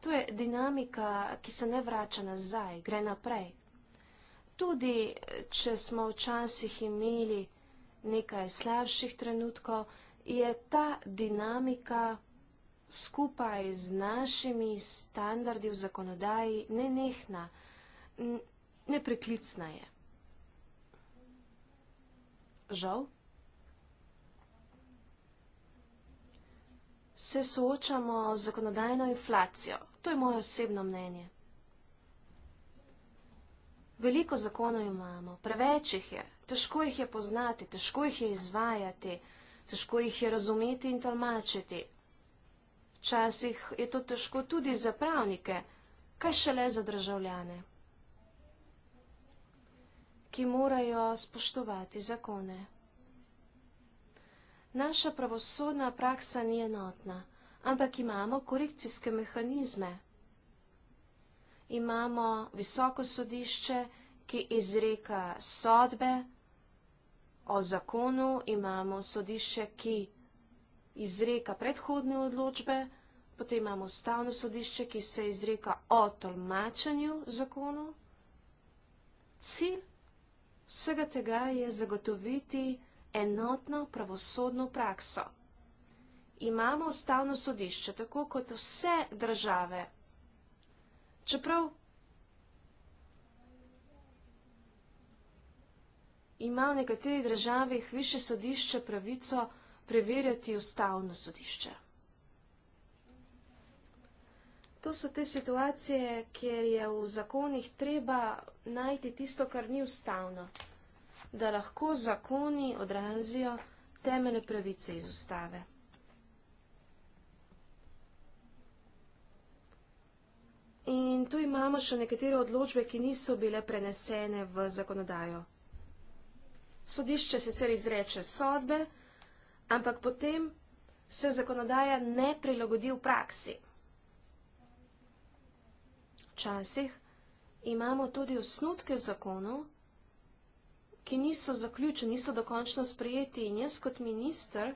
Speaker 4: To je dinamika, ki se ne vrača nazaj, gre naprej, tudi če smo včasih imeli nekaj slabših trenutkov, je ta dinamika skupaj z našimi standardi v zakonodaji nenehna, nepreklicna je. Žal. Se soočamo z zakonodajno inflacijo. To je moje osebno mnenje. Veliko zakonov imamo, preveč jih je, težko jih je poznati, težko jih je izvajati, težko jih je razumeti in tolmačiti. Včasih je to težko tudi za pravnike, kaj šele za državljane, ki morajo spoštovati zakone. Naša pravosodna praksa ni enotna, ampak imamo korekcijske mehanizme imamo visoko sodišče, ki izreka sodbe o zakonu, imamo sodišče, ki izreka predhodne odločbe, potem imamo ustavno sodišče, ki se izreka o tolmačenju zakonu. Cilj vsega tega je zagotoviti enotno pravosodno prakso. Imamo ustavno sodišče, tako kot vse države čeprav ima v nekaterih državih više sodišče pravico preverjati ustavno sodišče. To so te situacije, kjer je v zakonih treba najti tisto, kar ni ustavno, da lahko zakoni odrazijo temeljne pravice iz ustave. In tu imamo še nekatere odločbe, ki niso bile prenesene v zakonodajo. Sodišče sicer izreče sodbe, ampak potem se zakonodaja ne prilagodi v praksi. Včasih imamo tudi osnutke zakonov, ki niso zaključeni, niso dokončno sprejeti in jaz kot minister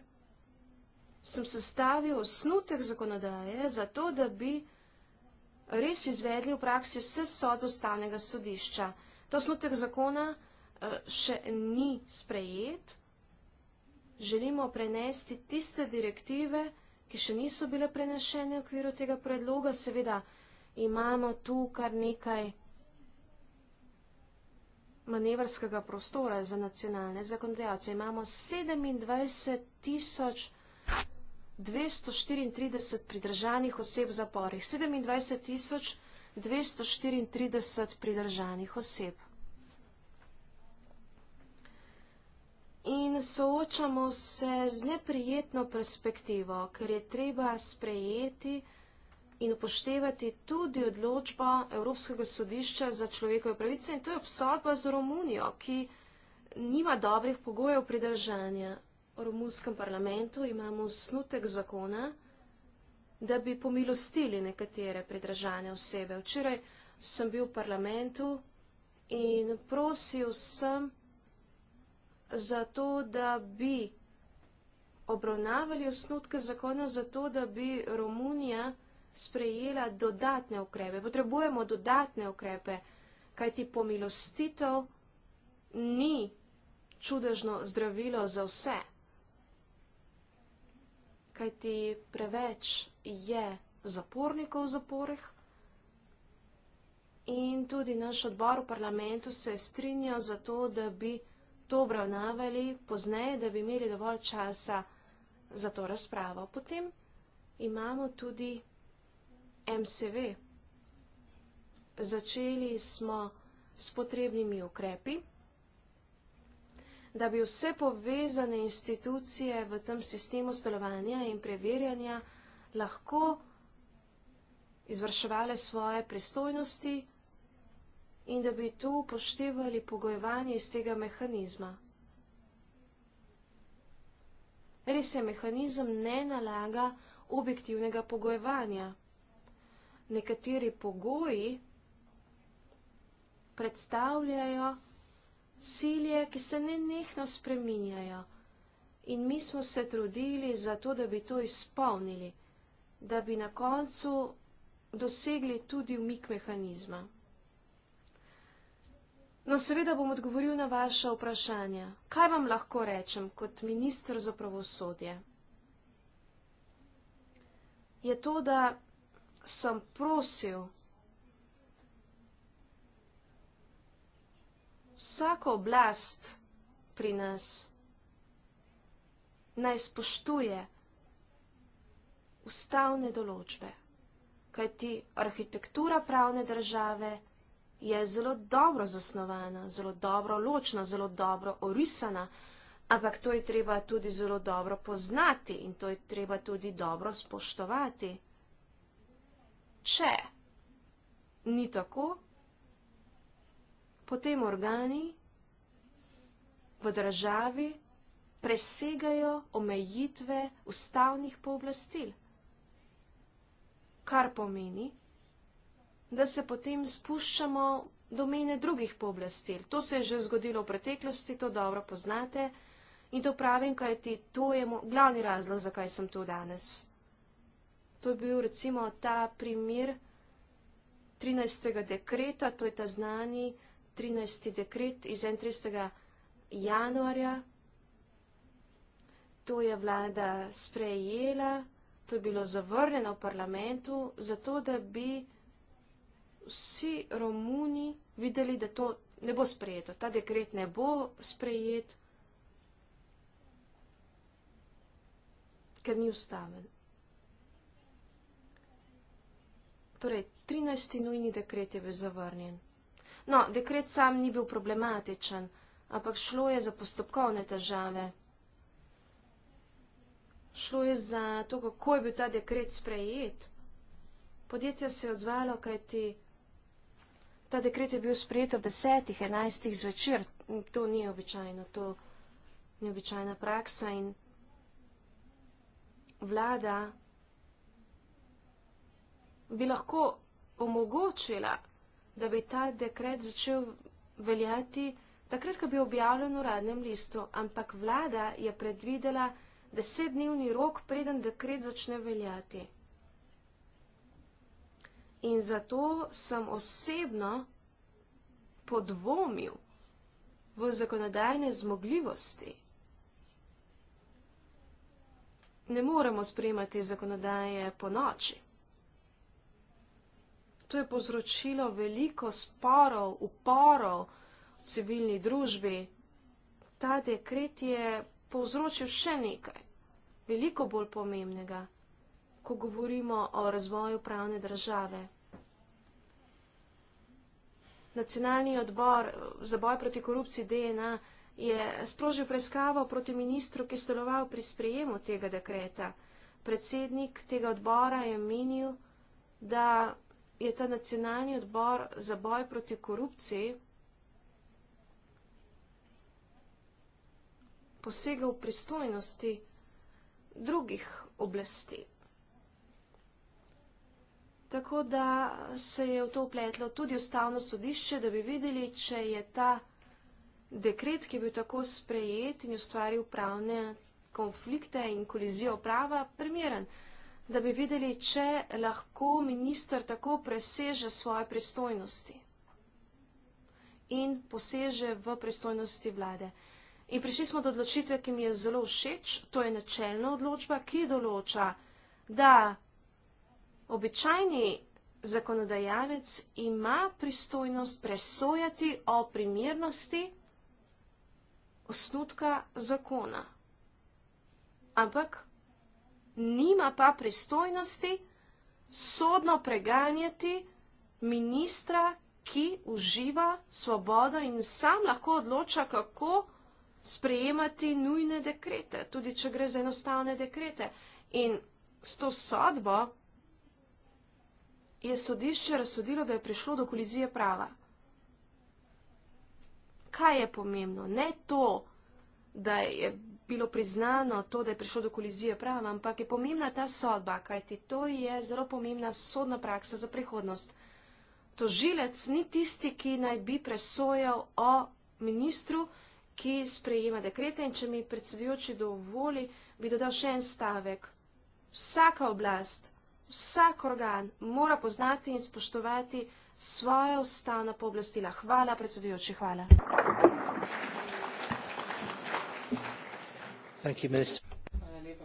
Speaker 4: sem sestavil osnutek zakonodaje za to, da bi vsega, res izvedli v praksi vse sodbe ustavnega sodišča. To snutek zakona eh, še ni sprejet. Želimo prenesti tiste direktive, ki še niso bile prenešene v okviru tega predloga. Seveda imamo tu kar nekaj manevrskega prostora za nacionalne zakonodajalce. Imamo 27 tisoč 234 pridržanih oseb v zaporih. 27 tisoč 234 pridržanih oseb. In soočamo se z neprijetno perspektivo, ker je treba sprejeti in upoštevati tudi odločbo Evropskega sodišča za človekove pravice in to je obsodba z Romunijo, ki nima dobrih pogojev pridržanja romunskem parlamentu imamo snutek zakona, da bi pomilostili nekatere pridržane osebe. Včeraj sem bil v parlamentu in prosil sem za to, da bi obravnavali osnutke zakona za to, da bi Romunija sprejela dodatne ukrepe. Potrebujemo dodatne ukrepe, kajti pomilostitev ni čudežno zdravilo za vse kajti preveč je zapornikov v zaporih. In tudi naš odbor v parlamentu se je strinjal za to, da bi to obravnavali pozneje, da bi imeli dovolj časa za to razpravo. Potem imamo tudi MCV. Začeli smo s potrebnimi ukrepi da bi vse povezane institucije v tem sistemu stolovanja in preverjanja lahko izvrševali svoje pristojnosti in da bi tu poštevali pogojevanje iz tega mehanizma. Res je, mehanizem ne nalaga objektivnega pogojevanja. Nekateri pogoji predstavljajo, da je to, cilje, ki se ne nehno spreminjajo. In mi smo se trudili za to, da bi to izpolnili, da bi na koncu dosegli tudi umik mehanizma. No, seveda bom odgovoril na vaše vprašanje. Kaj vam lahko rečem kot ministr za pravosodje? Je to, da sem prosil vsako oblast pri nas naj spoštuje ustavne določbe, kajti arhitektura pravne države je zelo dobro zasnovana, zelo dobro ločna, zelo dobro orisana, ampak to je treba tudi zelo dobro poznati in to je treba tudi dobro spoštovati. Če ni tako, potem organi v državi presegajo omejitve ustavnih pooblastil, kar pomeni, da se potem spuščamo domene drugih pooblastil. To se je že zgodilo v preteklosti, to dobro poznate in to pravim, kaj ti to je glavni razlog, zakaj sem tu danes. To je bil recimo ta primer 13. dekreta, to je ta znani primer, 13. dekret iz 31. januarja. To je vlada sprejela, to je bilo zavrnjeno v parlamentu, zato da bi vsi Romuni videli, da to ne bo sprejeto. Ta dekret ne bo sprejet, ker ni ustaven. Torej, 13. nujni dekret je bil zavrnjen. No, dekret sam ni bil problematičen, ampak šlo je za postopkovne težave. Šlo je za to, kako je bil ta dekret sprejet. Podjetje se je odzvalo, kaj ti ta dekret je bil sprejet ob desetih, enajstih zvečer. To ni običajno, to ni običajna praksa in vlada bi lahko omogočila da bi ta dekret začel veljati takrat, ko bi objavljen v radnem listu, ampak vlada je predvidela desetdnevni rok, preden dekret začne veljati. In zato sem osebno podvomil v zakonodajne zmogljivosti. Ne moremo sprejemati zakonodaje po noči. To je povzročilo veliko sporov, uporov v civilni družbi. Ta dekret je povzročil še nekaj, veliko bolj pomembnega, ko govorimo o razvoju pravne države. Nacionalni odbor za boj proti korupciji DNA je sprožil preiskavo proti ministru, ki je stoloval pri sprejemu tega dekreta. Predsednik tega odbora je menil, da je ta nacionalni odbor za boj proti korupciji posegal v pristojnosti drugih oblasti. Tako da se je v to upletlo tudi ustavno sodišče, da bi videli, če je ta dekret, ki je bil tako sprejet in ustvaril pravne konflikte in kolizijo prava, primeren da bi videli, če lahko minister tako preseže svoje pristojnosti in poseže v pristojnosti vlade. In prišli smo do odločitve, ki mi je zelo všeč, to je načelna odločba, ki določa, da običajni zakonodajalec ima pristojnost presojati o primernosti osnutka zakona. Ampak nima pa pristojnosti sodno preganjati ministra, ki uživa svobodo in sam lahko odloča, kako sprejemati nujne dekrete, tudi če gre za enostavne dekrete. In s to sodbo je sodišče razsodilo, da je prišlo do kolizije prava. Kaj je pomembno? Ne to, da je bilo priznano to, da je prišlo do kolizije prava, ampak je pomembna ta sodba, kajti to je zelo pomembna sodna praksa za prihodnost. Tožilec ni tisti, ki naj bi presojal o ministru, ki sprejema dekrete in če mi predsedujoči dovoli, bi dodal še en stavek. Vsaka oblast, vsak organ mora poznati in spoštovati svoje ustavna pooblastila. Hvala, predsedujoči, hvala. Thank you.
Speaker 3: Hvala lepa.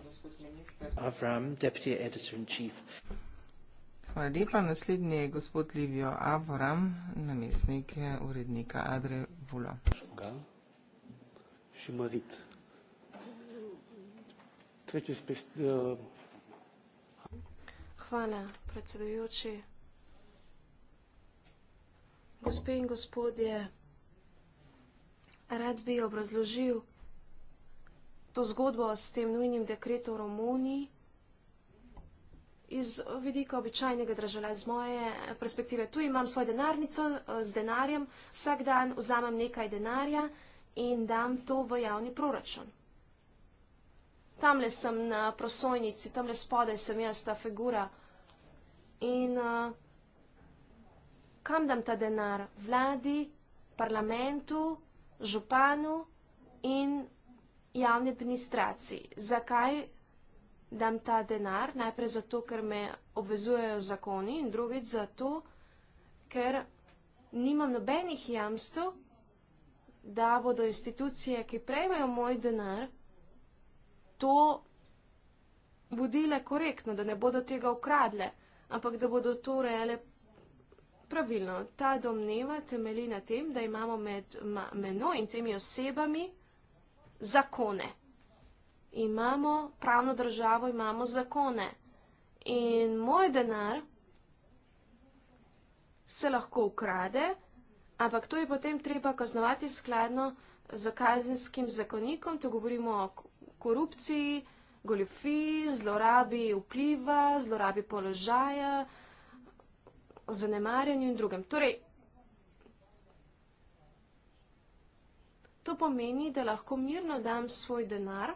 Speaker 1: Naslednji je gospod Livio Avram, namestnik eh, urednika Adre Vula.
Speaker 3: Eh,
Speaker 4: Hvala, predsedujoči. Gospe in gospodje, rad bi obrazložil, to zgodbo s tem nujnim dekretom v Romuniji iz vidika običajnega državljanja. Z moje eh, perspektive tu imam svojo denarnico eh, z denarjem, vsak dan vzamem nekaj denarja in dam to v javni proračun. Tamle sem na prosojnici, tamle spodaj sem jaz ta figura. In uh, kam dam ta denar? Vladi, parlamentu, županu in javni administraciji. Zakaj dam ta denar? Najprej zato, ker me obvezujejo zakoni in drugič zato, ker nimam nobenih jamstv, da bodo institucije, ki prejmejo moj denar, to vodile korektno, da ne bodo tega ukradle, ampak da bodo to urejale. Pravilno, ta domneva temeli na tem, da imamo med menoj in temi osebami zakone. Imamo pravno državo, imamo zakone. In moj denar se lahko ukrade, ampak to je potem treba kaznovati skladno z kazenskim zakonikom. Tu govorimo o korupciji, goljofiji, zlorabi vpliva, zlorabi položaja, o zanemarjanju in drugem. Torej, To pomeni, da lahko mirno dam svoj denar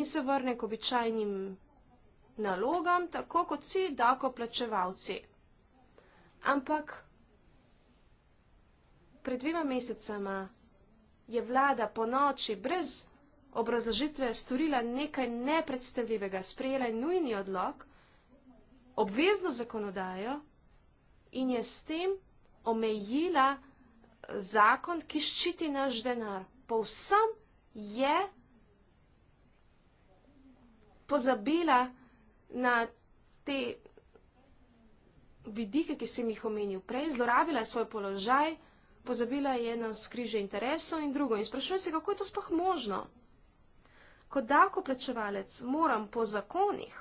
Speaker 4: in se vrne k običajnim nalogam, tako kot si dakoplačevalci. Ampak pred dvema mesecama je vlada po noči brez obrazložitve storila nekaj nepredstavljivega, sprejela je nujni odlog, obvezno zakonodajo in je s tem omejila vsega, zakon, ki ščiti naš denar, povsem je pozabila na te vidike, ki sem jih omenil prej, zlorabila je svoj položaj, pozabila je na skriže interesov in drugo. In sprašujem se, kako je to sploh možno? Kot davkoplačevalec moram po zakonih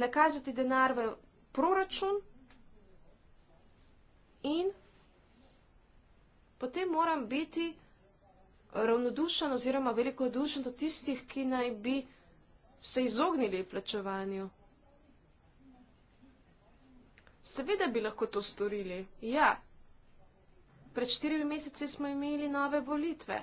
Speaker 4: nakazati denar v proračun in potem moram biti ravnodušen oziroma velikodušen do tistih, ki naj bi se izognili plačevanju. Seveda bi lahko to storili. Ja, pred štirimi meseci smo imeli nove volitve.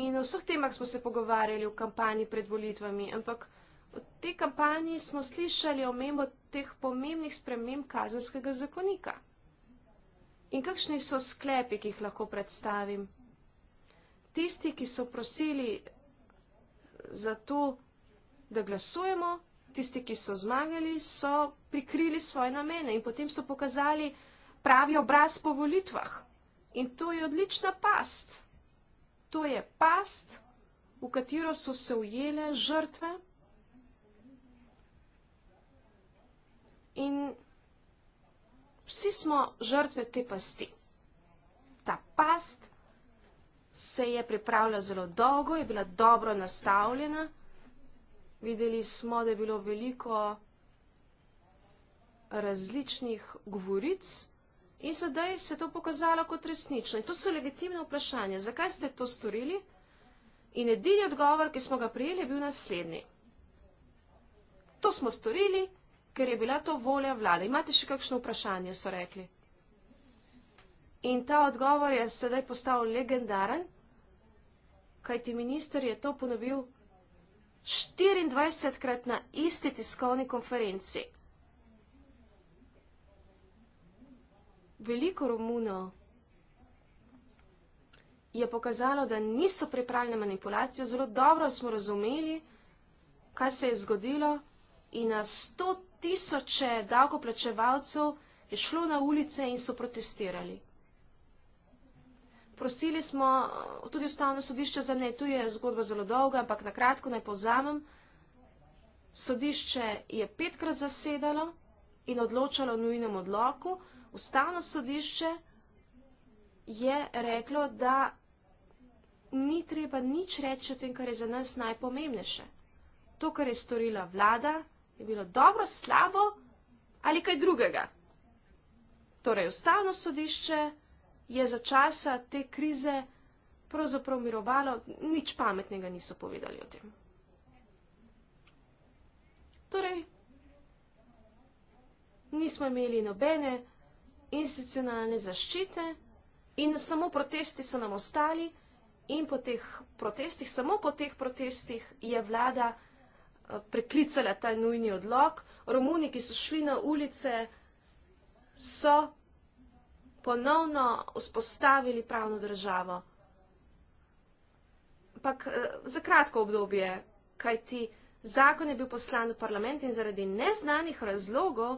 Speaker 4: In o vseh temah smo se pogovarjali v kampanji pred volitvami, ampak v tej kampanji smo slišali omembo teh pomembnih sprememb kazenskega zakonika. In kakšni so sklepi, ki jih lahko predstavim? Tisti, ki so prosili za to, da glasujemo, tisti, ki so zmagali, so prikrili svoje namene in potem so pokazali pravi obraz po volitvah. In to je odlična past. To je past, v katero so se ujele žrtve. In Vsi smo žrtve te pasti. Ta past se je pripravila zelo dolgo, je bila dobro nastavljena. Videli smo, da je bilo veliko različnih govoric in sedaj se je to pokazalo kot resnično. In to so legitimne vprašanja. Zakaj ste to storili? In edini odgovor, ki smo ga prijeli, je bil naslednji. To smo storili, ker je bila to volja vlade. Imate še kakšno vprašanje, so rekli. In ta odgovor je sedaj postal legendaren, kajti minister je to ponovil 24krat na isti tiskovni konferenci. Veliko Romunov je pokazalo, da niso pripravljene manipulacijo. Zelo dobro smo razumeli, kaj se je zgodilo in na 100 tisoče davkoplačevalcev je šlo na ulice in so protestirali. Prosili smo uh, tudi ustavno sodišče za ne, tu je zgodba zelo dolga, ampak na kratko naj povzamem. Sodišče je petkrat zasedalo in odločalo o nujnem odloku. Ustavno sodišče je reklo, da ni treba nič reči o tem, kar je za nas najpomembnejše. To, kar je storila vlada, je bilo dobro, slabo ali kaj drugega. Torej, ustavno sodišče je za časa te krize pravzaprav mirovalo, nič pametnega niso povedali o tem. Torej, nismo imeli nobene institucionalne zaščite in samo protesti so nam ostali in po teh protestih, samo po teh protestih je vlada vsega, Eh, preklicala ta nujni odlog. Romuni, ki so šli na ulice, so ponovno vzpostavili pravno državo. Ampak eh, za kratko obdobje, kajti zakon je bil poslan v parlament in zaradi neznanih razlogov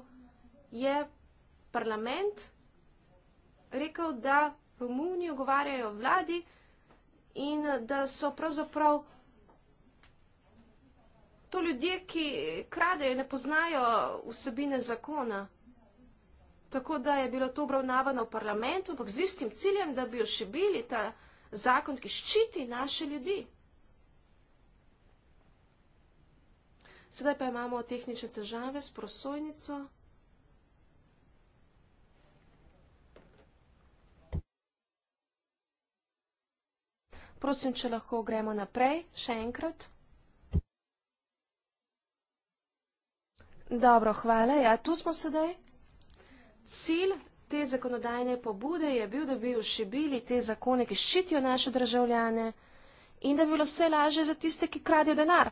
Speaker 4: je parlament rekel, da Romuni ogovarjajo vladi in eh, da so pravzaprav to ljudje, ki kradejo, ne poznajo vsebine zakona. Tako da je bilo to obravnavano v parlamentu, ampak z istim ciljem, da bi ošibili ta zakon, ki ščiti naše ljudi. Sedaj pa imamo tehnične težave s prosojnico. Prosim, če lahko gremo naprej, še enkrat. Dobro, hvala. Ja, tu smo sedaj. Cilj te zakonodajne pobude je bil, da bi ušibili te zakone, ki ščitijo naše državljane in da bi bilo vse lažje za tiste, ki kradijo denar.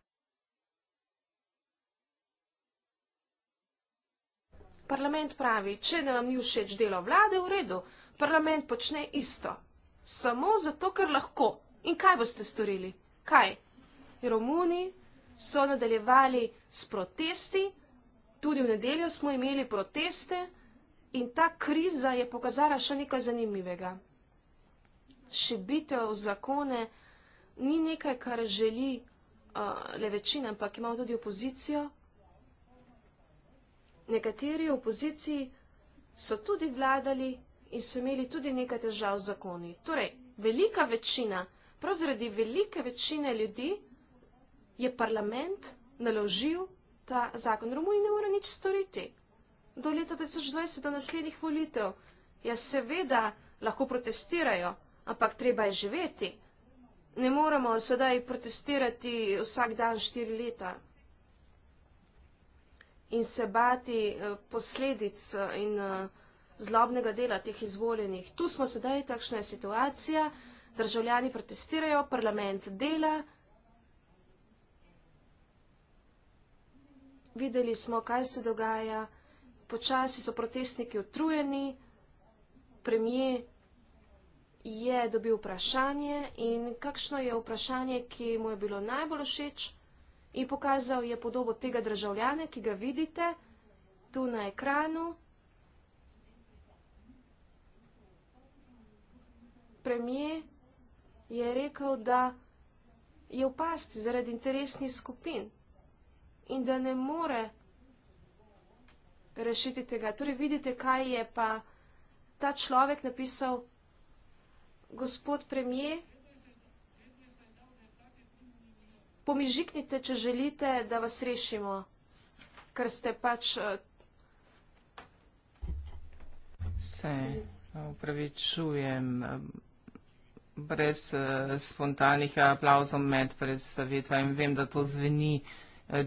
Speaker 4: Parlament pravi, če ne vam ni všeč delo vlade, v redu, parlament počne isto. Samo zato, ker lahko. In kaj boste storili? Kaj? Romuni so nadaljevali s protesti, tudi v nedeljo smo imeli proteste in ta kriza je pokazala še nekaj zanimivega. Šibitev zakone ni nekaj, kar želi uh, le večina, ampak imamo tudi opozicijo. Nekateri v opoziciji so tudi vladali in so imeli tudi nekaj težav z zakoni. Torej, velika večina, prav zaradi velike večine ljudi je parlament naložil ta zakon. Romuni ne morejo nič storiti. Do leta 2020, do naslednjih volitev. Ja, seveda lahko protestirajo, ampak treba je živeti. Ne moremo sedaj protestirati vsak dan štiri leta in se bati eh, posledic eh, in eh, zlobnega dela teh izvoljenih. Tu smo sedaj, takšna je situacija, državljani protestirajo, parlament dela. videli smo, kaj se dogaja, počasi so protestniki utrujeni, premije je dobil vprašanje in kakšno je vprašanje, ki mu je bilo najbolj všeč in pokazal je podobo tega državljane, ki ga vidite tu na ekranu. Premije je rekel, da je v pasti zaradi interesnih skupin in da ne more rešiti tega. Torej, vidite, kaj je pa ta človek napisal, gospod premijer. Pomižiknite, če želite, da vas rešimo, ker ste pač. Eh,
Speaker 1: Se upravičujem brez eh, spontanih aplauzov med predstavitvami. Vem, da to zveni uh,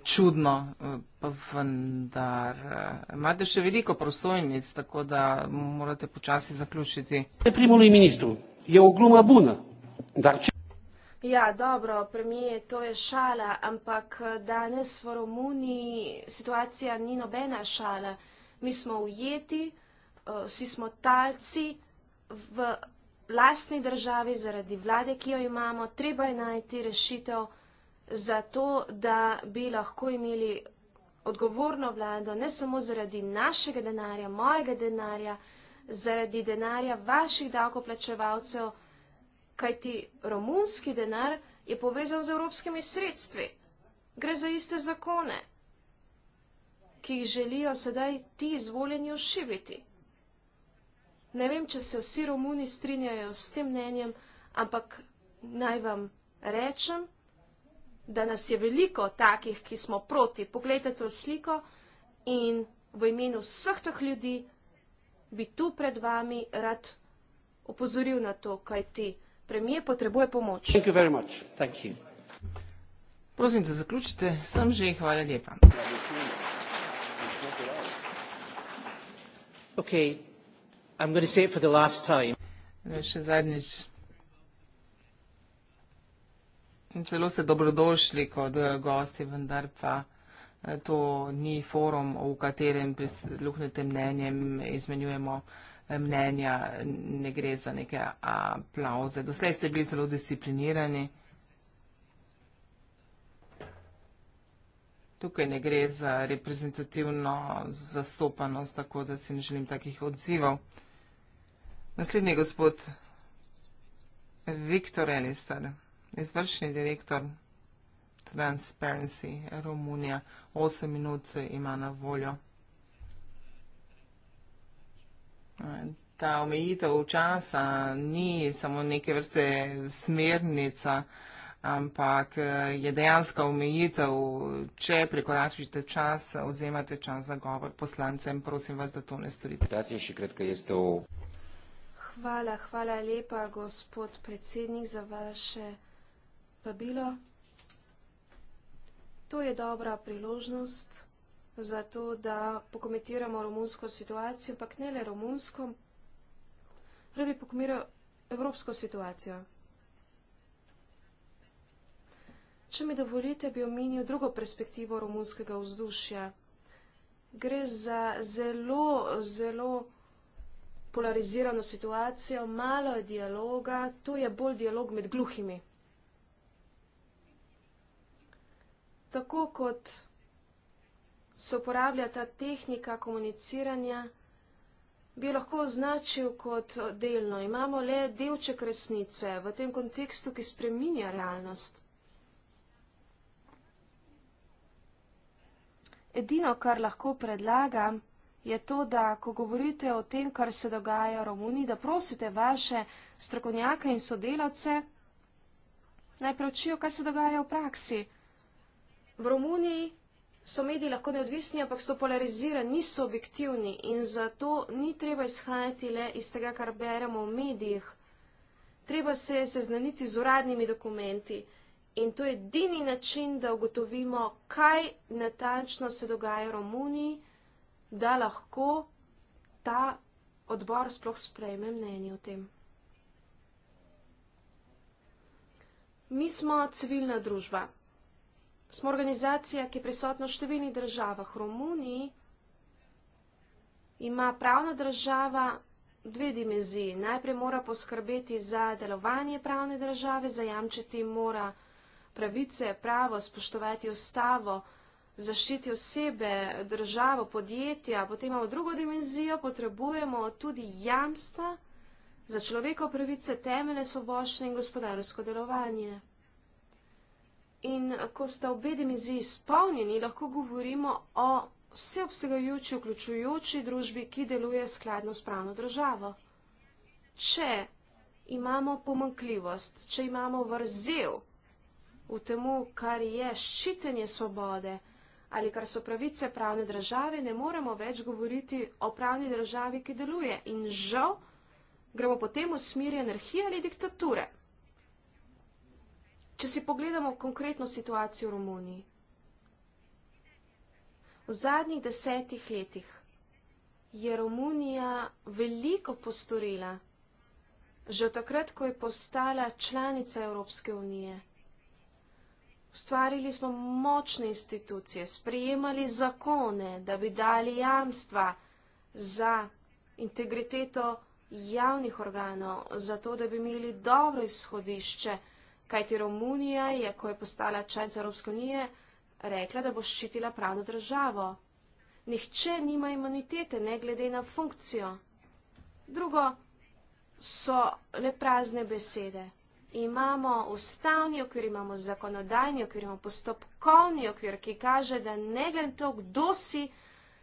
Speaker 1: čudno, pa vendar. Eh, imate še veliko prosojnic, tako da morate počasi zaključiti.
Speaker 4: Ja, dobro, premije, to je šala, ampak eh, danes v Romuniji situacija ni nobena šala. Mi smo ujeti, eh, vsi smo talci v lastni državi zaradi vlade, ki jo imamo, treba je najti rešitev zato, da bi lahko imeli odgovorno vlado, ne samo zaradi našega denarja, mojega denarja, zaradi denarja vaših davkoplačevalcev, kajti romunski denar je povezan z evropskimi sredstvi. Gre za iste zakone, ki jih želijo sedaj ti izvoljeni ošiviti. Ne vem, če se vsi romuni strinjajo s tem mnenjem, ampak naj vam rečem, da nas je veliko takih, ki smo proti. Poglejte to sliko in v imenu vseh teh ljudi bi tu pred vami rad opozoril na to, kaj ti premije potrebuje pomoč. Thank you very
Speaker 3: much. Thank you.
Speaker 1: Prosim, da zaključite. Sem že. Hvala lepa. Okay. I'm going to say it for the last time. Še zadnjič. Celo se dobrodošli kot eh, gosti, vendar pa eh, to ni forum, v katerem prisluhnete mnenjem, izmenjujemo eh, mnenja, ne gre za neke aplauze. Doslej ste bili zelo disciplinirani. Tukaj ne gre za reprezentativno zastopanost, tako da si ne želim takih odzivov. Naslednji gospod Viktor Elistar. Viktor Elistar izvršni direktor Transparency Romunija. 8 minut ima na voljo. Ta omejitev časa ni samo neke vrste smernica, ampak je dejansko omejitev, če prekoračite čas, ozemate čas za govor poslancem. Prosim vas, da to ne storite.
Speaker 4: Hvala, hvala lepa, gospod predsednik, za vaše pa bilo. To je dobra priložnost za to, da pokomentiramo romunsko situacijo, pa ne le romunsko, prej bi pokomiral evropsko situacijo. Če mi dovolite, bi omenil drugo perspektivo romunskega vzdušja. Gre za zelo, zelo polarizirano situacijo, malo je dialoga, to je bolj dialog med gluhimi. tako kot se uporablja ta tehnika komuniciranja, bi lahko označil kot delno. Imamo le delček resnice v tem kontekstu, ki spreminja realnost. Edino, kar lahko predlagam, je to, da ko govorite o tem, kar se dogaja v Romuniji, da prosite vaše strokovnjake in sodelavce, naj preučijo, kaj se dogaja v praksi. V Romuniji so mediji lahko neodvisni, ampak so polarizirani, niso objektivni in zato ni treba izhajati le iz tega, kar beremo v medijih. Treba se seznaniti z uradnimi dokumenti in to je edini način, da ugotovimo, kaj natančno se dogaja v Romuniji, da lahko ta odbor sploh sprejme mnenje o tem. Mi smo civilna družba. Smo organizacija, ki je prisotna v številnih državah. V Romuniji ima pravna država dve dimenziji. Najprej mora poskrbeti za delovanje pravne države, zajamčiti mora pravice, pravo, spoštovati ustavo, zaščiti osebe, državo, podjetja. Potem imamo drugo dimenzijo, potrebujemo tudi jamstva za človekov pravice, temeljne svobošne in gospodarsko delovanje. In eh, ko sta obe dimenziji izpolnjeni, lahko govorimo o vseobsegajoči, vključujoči družbi, ki deluje skladno s pravno državo. Če imamo pomankljivost, če imamo vrzel v temu, kar je ščitenje svobode ali kar so pravice pravne države, ne moremo več govoriti o pravni državi, ki deluje. In žal gremo potem v smeri anarhije ali diktature. Če si pogledamo konkretno situacijo v Romuniji, v zadnjih desetih letih je Romunija veliko postorila, že takrat, ko je postala članica Evropske unije. Ustvarili smo močne institucije, sprejemali zakone, da bi dali jamstva za integriteto javnih organov, zato da bi imeli dobro izhodišče, Kajti Romunija je, ko je postala članica Evropske unije, rekla, da bo ščitila pravno državo. Nihče nima imunitete, ne glede na funkcijo. Drugo so le prazne besede. Imamo ustavni okvir, imamo zakonodajni okvir, imamo postopkovni okvir, ki kaže, da ne glede na to, kdo si,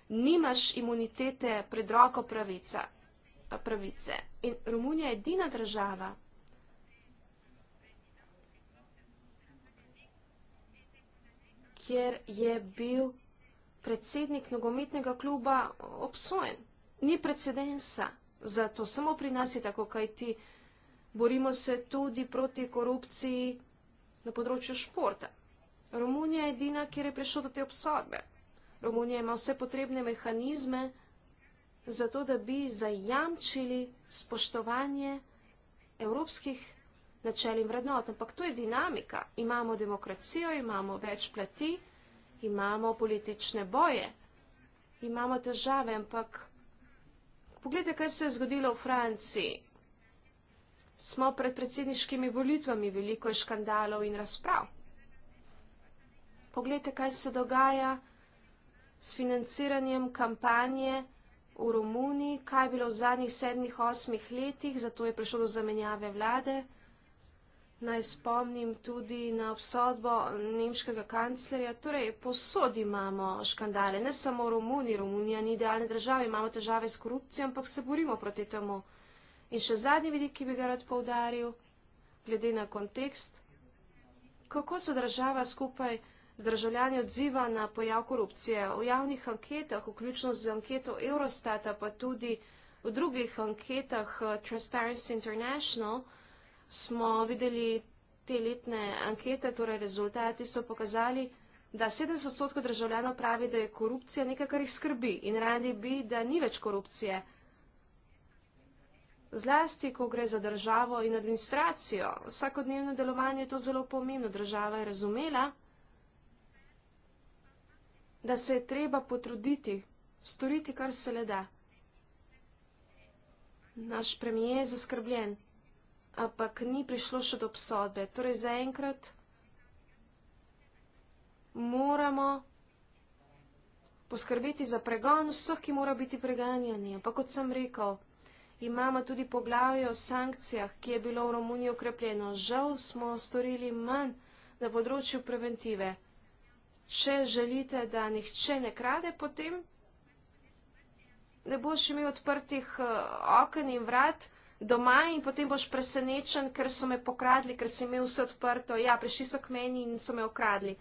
Speaker 4: nimaš imunitete pred roko pravica, pravice. In Romunija je edina država, kjer je bil predsednik nogometnega kluba obsojen. Ni precedensa, zato samo pri nas je tako, kaj ti borimo se tudi proti korupciji na področju športa. Romunija je edina, kjer je prišlo do te obsodbe. Romunija ima vse potrebne mehanizme, zato da bi zajamčili spoštovanje evropskih načel in vrednot, ampak to je dinamika. Imamo demokracijo, imamo več plati, imamo politične boje, imamo težave, ampak pogledajte, kaj se je zgodilo v Franciji. Smo pred predsedniškimi volitvami, veliko je škandalov in razprav. Poglejte, kaj se dogaja s financiranjem kampanje v Romuniji, kaj je bilo v zadnjih sedmih, osmih letih, zato je prišlo do zamenjave vlade. Naj spomnim tudi na obsodbo nemškega kanclerja. Torej, posod imamo škandale, ne samo v Romuniji. Romunija ni idealna država, imamo težave s korupcijo, ampak se borimo proti temu. In še zadnji vidik, ki bi ga rad povdaril, glede na kontekst, kako se država skupaj z državljani odziva na pojav korupcije. V javnih anketah, vključno z anketo Eurostata, pa tudi v drugih anketah eh, Transparency International, smo videli te letne ankete, torej rezultati so pokazali, da 70 odstotkov državljanov pravi, da je korupcija nekaj, kar jih skrbi in radi bi, da ni več korupcije. Zlasti, ko gre za državo in administracijo, vsakodnevno delovanje je to zelo pomembno. Država je razumela, da se je treba potruditi, storiti, kar se le da. Naš premije je zaskrbljen ampak ni prišlo še do obsodbe. Torej, zaenkrat moramo poskrbeti za pregon vseh, ki morajo biti preganjani. Ampak kot sem rekel, imamo tudi poglavje o sankcijah, ki je bilo v Romuniji okrepljeno. Žal smo storili manj na področju preventive. Če želite, da nihče ne krade potem, ne boš imel odprtih eh, oken in vrat, doma in potem boš presenečen, ker so me pokradli, ker si imel vse odprto. Ja, prišli so k meni in so me okradli.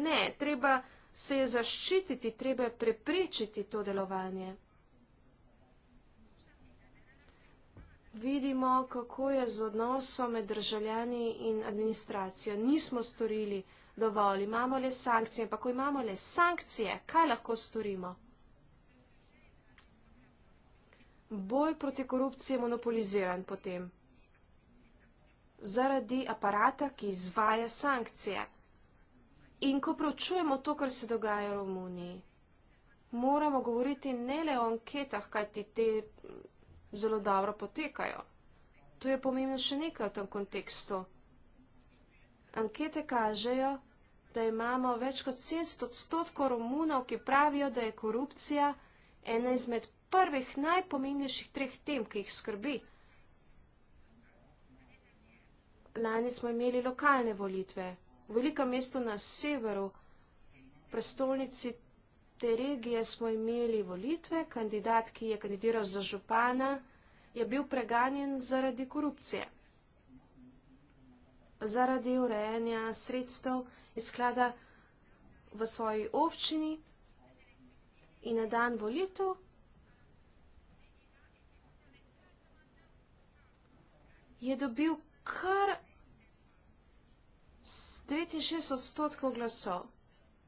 Speaker 4: Ne, treba se je zaščititi, treba je preprečiti to delovanje. Vidimo, kako je z odnosom med državljani in administracijo. Nismo storili dovolj, imamo le sankcije. Pa ko imamo le sankcije, kaj lahko storimo? boj proti korupciji je monopoliziran potem. Zaradi aparata, ki izvaja sankcije. In ko pravčujemo to, kar se dogaja v Romuniji, moramo govoriti ne le o anketah, kaj ti te mm, zelo dobro potekajo. To je pomembno še nekaj v tem kontekstu. Ankete kažejo, da imamo več kot 70 odstotkov Romunov, ki pravijo, da je korupcija ena izmed prvih najpomembnejših treh tem, ki jih skrbi. Lani smo imeli lokalne volitve. V velikem mestu na severu, v prestolnici te regije, smo imeli volitve. Kandidat, ki je kandidiral za župana, je bil preganjen zaradi korupcije. Zaradi urejanja sredstev iz sklada v svoji občini in na dan volitev je dobil kar 69 odstotkov glasov.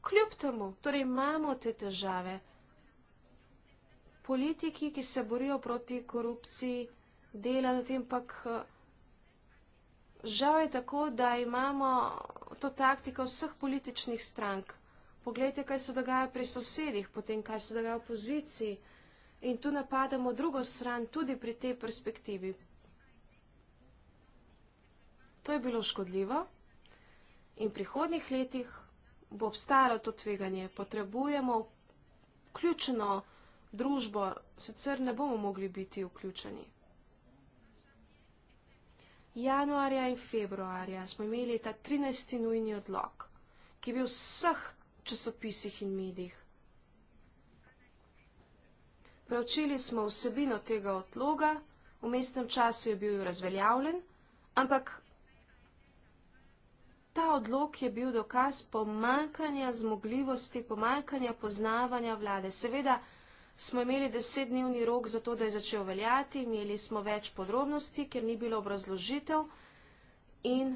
Speaker 4: Kljub temu, torej imamo te težave. Politiki, ki se borijo proti korupciji, dela na tem, ampak žal je tako, da imamo to taktiko vseh političnih strank. Poglejte, kaj se dogaja pri sosedih, potem kaj se dogaja v opoziciji. In tu napademo drugo stran tudi pri tej perspektivi. To je bilo škodljivo in v prihodnih letih bo obstajalo to tveganje. Potrebujemo vključeno družbo, sicer ne bomo mogli biti vključeni. Januarja in februarja smo imeli ta 13. nujni odlog, ki je bil v vseh časopisih in medijih. Preučili smo vsebino tega odloga, v mestnem času je bil razveljavljen, ampak ta odlog je bil dokaz pomankanja zmogljivosti, pomankanja poznavanja vlade. Seveda smo imeli desetdnevni rok za to, da je začel veljati, imeli smo več podrobnosti, ker ni bilo obrazložitev in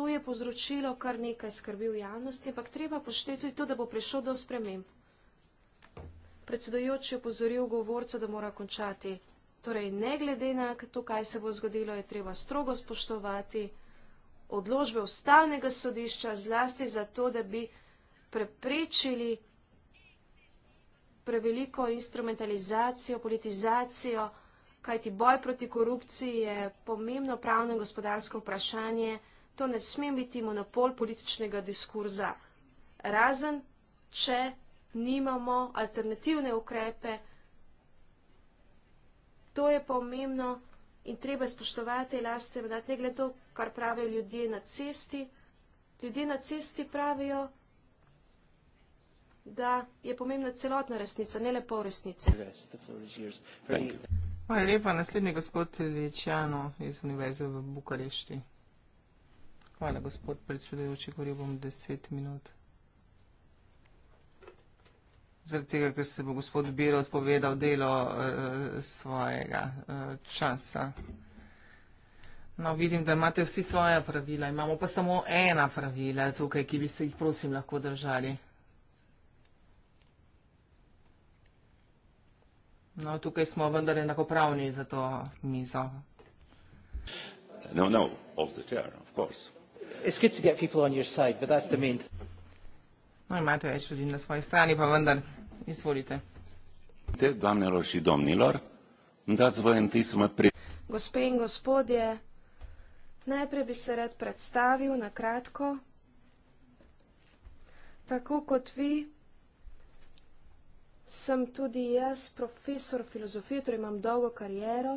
Speaker 4: to je povzročilo kar nekaj skrbi v javnosti, ampak treba pošteti tudi to, da bo prišlo do sprememb. Predsedojoči je pozoril govorca, da mora končati. Torej, ne glede na to, kaj se bo zgodilo, je treba strogo spoštovati odložbe ustavnega sodišča, zlasti zato, da bi preprečili preveliko instrumentalizacijo, politizacijo, kajti boj proti korupciji je pomembno pravno in gospodarsko vprašanje, to ne sme biti monopol političnega diskurza. Razen, če nimamo alternativne ukrepe, to je pomembno in treba je spoštovati laste vrednot, ne glede to, kar pravijo ljudje na cesti. Ljudje na cesti pravijo, da je pomembna celotna resnica, ne le pol resnice.
Speaker 1: Hvala lepa, naslednji gospod Ličano iz Univerze v Bukarešti. Hvala, gospod predsedujoči, govoril bom deset minut zaradi tega, ker se bo gospod Biro odpovedal delo uh, svojega uh, časa. No, vidim, da imate vsi svoje pravila, imamo pa samo ena pravila tukaj, ki bi se jih prosim lahko držali. No, tukaj smo vendar enakopravni za to mizo.
Speaker 3: No, no, chair,
Speaker 1: no, imate več ljudi na svoji strani, pa vendar
Speaker 4: gospe in gospodje najprej bi se rad predstavil na kratko tako kot vi sem tudi jaz profesor filozofije torej imam dolgo kariero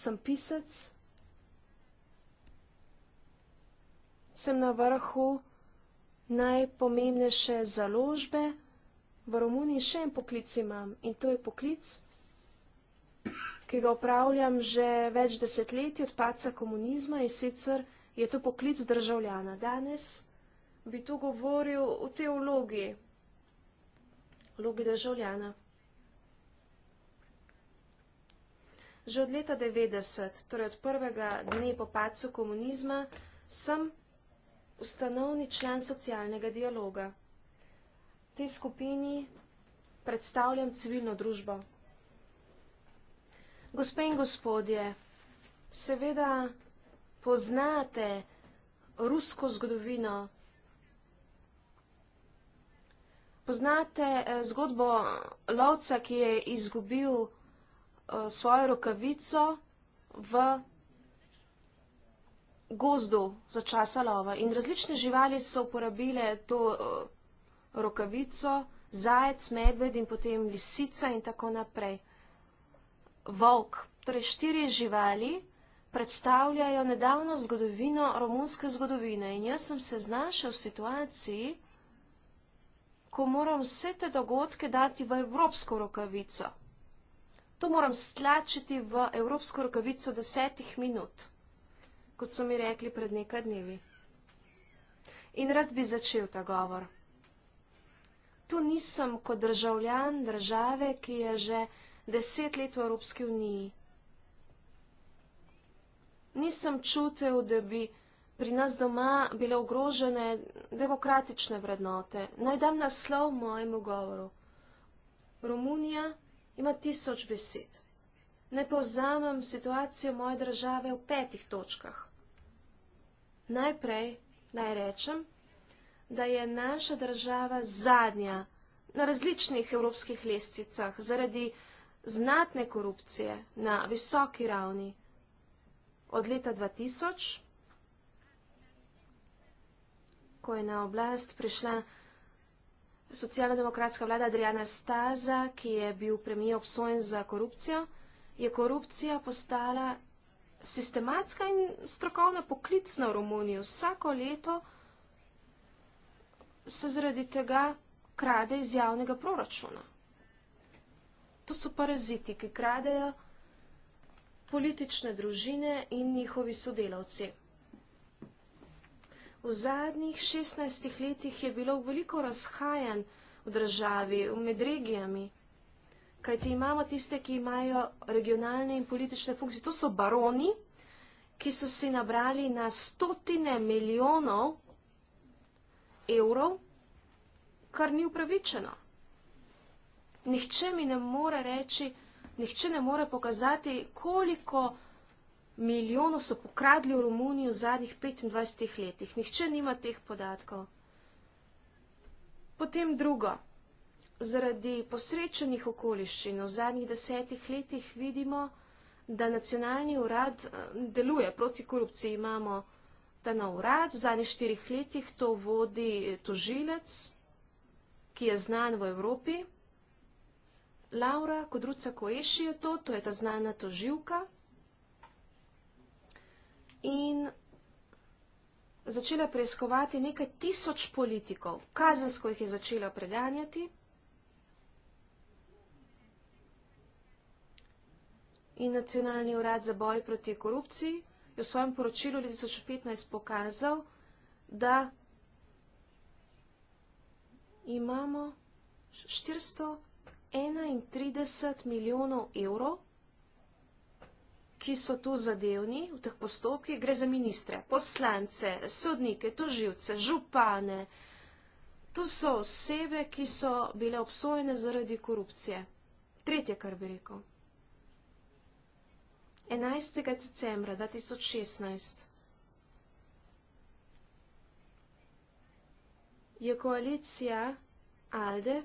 Speaker 4: sem pisec sem na vrhu najpomembnejše založbe v Romuniji še en poklic imam in to je poklic, ki ga upravljam že več desetletij od paca komunizma in sicer je to poklic državljana. Danes bi to govoril o tej vlogi, vlogi državljana. Že od leta 90, torej od prvega dne po pacu komunizma, sem ustanovni član socialnega dialoga tej skupini predstavljam civilno družbo. Gospe in gospodje, seveda poznate rusko zgodovino, poznate eh, zgodbo lovca, ki je izgubil eh, svojo rokavico v gozdu za časa lova. In različne živali so uporabile to eh, rokavico, zajec, medved in potem lisica in tako naprej. Volk, torej štiri živali, predstavljajo nedavno zgodovino romunske zgodovine in jaz sem se znašel v situaciji, ko moram vse te dogodke dati v evropsko rokavico. To moram stlačiti v evropsko rokavico desetih minut, kot so mi rekli pred nekaj dnevi. In rad bi začel ta govor tu nisem kot državljan države, ki je že deset let v Evropski uniji. Nisem čutil, da bi pri nas doma bile ogrožene demokratične vrednote. Naj dam naslov mojemu govoru. Romunija ima tisoč besed. Naj povzamem situacijo moje države v petih točkah. Najprej naj rečem, da je naša država zadnja na različnih evropskih lestvicah zaradi znatne korupcije na visoki ravni. Od leta 2000, ko je na oblast prišla socialno-demokratska vlada Adriana Staza, ki je bil premijer obsojen za korupcijo, je korupcija postala sistematska in strokovna poklicna v Romuniji. Vsako leto se zaradi tega krade iz javnega proračuna. To so paraziti, ki kradejo politične družine in njihovi sodelavci. V zadnjih 16 letih je bilo veliko razhajanj v državi, med regijami, kajti imamo tiste, ki imajo regionalne in politične funkcije. To so baroni, ki so si nabrali na stotine milijonov evrov, kar ni upravičeno. Nihče mi ne more reči, nihče ne more pokazati, koliko milijonov so pokradli v Romuniji v zadnjih 25 letih. Nihče nima teh podatkov. Potem drugo. Zaradi posrečenih okoliščin v zadnjih desetih letih vidimo, da nacionalni urad eh, deluje proti korupciji. Imamo da na urad v zadnjih štirih letih to vodi tožilec, ki je znan v Evropi. Laura Kodruca Koeši je to, to je ta znana toživka. In začela preiskovati nekaj tisoč politikov. Kazensko jih je začela preganjati. In nacionalni urad za boj proti korupciji je v svojem poročilu 2015 pokazal, da imamo 431 milijonov evrov, ki so tu zadevni v teh postopkih, gre za ministre, poslance, sodnike, toživce, župane. To so osebe, ki so bile obsojene zaradi korupcije. Tretje, kar bi rekel. 11. decembra 2016 je koalicija ALDE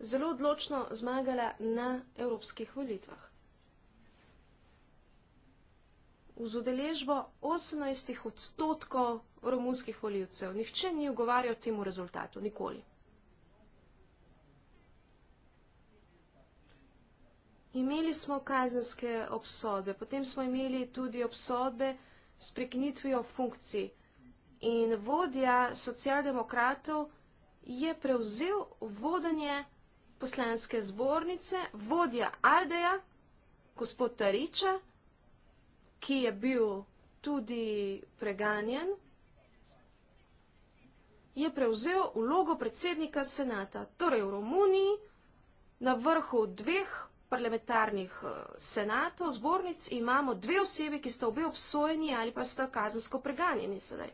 Speaker 4: zelo odločno zmagala na evropskih volitvah. Z udeležbo 18 odstotkov romunskih voljivcev. Nihče ni ugovarjal temu rezultatu, nikoli. Imeli smo kazenske obsodbe, potem smo imeli tudi obsodbe s preknitvijo funkcij. In vodja socialdemokratov je prevzel vodanje poslanske zbornice, vodja Aldeja, gospod Tariča, ki je bil tudi preganjen, je prevzel vlogo predsednika senata. Torej v Romuniji na vrhu dveh parlamentarnih eh, senatov, zbornic, imamo dve osebi, ki sta obe obsojeni ali pa sta kazansko preganjeni sedaj.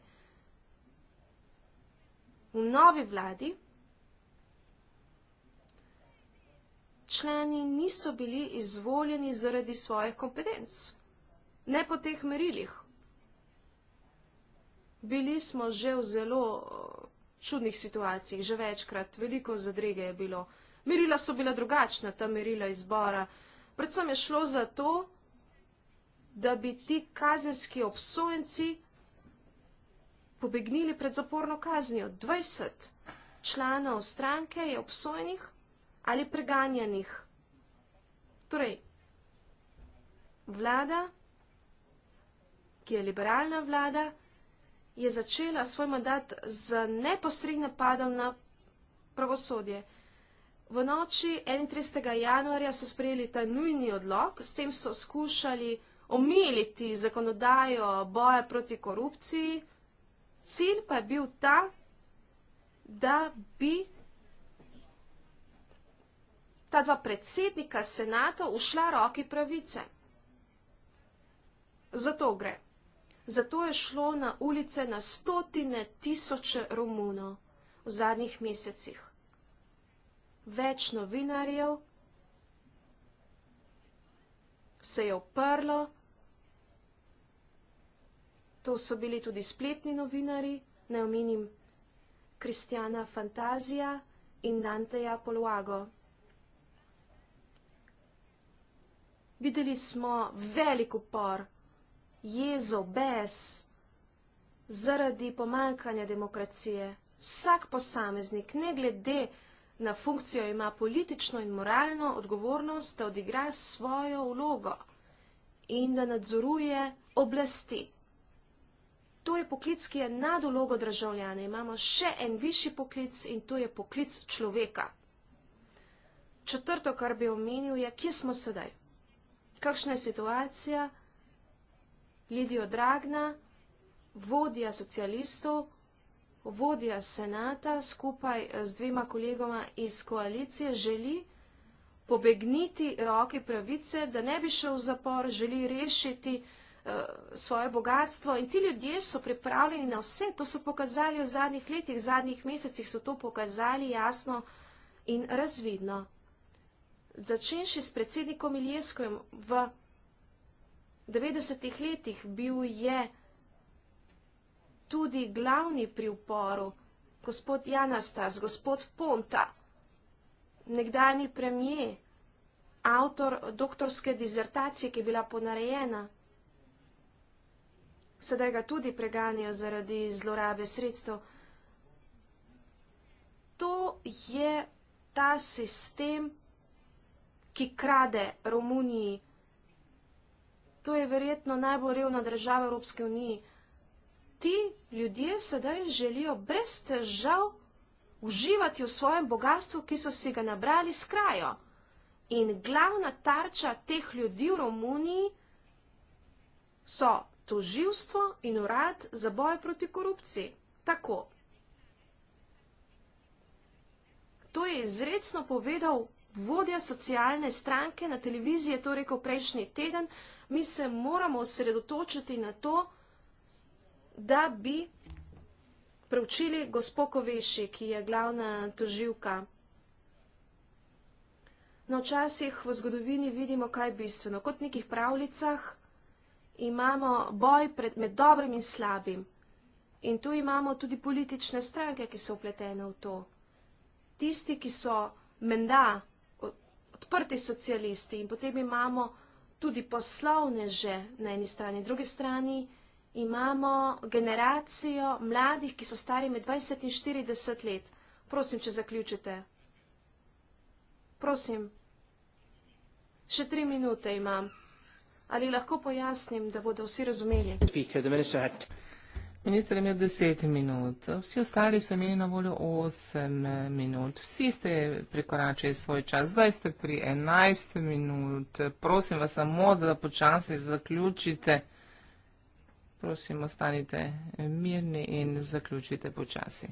Speaker 4: V novi vladi člani niso bili izvoljeni zaradi svojih kompetenc, ne po teh merilih. Bili smo že v zelo eh, čudnih situacijah, že večkrat, veliko zadrege je bilo vsega. Merila so bila drugačna, ta merila izbora. Predvsem je šlo za to, da bi ti kazenski obsojenci pobegnili pred zaporno kaznijo. 20 članov stranke je obsojenih ali preganjanih. Torej, vlada, ki je liberalna vlada, je začela svoj mandat z neposrednim padom na pravosodje. V noči 31. januarja so sprejeli ta nujni odlog, s tem so skušali omiliti zakonodajo boja proti korupciji. Cilj pa je bil ta, da bi ta dva predsednika senata ušla roki pravice. Zato gre. Zato je šlo na ulice na stotine tisoče Romunov v zadnjih mesecih več novinarjev se je oprlo, to so bili tudi spletni novinari, ne omenim Kristjana Fantazija in Danteja Poluago. Videli smo velik upor, jezo, bes, zaradi pomankanja demokracije. Vsak posameznik, ne glede na na funkcijo ima politično in moralno odgovornost, da odigra svojo vlogo in da nadzoruje oblasti. To je poklic, ki je nad vlogo državljane. Imamo še en višji poklic in to je poklic človeka. Četrto, kar bi omenil, je, kje smo sedaj. Kakšna je situacija? Lidijo Dragna, vodja socialistov, vodja senata skupaj z dvema kolegoma iz koalicije želi pobegniti roki pravice, da ne bi šel v zapor, želi rešiti eh, svoje bogatstvo in ti ljudje so pripravljeni na vse, to so pokazali v zadnjih letih, v zadnjih mesecih so to pokazali jasno in razvidno. Začenši s predsednikom Iljeskojem v 90-ih letih bil je vsega, tudi glavni pri uporu, gospod Janastas, gospod Ponta, nekdani premije, avtor doktorske dizertacije, ki je bila ponarejena. Sedaj ga tudi preganjajo zaradi zlorabe sredstev. To je ta sistem, ki krade Romuniji. To je verjetno najbolj revna država Evropske unije ti ljudje sedaj želijo brez težav uživati v svojem bogatstvu, ki so si ga nabrali s krajo. In glavna tarča teh ljudi v Romuniji so toživstvo in urad za boj proti korupciji. Tako. To je izredno povedal vodja socialne stranke na televiziji, to je rekel prejšnji teden. Mi se moramo osredotočiti na to, da bi preučili gospod Koveši, ki je glavna toživka. Na no, včasih v zgodovini vidimo, kaj je bistveno. Kot v nekih pravljicah imamo boj pred, med dobrim in slabim. In tu imamo tudi politične stranke, ki so upletene v to. Tisti, ki so menda odprti socialisti in potem imamo tudi poslovneže na eni strani, na drugi strani imamo generacijo mladih, ki so stari med 20 in 40 let. Prosim, če zaključite. Prosim. Še tri minute imam. Ali lahko pojasnim, da bodo vsi razumeli?
Speaker 1: Ministr je imel 10 minut, vsi ostali so imeli na voljo 8 minut. Vsi ste prekoračili svoj čas, zdaj ste pri 11 minut. Prosim vas samo, da počasi zaključite prosim, ostanite mirni in zaključite počasi.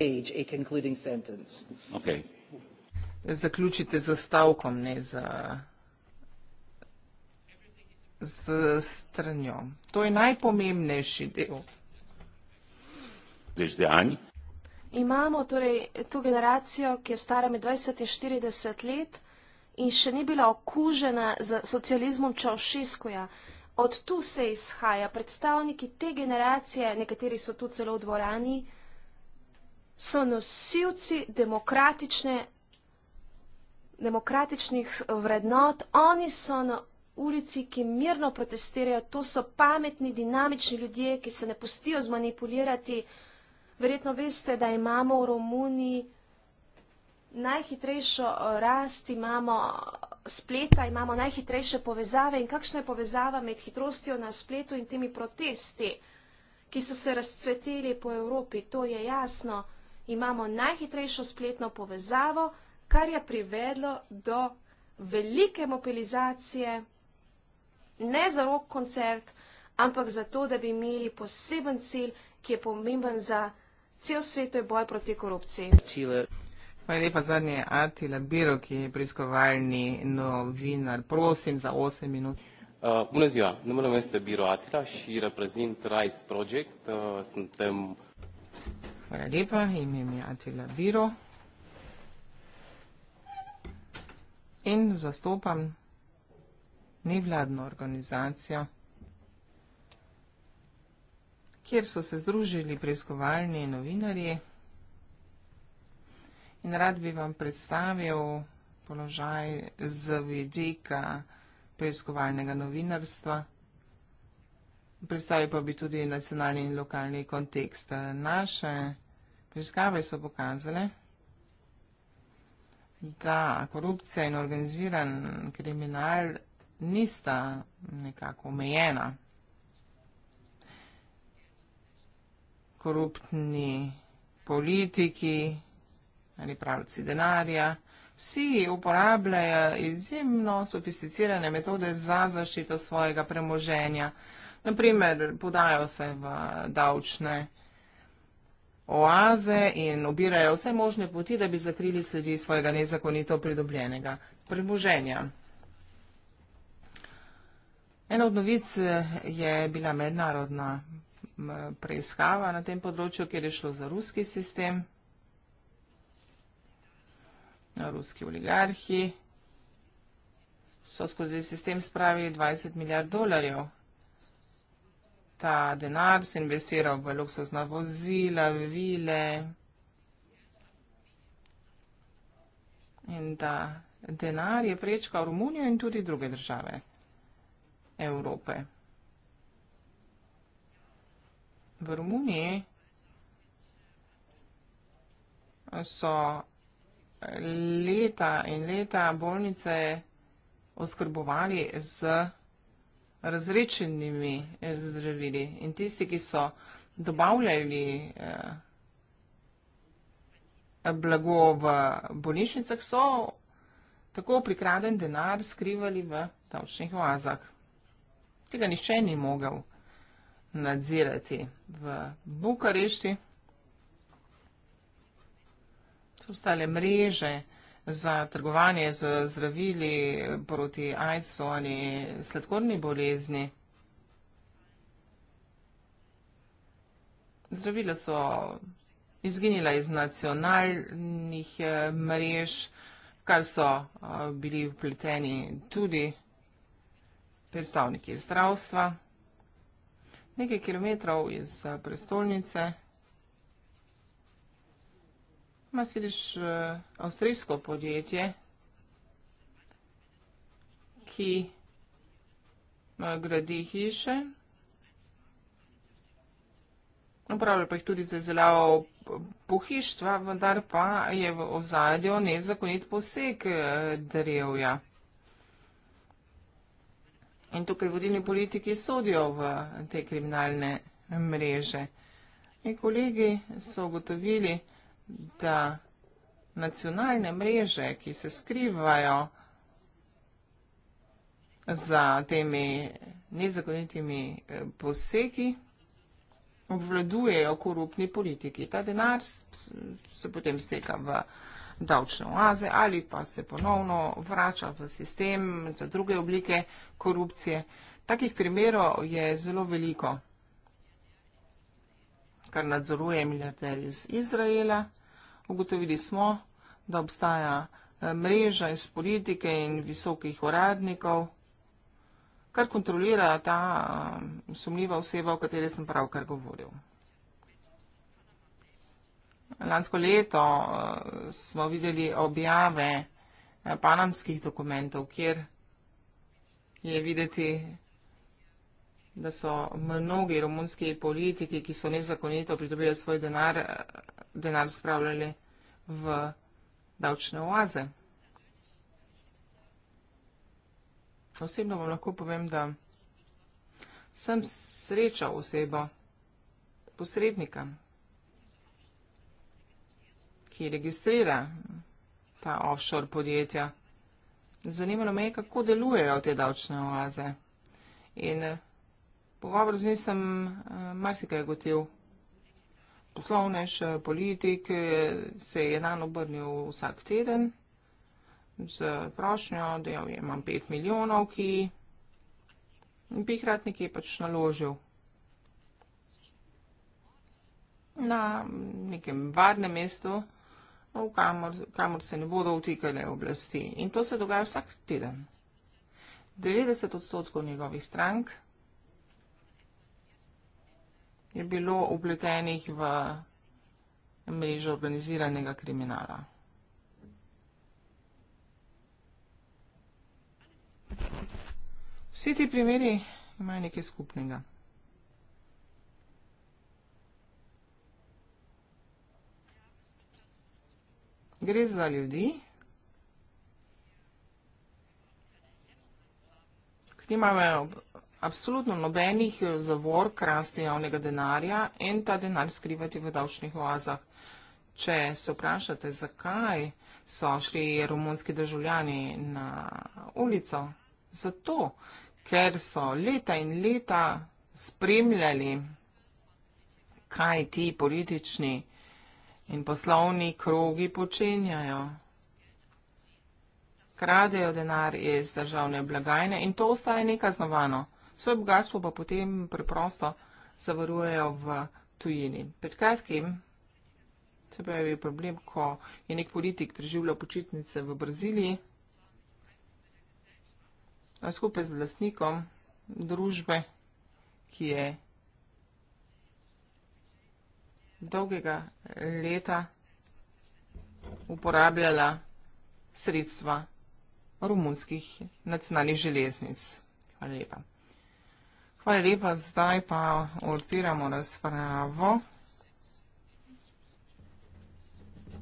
Speaker 3: Age, a concluding sentence. Okay.
Speaker 1: Zaključite z stavkom, ne z, z stranjo. To je najpomembnejši del. Imamo
Speaker 4: torej tu generacijo, ki je stara med 20 in 40 let in še ni bila okužena z socializmom Čaušiskoja od tu se izhaja, predstavniki te generacije, nekateri so tu celo v dvorani, so nosilci demokratične, demokratičnih vrednot, oni so na ulici, ki mirno protestirajo, to so pametni, dinamični ljudje, ki se ne pustijo zmanipulirati. Verjetno veste, da imamo v Romuniji najhitrejšo eh, rast imamo eh, spleta, imamo najhitrejše povezave in kakšna je povezava med hitrostjo na spletu in temi protesti, ki so se razcveteli po Evropi, to je jasno. Imamo najhitrejšo spletno povezavo, kar je privedlo do velike mobilizacije, ne za rok koncert, ampak za to, da bi imeli poseben cilj, ki je pomemben za cel svet, to je boj proti korupciji.
Speaker 1: Hvala lepa, zadnje Atila Biro, ki je preiskovalni novinar. Prosim za 8 minut.
Speaker 6: Uh, bună ziua, numele meu este Biro Atila și reprezint
Speaker 1: Rise Project. Uh, suntem... Hvala lepa, ime mi Atila Biro. In zastopam nevladno organizacijo, kjer so se združili preiskovalni novinarji, In rad bi vam predstavil položaj z vidika preiskovalnega novinarstva. Predstavil pa bi tudi nacionalni in lokalni kontekst. Naše preiskave so pokazale, da korupcija in organiziran kriminal nista nekako omejena. Koruptni politiki, ali pravci denarja. Vsi uporabljajo izjemno sofisticirane metode za zaščito svojega premoženja. Naprimer, podajo se v davčne oaze in obirajo vse možne poti, da bi zakrili sledi svojega nezakonito pridobljenega premoženja. Ena od novic eh, je bila mednarodna preiskava na tem področju, kjer je šlo za ruski sistem ruski oligarhi so skozi sistem spravili 20 milijard dolarjev. Ta denar se investiral v luksuzna vozila, v vile in ta denar je prečkal Romunijo in tudi druge države Evrope. V Romuniji so leta in leta bolnice oskrbovali z razrečenimi eh, zdravili. In tisti, ki so dobavljali eh, blago v bolnišnicah, so tako prikraden denar skrivali v davčnih oazah. Tega nišče ni mogel nadzirati v Bukarešti so ostale mreže za trgovanje z zdravili proti AIDS-u, oni sladkorni bolezni. Zdravila so izginila iz nacionalnih eh, mrež, kar so eh, bili vpleteni tudi predstavniki zdravstva. Nekaj kilometrov iz eh, prestolnice, Ima sedež uh, avstrijsko podjetje, ki uh, gradi hiše. Upravlja pa jih tudi za izdelavo pohištva, vendar pa je v ozadju nezakonit poseg eh, drevja. In tukaj vodilni politiki sodijo v te kriminalne mreže. In kolegi so ugotovili, da nacionalne mreže, ki se skrivajo za temi nezakonitimi eh, posegi, obvladujejo korupni politiki. Ta denar se potem steka v davčne oaze ali pa se ponovno vrača v sistem za druge oblike korupcije. Takih primerov je zelo veliko kar nadzoruje milijarder iz Izraela. Ugotovili smo, da obstaja eh, mreža iz politike in visokih uradnikov, kar kontrolira ta eh, sumljiva oseba, o kateri sem pravkar govoril. Lansko leto eh, smo videli objave panamskih dokumentov, kjer je videti da so mnogi romunski politiki, ki so nezakonito pridobili svoj denar, denar spravljali v davčne oaze. Osebno vam lahko povem, da sem srečal osebo, posrednika, ki registrira ta offshore podjetja. Zanimalo me je, kako delujejo te davčne oaze. In pogovor z njim sem eh, marsikaj gotil. Poslovnež, eh, politik eh, se je nan obrnil vsak teden z prošnjo, da jo imam pet milijonov, ki bi jih rad nekje pač naložil na nekem varnem mestu, no, v kamor, kamor se ne bodo vtikale oblasti. In to se dogaja vsak teden. 90 odstotkov njegovih strank je bilo upletenih v mrežo organiziranega kriminala. Vsi ti primeri imajo nekaj skupnega. Gre za ljudi, ki imajo absolutno nobenih eh, zavor krasti javnega denarja in ta denar skrivati v davčnih oazah. Če se vprašate, zakaj so šli romunski državljani na ulico, zato, ker so leta in leta spremljali, kaj ti politični in poslovni krogi počenjajo. Kradejo denar iz državne blagajne in to ostaje nekaznovano svoje bogatstvo pa potem preprosto zavarujejo v tujini. Pred kratkim se pa je bil problem, ko je nek politik preživljal počitnice v Braziliji, skupaj z lastnikom družbe, ki je dolgega leta uporabljala sredstva romunskih nacionalnih železnic. Hvala lepa. Hvala lepa, zdaj pa odpiramo razpravo.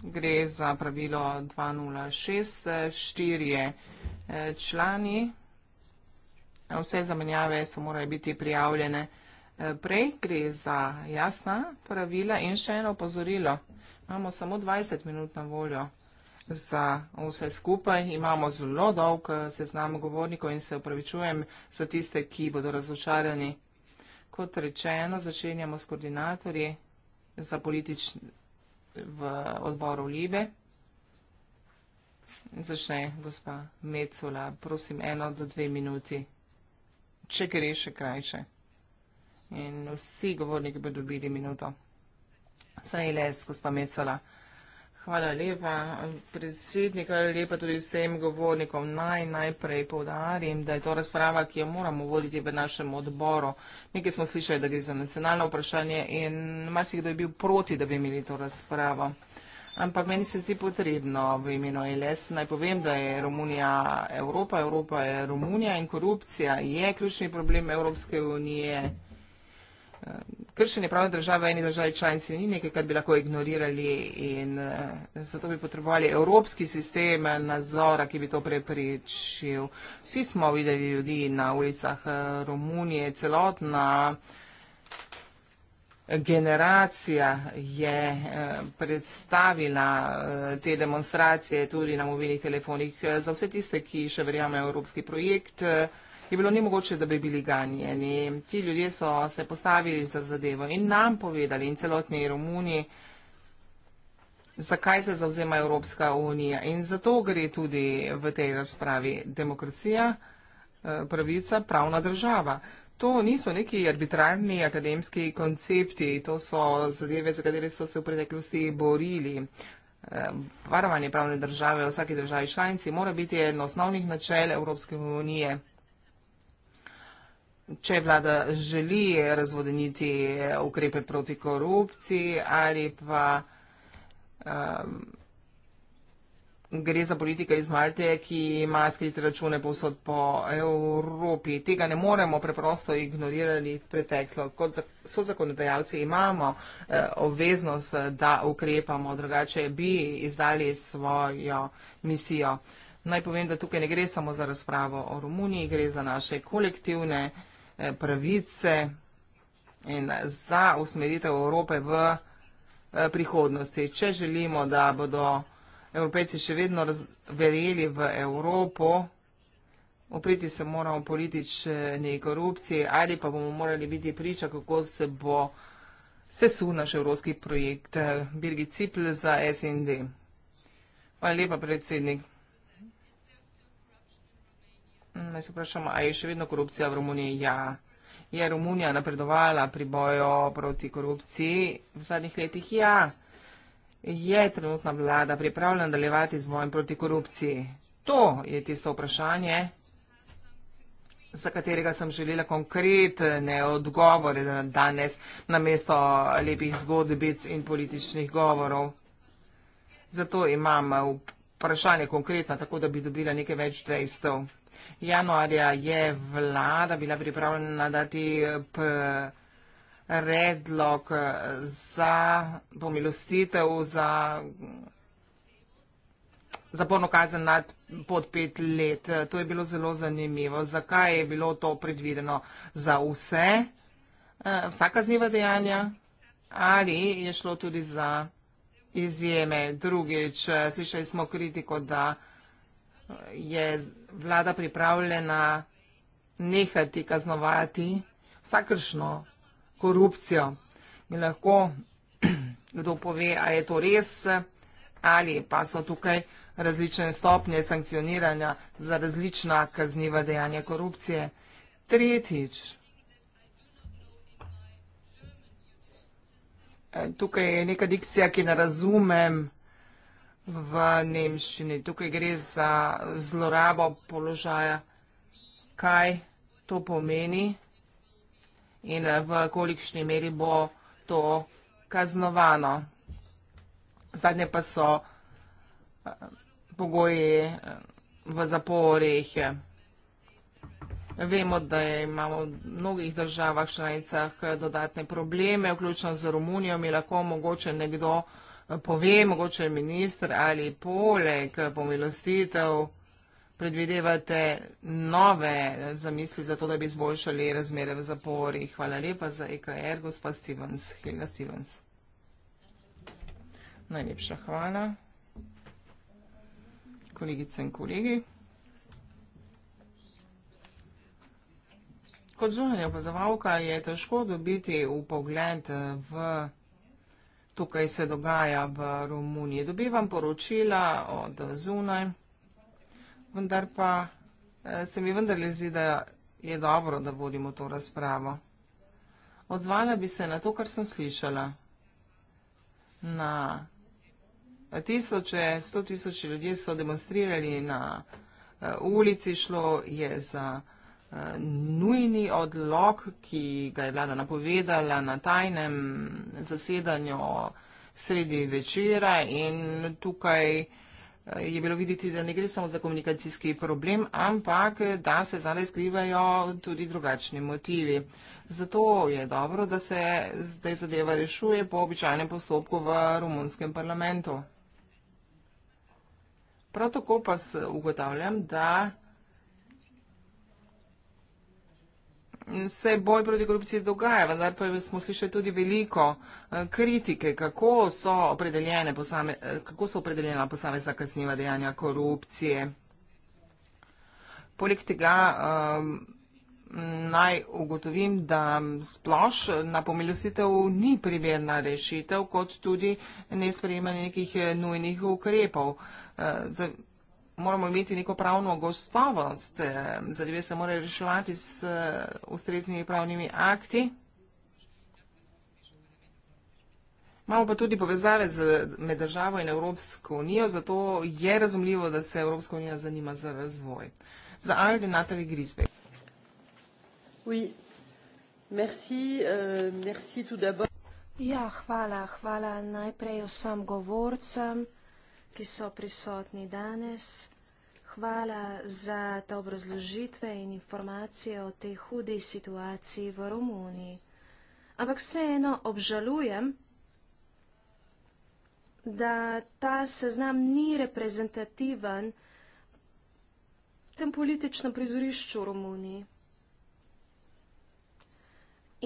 Speaker 1: Gre za pravilo 206, štirje eh, člani. Vse zamenjave so morajo biti prijavljene eh, prej, gre za jasna pravila in še eno pozorilo. Imamo samo 20 minut na voljo za vse skupaj. Imamo zelo dolg eh, seznam govornikov in se upravičujem za tiste, ki bodo razočarani. Kot rečeno, začenjamo s koordinatorji za politični v odboru Libe. Začne gospa Mecula, prosim, eno do dve minuti, če gre še krajše. In vsi govorniki bodo dobili minuto. Saj les, gospa Mecula. Hvala lepa, predsednik, hvala lepa tudi vsem govornikom. Naj najprej povdarim, da je to razprava, ki jo moramo voditi v našem odboru. Nekaj smo slišali, da gre za nacionalno vprašanje in marsikdo je bil proti, da bi imeli to razpravo. Ampak meni se zdi potrebno v imenu LS naj povem, da je Romunija Evropa, Evropa je Romunija in korupcija je ključni problem Evropske unije. Eh, kršenje pravne države v eni državi članici ni nekaj, kar bi lahko ignorirali in eh, zato bi potrebovali evropski sistem nadzora, ki bi to preprečil. Vsi smo videli ljudi na ulicah eh, Romunije, celotna generacija je predstavila te demonstracije tudi na mobilnih telefonih. Za vse tiste, ki še verjame v evropski projekt, je bilo nemogoče, da bi bili ganjeni. Ti ljudje so se postavili za zadevo in nam povedali in celotni Romuniji, zakaj se zavzema Evropska unija. In zato gre tudi v tej razpravi demokracija, eh, pravica, pravna država. To niso neki arbitrarni akademski koncepti, to so zadeve, za katere so se v preteklosti borili. Eh, varovanje pravne države v vsaki državi članici mora biti eno osnovnih načel Evropske unije če vlada želi razvodeniti ukrepe proti korupciji ali pa um, gre za politika iz Malte, ki ima skrite račune posod po Evropi. Tega ne moremo preprosto ignorirati v preteklo. Kot so zakonodajalci imamo eh, obveznost, da ukrepamo, drugače bi izdali svojo misijo. Naj povem, da tukaj ne gre samo za razpravo o Romuniji, gre za naše kolektivne eh, Eh, pravice in za usmeritev Evrope v eh, prihodnosti. Če želimo, da bodo evropejci še vedno verjeli v Evropo, opriti se moramo politični korupciji ali pa bomo morali biti priča, kako se bo sesul naš evropski projekt. Eh, Birgit Cipl za SND. Hvala lepa, predsednik. Mm, naj se vprašam, ali je še vedno korupcija v Romuniji? Ja. Je Romunija napredovala pri boju proti korupciji v zadnjih letih? Ja. Je trenutna vlada pripravljena nadaljevati z bojem proti korupciji? To je tisto vprašanje, za katerega sem želela konkretne odgovore danes na mesto lepih zgodbic in političnih govorov. Zato imam vprašanje konkretno, tako da bi dobila nekaj več dejstev januarja je vlada bila pripravljena dati eh, predlog eh, za pomilostitev za zaporno kazen nad pod pet let. Eh, to je bilo zelo zanimivo. Zakaj je bilo to predvideno za vse, vsa kazniva dejanja ali je šlo tudi za izjeme. Drugič, slišali smo kritiko, da je zanimivo, vlada pripravljena nehati kaznovati vsakršno korupcijo. Mi lahko kdo pove, a je to res ali pa so tukaj različne stopnje sankcioniranja za različna kazniva dejanja korupcije. Tretjič. E, tukaj je neka dikcija, ki ne razumem v nemščini. Tukaj gre za zlorabo položaja. Kaj to pomeni in v kolikšni meri bo to kaznovano. Zadnje pa so eh, pogoji eh, v zaporih. Vemo, da imamo v mnogih državah članicah eh, dodatne probleme, vključno z Romunijo, mi lahko mogoče nekdo pove mogoče ministr ali poleg pomilostitev predvidevate nove zamisli za to, da bi izboljšali razmere v zaporih. Hvala lepa za EKR, gospa Stevens. Helga Stevens. Najlepša hvala. Kolegice in kolegi. Kot zunanja opazovalka je težko dobiti upogled v zaporih tukaj se dogaja v Romuniji. Dobivam poročila od zunaj, vendar pa eh, se mi vendarle zdi, da je dobro, da vodimo to razpravo. Odzvala bi se na to, kar sem slišala. Na tisoče, sto tisoče ljudi so demonstrirali na eh, ulici, šlo je za nujni odlog, ki ga je vlada napovedala na tajnem zasedanju sredi večera in tukaj eh, je bilo videti, da ne gre samo za komunikacijski problem, ampak da se zdaj skrivajo tudi drugačni motivi. Zato je dobro, da se zdaj zadeva rešuje po običajnem postopku v romunskem parlamentu. Prav tako pa ugotavljam, da se boj proti korupciji dogaja, vendar pa smo slišali tudi veliko eh, kritike, kako so, posame, eh, kako so opredeljena posamezna kaznjiva dejanja korupcije. Poleg tega um, naj ugotovim, da splošna pomilostitev ni primerna rešitev, kot tudi nesprejemanje nekih eh, nujnih ukrepov. Uh, moramo imeti neko pravno gostavost, eh, zadeve se morajo reševati s eh, ustreznimi pravnimi akti. Imamo pa tudi povezave z, med državo in Evropsko unijo, zato je razumljivo, da se Evropska unija zanima za razvoj. Za Alde Natalie Grisbeck.
Speaker 5: Oui. Merci, uh, merci tout
Speaker 4: ja, hvala. Hvala najprej vsem govorcem, ki so prisotni danes. Hvala za ta obrazložitve in informacije o tej hudi situaciji v Romuniji. Ampak vseeno obžalujem, da ta seznam ni reprezentativen v tem političnem prizorišču v Romuniji.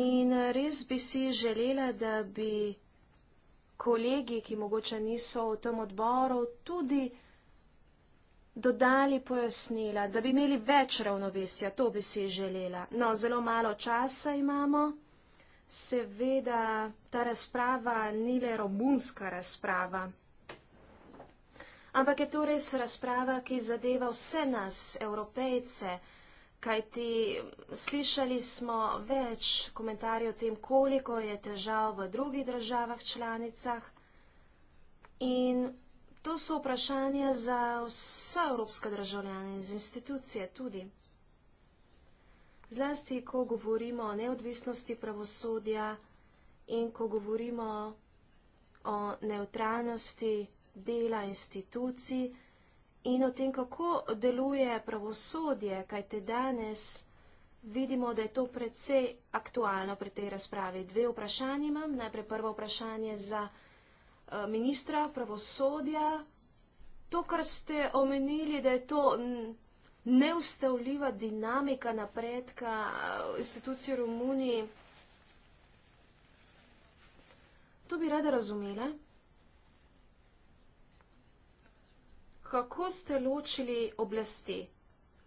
Speaker 4: In res bi si želela, da bi kolegi, ki mogoče niso v tem odboru, tudi vsega, dodali pojasnila, da bi imeli več ravnovesja, to bi si želela. No, zelo malo časa imamo. Seveda, ta razprava ni le romunska razprava, ampak je to res razprava, ki zadeva vse nas, evropejce, kajti slišali smo več komentarjev o tem, koliko je težav v drugih državah članicah in To so vprašanja za vse evropske državljane in za institucije tudi. Zlasti, ko govorimo o neodvisnosti pravosodja in ko govorimo o neutralnosti dela institucij in o tem, kako deluje pravosodje, kaj te danes vidimo, da je to predvsej aktualno pri tej razpravi. Dve vprašanje imam. Najprej prvo vprašanje za vprašanje. Eh, ministra pravosodja, to, kar ste omenili, da je to neustavljiva dinamika napredka eh, institucije Romuniji, to bi rada razumela. Kako ste ločili oblasti?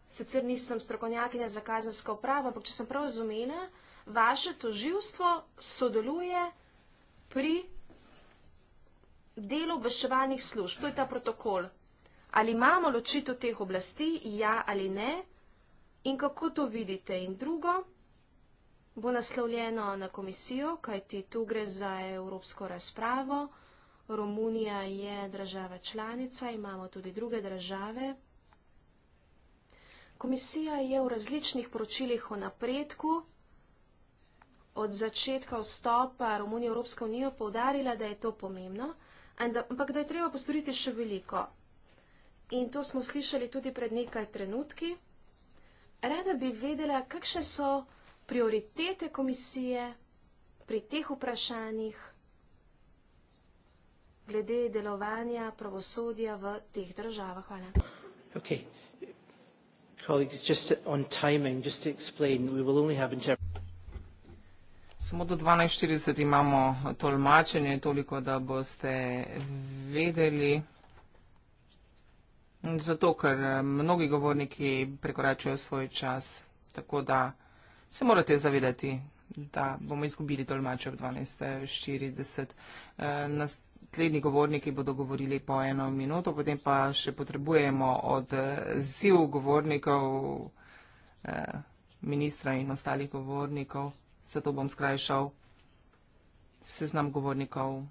Speaker 4: Sicer nisem strokovnjakinja za kazensko pravo, ampak če sem prav razumela, vaše toživstvo sodeluje pri delu obveščevalnih služb, to je ta protokol. Ali imamo ločitev teh oblasti, ja ali ne, in kako to vidite. In drugo bo naslovljeno na komisijo, kajti tu gre za evropsko razpravo. Romunija je država članica, imamo tudi druge države. Komisija je v različnih poročilih o napredku od začetka vstopa Romunije v Evropsko unijo povdarila, da je to pomembno da, uh, ampak da je treba postoriti še veliko. In to smo slišali tudi pred nekaj trenutki. Rada bi vedela, kakšne so prioritete komisije pri teh vprašanjih glede delovanja pravosodja v teh državah. Hvala.
Speaker 3: Okay. Colleagues, just on timing, just to explain, we will only have interpretation.
Speaker 1: Samo do 12.40 imamo tolmačenje, toliko, da boste vedeli. Zato, ker mnogi govorniki prekoračajo svoj čas, tako da se morate zavedati, da bomo izgubili tolmače ob 12.40. Eh, naslednji govorniki bodo govorili po eno minuto, potem pa še potrebujemo od ziv govornikov, eh, ministra in ostalih govornikov zato bom skrajšal seznam govornikov.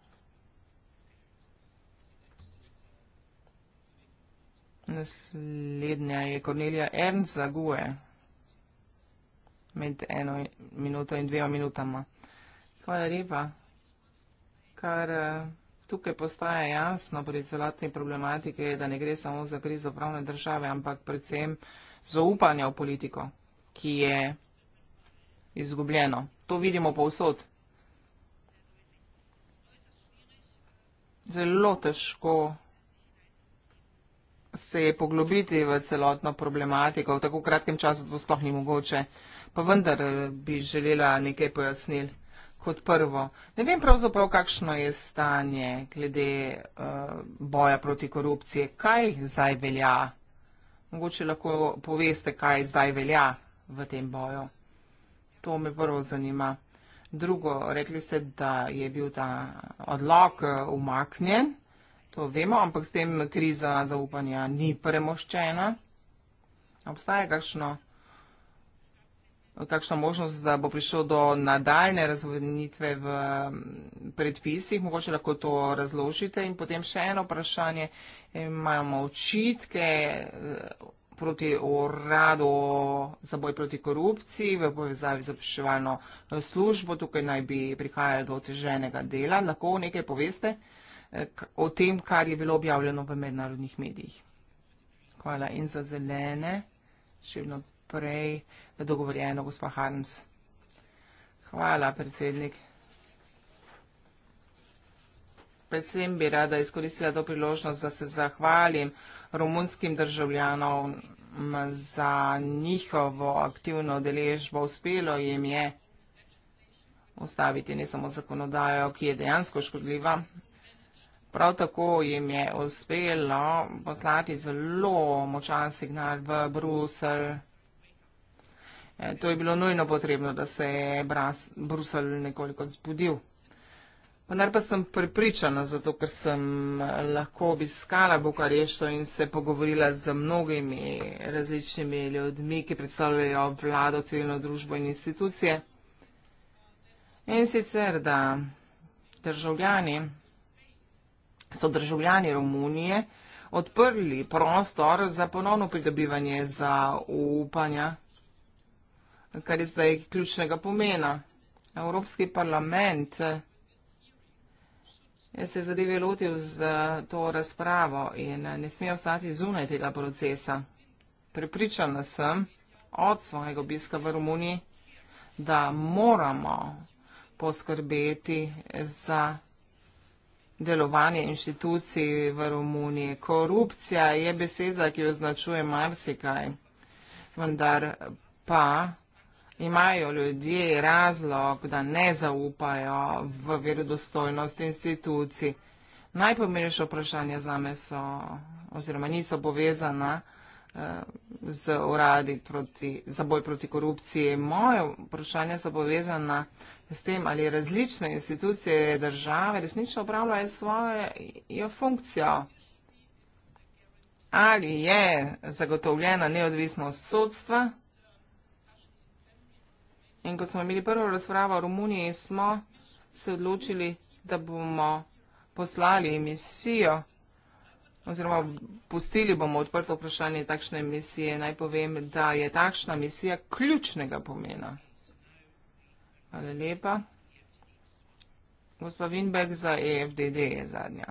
Speaker 1: Naslednja je Kornelija Ernst Zague med eno minuto in dvema minutama. Hvala lepa, kar eh, tukaj postaja jasno pri celotni problematiki, da ne gre samo za krizo pravne države, ampak predvsem zaupanja v politiko, ki je izgubljeno. To vidimo povsod. Zelo težko se je poglobiti v celotno problematiko, v tako kratkem času to sploh ni mogoče, pa vendar eh, bi želela nekaj pojasnil. Kot prvo, ne vem pravzaprav, kakšno je stanje glede uh, boja proti korupciji, kaj zdaj velja. Mogoče lahko poveste, kaj zdaj velja v tem boju. To me prvo zanima. Drugo, rekli ste, da je bil ta odlog eh, umaknjen, to vemo, ampak s tem kriza zaupanja ni premoščena. Obstaja kakšno, kakšna možnost, da bo prišlo do nadaljne razvodnitve v mm, predpisih, mogoče lahko to razložite. In potem še eno vprašanje, imamo očitke eh, proti uradu za boj proti korupciji v povezavi z obveščevalno eh, službo. Tukaj naj bi prihajalo do oteženega dela. Lahko nekaj poveste eh, o tem, kar je bilo objavljeno v mednarodnih medijih. Hvala in za zelene. Še vedno prej dogovorjeno, gospa Harms. Hvala, predsednik. Predvsem bi rada izkoristila to priložnost, da se zahvalim romunskim državljanom za njihovo aktivno deležbo. Uspelo jim je ustaviti ne samo zakonodajo, ki je dejansko škodljiva. Prav tako jim je uspelo poslati zelo močan signal v Brusel. E, to je bilo nujno potrebno, da se je Brusel nekoliko zbudil. Vendar pa sem prepričana, zato ker sem lahko obiskala Bukarešto in se pogovorila z mnogimi različnimi ljudmi, ki predstavljajo vlado, civilno družbo in institucije. In sicer, da državljani so državljani Romunije odprli prostor za ponovno pridobivanje za upanja, kar je zdaj ključnega pomena. Evropski parlament se zadeve lotil z eh, to razpravo in eh, ne smejo ostati zunaj tega procesa. Pripričana sem od svojega obiska v Romuniji, da moramo poskrbeti za delovanje inštitucij v Romuniji. Korupcija je beseda, ki označuje marsikaj, vendar pa imajo ljudje razlog, da ne zaupajo v verodostojnost institucij. Najpomembnejše vprašanje za me so, oziroma niso povezana eh, z uradi proti, za boj proti korupciji. Moje vprašanje so povezana s tem, ali različne institucije države resnično upravljajo svojo funkcijo. Ali je zagotovljena neodvisnost sodstva? In ko smo imeli prvo razpravo v Romuniji, smo se odločili, da bomo poslali misijo oziroma pustili bomo odprto vprašanje takšne misije. Naj povem, da je takšna misija ključnega pomena. Hvala lepa. Gospa Winberg za EFDD je zadnja.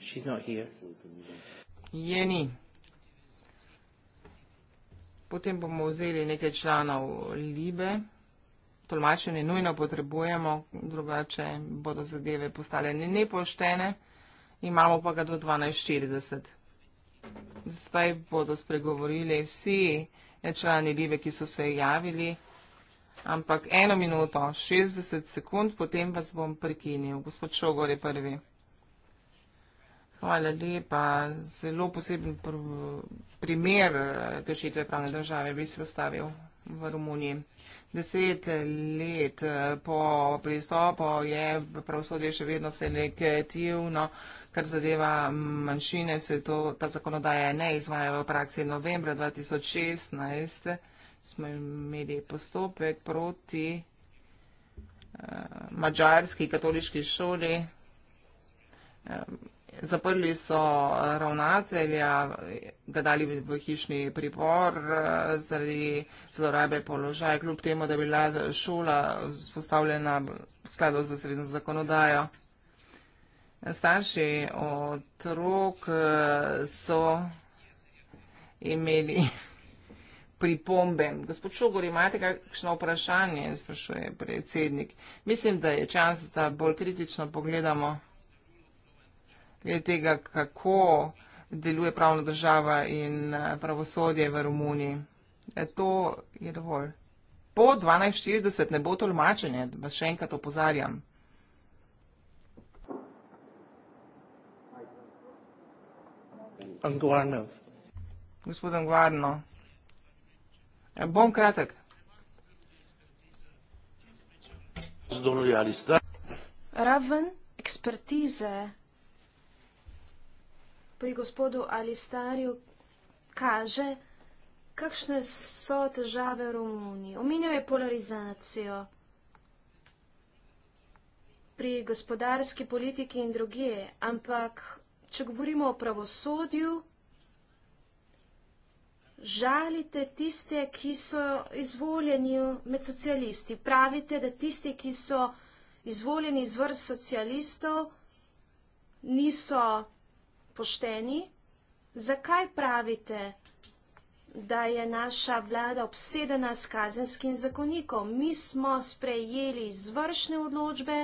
Speaker 3: She's not here.
Speaker 1: Je ni potem bomo vzeli nekaj članov Libe. Tolmačenje nujno potrebujemo, drugače bodo zadeve postale nepoštene. Imamo pa ga do 12.40. Zdaj bodo spregovorili vsi eh, člani Libe, ki so se javili. Ampak eno minuto, 60 sekund, potem vas bom prekinil. Gospod Šogor je prvi. Hvala lepa. Zelo poseben pr primer eh, kršitve pravne države bi se postavil v Romuniji. Deset let eh, po pristopu je pravosodje še vedno se negativno, kar zadeva manjšine, se to, ta zakonodaja ne izvaja v praksi. Novembra 2016 smo imeli postopek proti uh, eh, mađarski katoliški šoli. Um, Zaprli so ravnatelja, ga dali v hišni pripor eh, zaradi zlorabe položaja, kljub temu, da je bila šola vzpostavljena v skladu z osrednjo zakonodajo. Starši otrok eh, so imeli pripombe. Gospod Šogor, imate kakšno vprašanje, sprašuje predsednik. Mislim, da je čas, da bolj kritično pogledamo glede tega, kako deluje pravna država in eh, pravosodje v Romuniji. E, to je dovolj. Po 12.40 ne bo tolmačenje, vas še enkrat opozarjam. Gospod Angvarno, e, bom kratek.
Speaker 4: Raven ekspertize pri gospodu Alistarju kaže, kakšne so težave Romuni. Omenil je polarizacijo pri gospodarski politiki in druge, ampak če govorimo o pravosodju, žalite tiste, ki so izvoljeni med socialisti. Pravite, da tisti, ki so izvoljeni iz vrst socialistov, niso pošteni, zakaj pravite, da je naša vlada obsedena s kazenskim zakonikom? Mi smo sprejeli izvršne odločbe,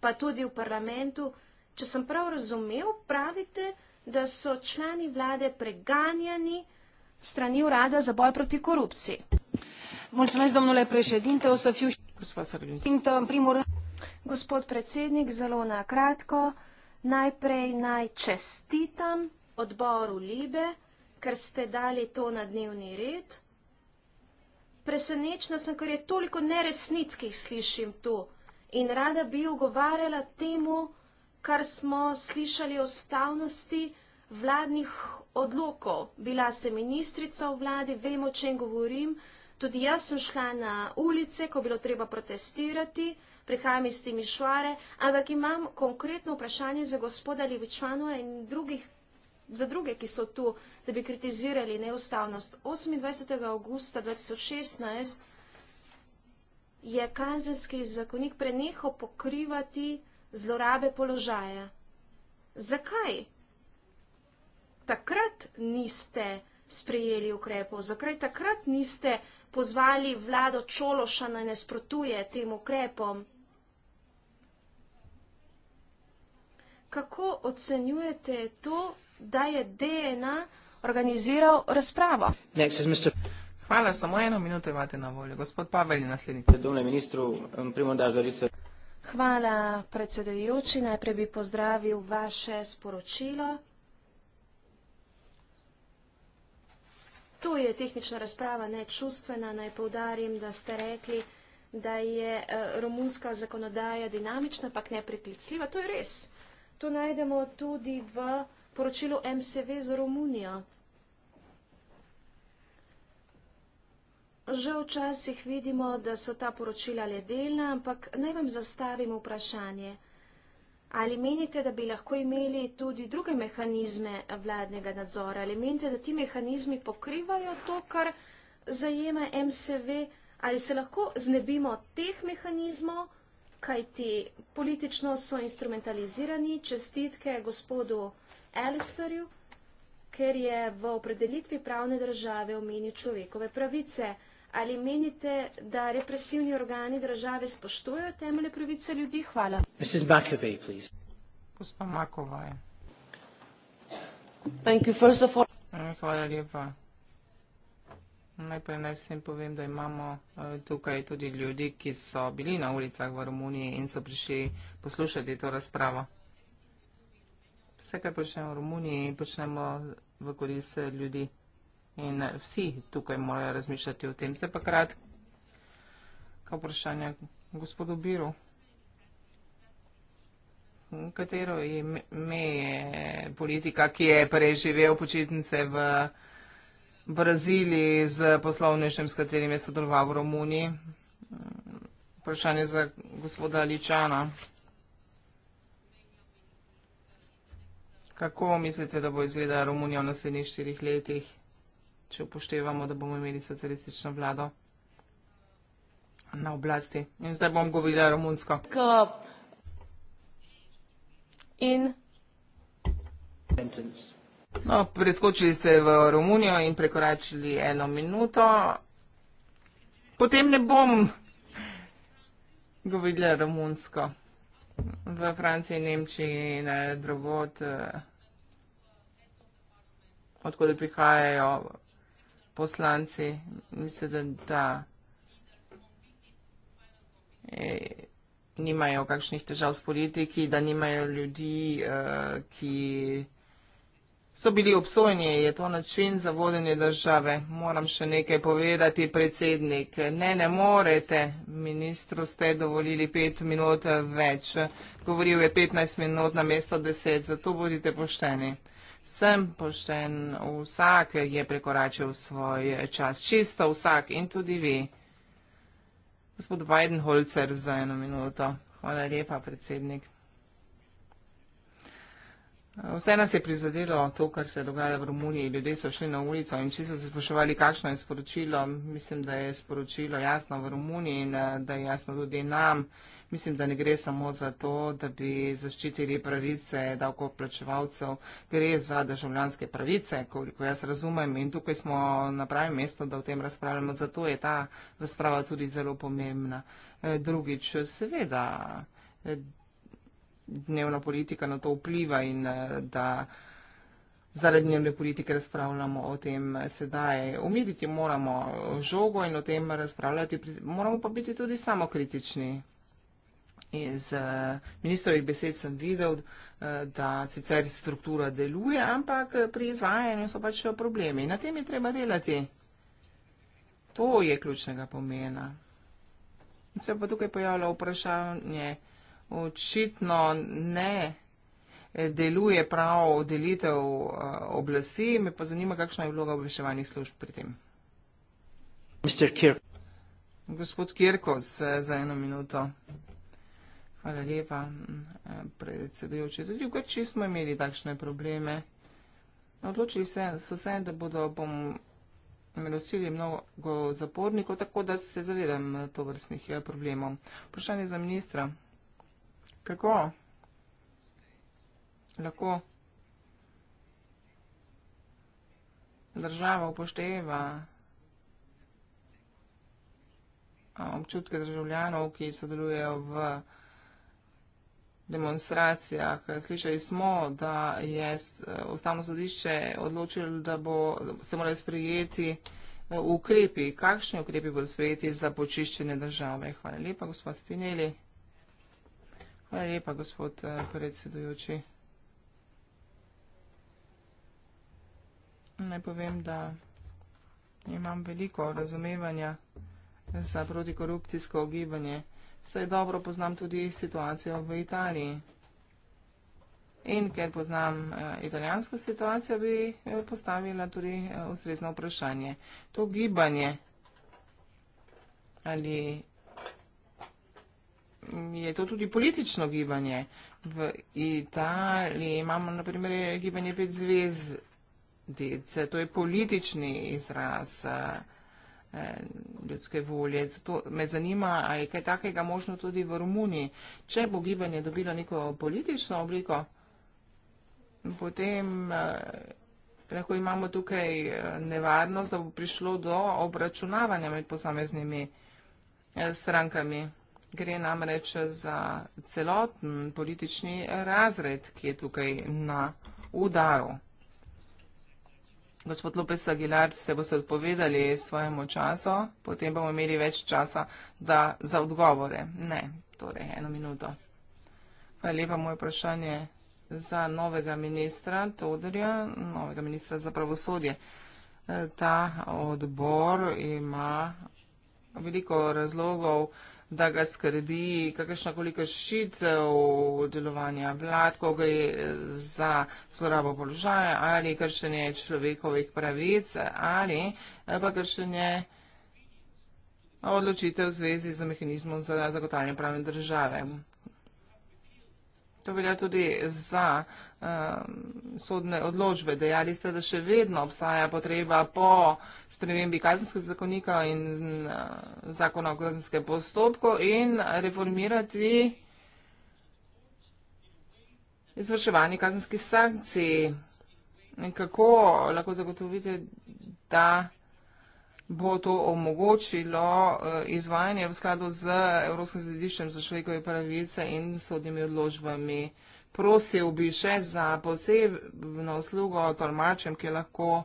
Speaker 4: pa tudi v parlamentu. Če sem prav razumel, pravite, da so člani vlade preganjani strani urada za boj proti korupciji. Mulțumesc, domnule președinte, o să fiu și... Gospod predsednik, zelo na kratko. Najprej naj čestitam odboru Libe, ker ste dali to na dnevni red. Presenečna sem, ker je toliko neresnic, ki jih slišim tu. In rada bi ogovarjala temu, kar smo slišali o stavnosti vladnih odlokov. Bila sem ministrica v vladi, vemo, o čem govorim. Tudi jaz sem šla na ulice, ko bilo treba protestirati prihajam iz Timišoare, ampak imam konkretno vprašanje za gospoda Levičanova in drugih, za druge, ki so tu, da bi kritizirali neustavnost. 28. augusta 2016 je kanzenski zakonik prenehal pokrivati zlorabe položaja. Zakaj? Takrat niste sprejeli ukrepov, zakaj takrat niste pozvali vlado Čološa, da ne sprotuje tem ukrepom? kako ocenjujete to, da je DNA organiziral razpravo?
Speaker 1: Next is Mr. Hvala, samo eno minuto imate na voljo. Gospod Pavel je naslednji.
Speaker 4: Hvala, predsedujoči. Najprej bi pozdravil vaše sporočilo. To je tehnična razprava, ne čustvena. Naj povdarim, da ste rekli, da je eh, romunska zakonodaja dinamična, pa ne priklicljiva. To je res. To najdemo tudi v poročilu MCV za Romunijo. Že včasih vidimo, da so ta poročila le delna, ampak naj vam zastavim vprašanje. Ali menite, da bi lahko imeli tudi druge mehanizme vladnega nadzora? Ali menite, da ti mehanizmi pokrivajo to, kar zajema MCV? Ali se lahko znebimo teh mehanizmov? kajti politično so instrumentalizirani. Čestitke gospodu Alistarju, ker je v opredelitvi pravne države omenil človekove pravice. Ali menite, da represivni organi države spoštujejo temelje pravice ljudi?
Speaker 1: Hvala.
Speaker 3: Mrs. McAvey, please.
Speaker 1: Gospa Makovaj. Thank you, first of all. Eh, hvala lepa. Najprej naj vsem povem, da imamo eh, tukaj tudi ljudi, ki so bili na ulicah v Romuniji in so prišli poslušati to razpravo. Vse, kar počnemo v Romuniji, počnemo v korist eh, ljudi in eh, vsi tukaj morajo razmišljati o tem. Zdaj pa kratka vprašanja gospodu Biru. Katero ime je politika, ki je preživel počitnice v Romuniji? Braziliji z poslovnešem, s katerim je sodeloval v Romuniji. Vprašanje za gospoda Ličana. Kako mislite, da bo izgledala Romunija v naslednjih štirih letih, če upoštevamo, da bomo imeli socialistično vlado na oblasti? In zdaj bom govorila romunsko. In. Sentence. No, preskočili ste v Romunijo in prekoračili eno minuto. Potem ne bom govorila romunsko. V Franciji, Nemčiji in drugot, eh, odkud prihajajo poslanci, mislim, da, da e, nimajo kakšnih težav s politiki, da nimajo ljudi, e, ki so bili obsojeni, je to način za vodenje države. Moram še nekaj povedati, predsednik. Ne, ne morete, ministru ste dovolili pet minut več. Govoril je 15 minut na mesto 10, zato bodite pošteni. Sem pošten, vsak je prekoračil svoj čas, čisto vsak in tudi vi. Gospod Weidenholzer za eno minuto. Hvala lepa, predsednik. Vse nas je prizadelo to, kar se je dogajalo v Romuniji. Ljudje so šli na ulico in vsi so se spraševali, kakšno je sporočilo. Mislim, da je sporočilo jasno v Romuniji in eh, da je jasno tudi nam. Mislim, da ne gre samo za to, da bi zaščitili pravice davkoplačevalcev, gre za državljanske pravice, koliko jaz razumem. In tukaj smo na pravem mestu, da o tem razpravljamo. Zato je ta razprava tudi zelo pomembna. Eh, drugič, seveda. Eh, dnevna politika na to vpliva in eh, da zaradi dnevne politike razpravljamo o tem sedaj. Umiriti moramo žogo in o tem razpravljati, moramo pa biti tudi samokritični. Iz eh, ministrovih besed sem videl, eh, da sicer struktura deluje, ampak pri izvajanju so pač problemi. Na tem je treba delati. To je ključnega pomena. Se pa tukaj pojavlja vprašanje, očitno ne deluje prav delitev eh, oblasti. Me pa zanima, kakšna je vloga obveščevalnih služb pri tem. Kirk. Gospod Kirkos, eh, za eno minuto. Hvala lepa, eh, predsedujoči. Tudi v Grči smo imeli takšne probleme. Odločili se, so se, da bodo bom milostili mnogo zapornikov, tako da se zavedam to vrstnih problemov. Vprašanje za ministra. Kako? Lahko. Država upošteva občutke državljanov, ki sodelujejo v demonstracijah. Slišali smo, da je ustavno sodišče odločilo, da bo, se morajo sprejeti e, ukrepi. Kakšni ukrepi bodo sprejeti za počiščenje države? Hvala lepa, gospod Spinelli. Hvala lepa, gospod eh, predsedujoči. Naj povem, da imam veliko razumevanja za protikorupcijsko ogibanje. Vse dobro poznam tudi situacijo v Italiji. In ker poznam eh, italijansko situacijo, bi eh, postavila tudi ustrezno vprašanje. To gibanje ali je to tudi politično gibanje. V Italiji imamo naprimer gibanje pet zvezdic, to je politični izraz eh, ljudske volje. Zato me zanima, a je kaj takega možno tudi v Romuniji. Če bo gibanje dobilo neko politično obliko, potem eh, lahko imamo tukaj eh, nevarnost, da bo prišlo do obračunavanja med posameznimi strankami. Gre namreč za celoten politični razred, ki je tukaj na udaru. Gospod Lopes Aguilar, se boste odpovedali svojemu času, potem bomo imeli več časa da, za odgovore. Ne, torej eno minuto. Hvala lepa, moje vprašanje za novega ministra Todorja, novega ministra za pravosodje. Ta odbor ima veliko razlogov, da ga skrbi kakršna kolika šitev delovanja vlad, ko ga je za zlorabo položaja ali kršenje človekovih pravic ali eh, pa kršenje odločitev v zvezi z mehanizmom za zagotavljanje pravne države. To velja tudi za um, sodne odločbe. Dejali ste, da še vedno obstaja potreba po spremembi kazenskega zakonika in uh, zakona o kazenskem postopku in reformirati izvrševanje kazenskih sankcij. In kako lahko zagotovite, da bo to omogočilo eh, izvajanje v skladu z Evropskim središčem za človekove pravice in sodnimi odložbami. Prosil bi še za posebno uslugo tolmačem, ki lahko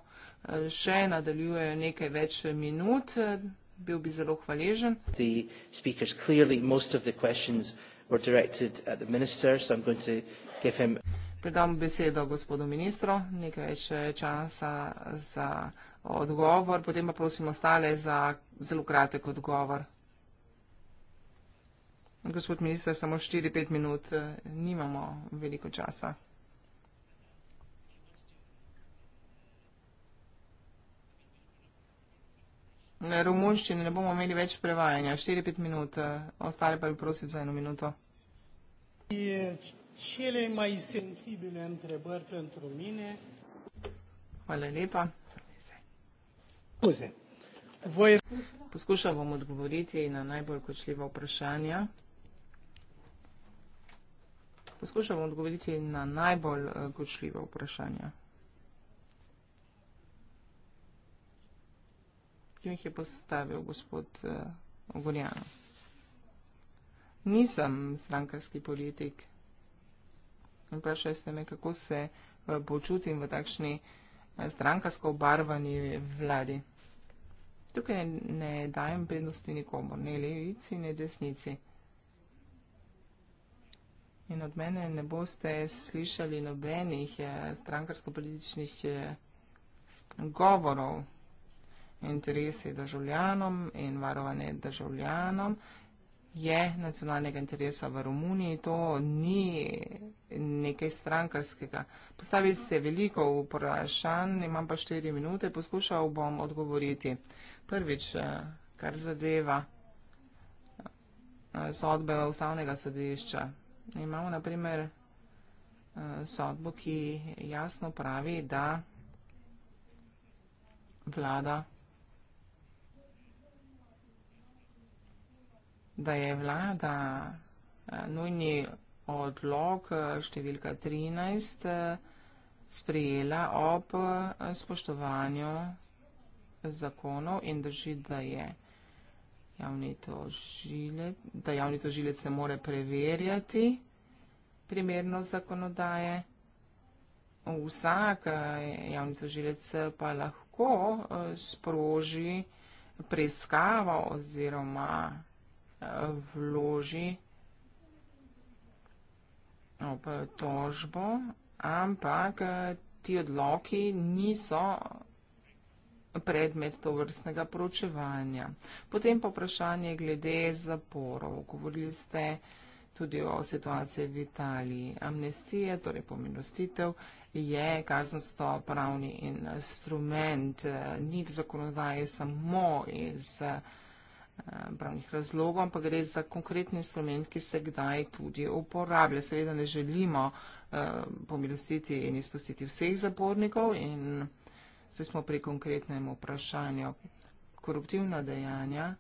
Speaker 1: eh, še nadaljujejo nekaj več minut.
Speaker 3: Bil bi zelo hvaležen.
Speaker 1: Predam besedo gospodu ministru, nekaj več eh, časa za odgovor, potem pa prosim ostale za zelo kratek odgovor. Gospod minister, samo 4-5 minut, eh, nimamo veliko časa. Romunščine ne bomo imeli več prevajanja, 4-5 minut, eh, ostale pa bi prosil za eno minuto. Je
Speaker 2: cele mai sensibile întrebări pentru mine.
Speaker 1: Hvala lepa. Poskušal bom odgovoriti na najbolj kočljiva vprašanja. Poskušal bom odgovoriti na najbolj eh, kočljiva vprašanja. ki jih je postavil gospod eh, Ogorjano. Nisem strankarski politik. Vprašaj ste me, kako se eh, počutim v takšni strankarsko obarvani vladi. Tukaj ne dajem prednosti nikomu, ne levici, ne desnici. In od mene ne boste slišali nobenih eh, strankarsko-političnih eh, govorov interesi državljanom in varovanje državljanom je nacionalnega interesa v Romuniji, to ni nekaj strankarskega. Postavili ste veliko vprašanj, imam pa štiri minute, poskušal bom odgovoriti prvič, eh, kar zadeva eh, sodbe ustavnega sodišča. Imamo naprimer eh, sodbo, ki jasno pravi, da vlada, da je vlada nujni odlog številka 13 sprijela ob spoštovanju zakonov in drži, da je javni tožilec, da javni tožilec se more preverjati primerno zakonodaje. Vsak eh, javni tožilec pa lahko eh, sproži preiskavo oziroma eh, vloži tožbo, ampak ti odloki niso predmet to vrstnega proučevanja. Potem pa vprašanje glede zaporov. Govorili ste tudi o situaciji v Italiji. Amnestije, torej pomilostitev, je kazensko pravni instrument, eh, ni v zakonodaji samo iz eh, pravnih razlogov, ampak gre za konkretni instrument, ki se kdaj tudi uporablja. Seveda ne želimo uh, pomilostiti in izpustiti vseh zapornikov in Vse smo pri konkretnem vprašanju. Koruptivna dejanja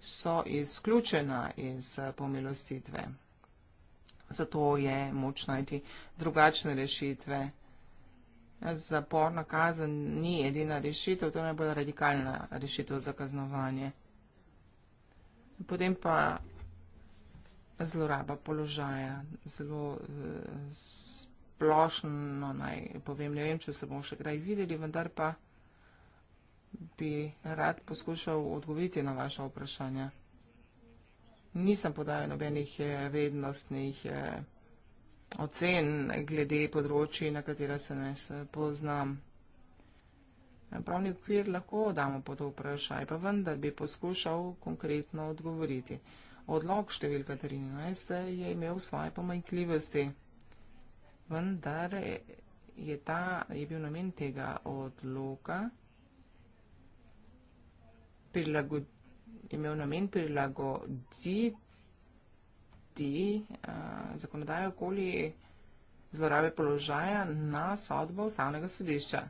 Speaker 1: so izključena iz eh, pomilostitve. Zato je moč najti drugačne rešitve. Zapor na kazen ni edina rešitev, to je najbolj radikalna rešitev za kaznovanje. Potem pa zloraba položaja, zelo z, eh, z, splošno naj povem, ne vem, če se bomo še kdaj videli, vendar pa bi rad poskušal odgovoriti na vaše vprašanje. Nisem podajal nobenih eh, vednostnih eh, ocen glede področji, na katera se ne poznam. Pravni okvir lahko damo pod vprašanje, pa vendar bi poskušal konkretno odgovoriti. Odlog številka 13 eh, je imel svoje pomanjkljivosti vendar je, ta, je bil namen tega odloka prilagod, imel namen prilagoditi uh, zakonodajo okoli zlorabe položaja na sodbo ustavnega sodišča.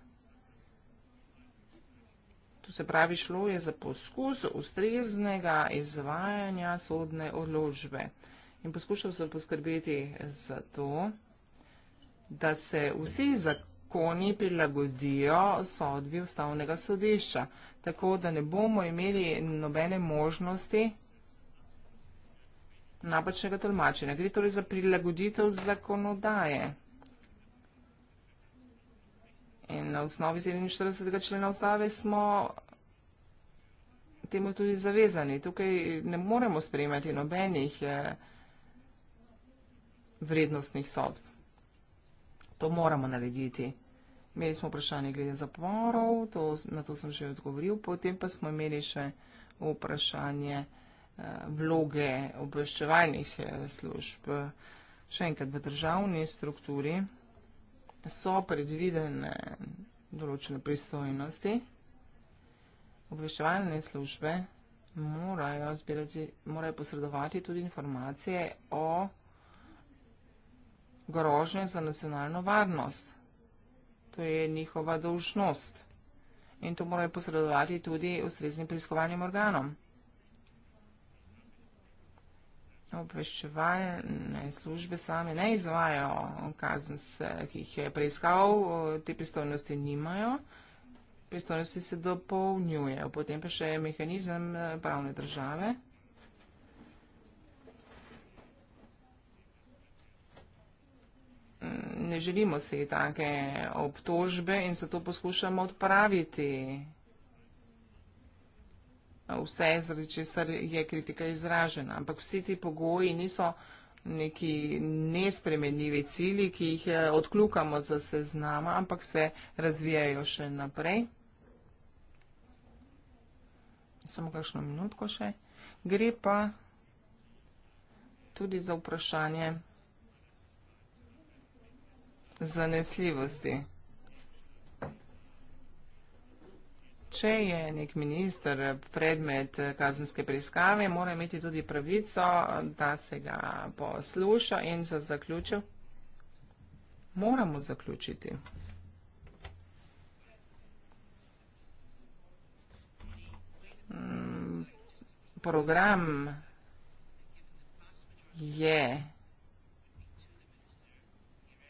Speaker 1: To se pravi, šlo je za poskus ustreznega izvajanja sodne odložbe. In poskušal sem poskrbeti za to, da se vsi zakoni prilagodijo sodbi ustavnega sodišča, tako da ne bomo imeli nobene možnosti napačnega tolmačenja. Gre torej za prilagoditev zakonodaje. In na osnovi 47. člena ustave smo temu tudi zavezani. Tukaj ne moremo spremljati nobenih eh, vrednostnih sodb. To moramo narediti. Imeli smo vprašanje glede zaporov, to, na to sem že odgovoril, potem pa smo imeli še vprašanje eh, vloge obveščevalnih eh, služb. Še enkrat, v državni strukturi so predvidene določene pristojnosti. Obveščevalne službe morajo, zbirati, morajo posredovati tudi informacije o grožnje za nacionalno varnost. To je njihova dolžnost. In to morajo posredovati tudi ustreznim preiskovalnim organom. Obveščevalne službe same ne izvajo kazen, ki jih je preiskal, te pristojnosti nimajo. Pristojnosti se dopolnjujejo. Potem pa še mehanizem eh, pravne države. ne želimo si take obtožbe in zato poskušamo odpraviti vse, zaradi česar je kritika izražena. Ampak vsi ti pogoji niso neki nespremenljivi cilji, ki jih eh, odkljukamo za seznama, ampak se razvijajo še naprej. Samo kakšno minutko še. Gre pa tudi za vprašanje zanesljivosti. Če je nek minister predmet kazenske preiskave, mora imeti tudi pravico, da se ga posluša in za zaključil. Moramo zaključiti. Mm, program je. Yeah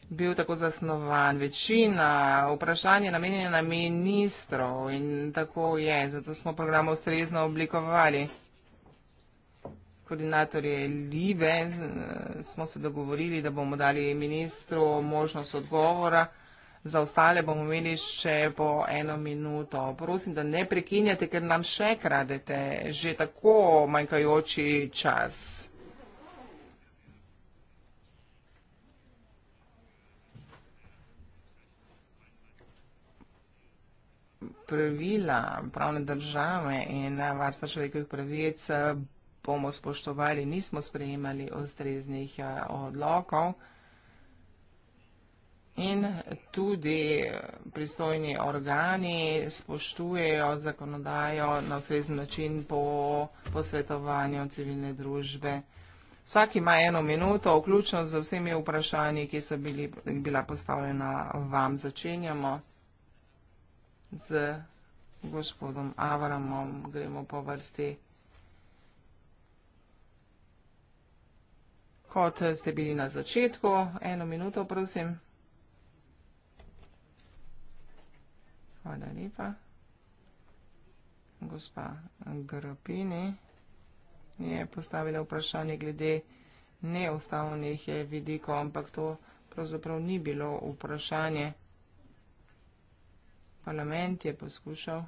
Speaker 1: bil tako zasnovan. Večina vprašanj je namenjena ministrov in tako je, zato smo program ustrezno oblikovali. Koordinatorje Libe eh, smo se dogovorili, da bomo dali ministru možnost odgovora. Za ostale bomo imeli še po eno minuto. Prosim, da ne prekinjate, ker nam še kradete že tako manjkajoči čas. pravila pravne države in varstva človekovih pravic eh, bomo spoštovali, nismo sprejemali ustreznih eh, odlokov. In tudi eh, pristojni organi spoštujejo zakonodajo na ustrezen način po posvetovanju civilne družbe. Vsak ima eno minuto, vključno z vsemi vprašanji, ki so bili, bila postavljena vam. Začenjamo z gospodom Avramom, gremo po vrsti. Kot ste bili na začetku, eno minuto prosim. Hvala lepa. Gospa Grapini je postavila vprašanje glede neustavnih vidikov, ampak to pravzaprav ni bilo vprašanje parlament je poskušal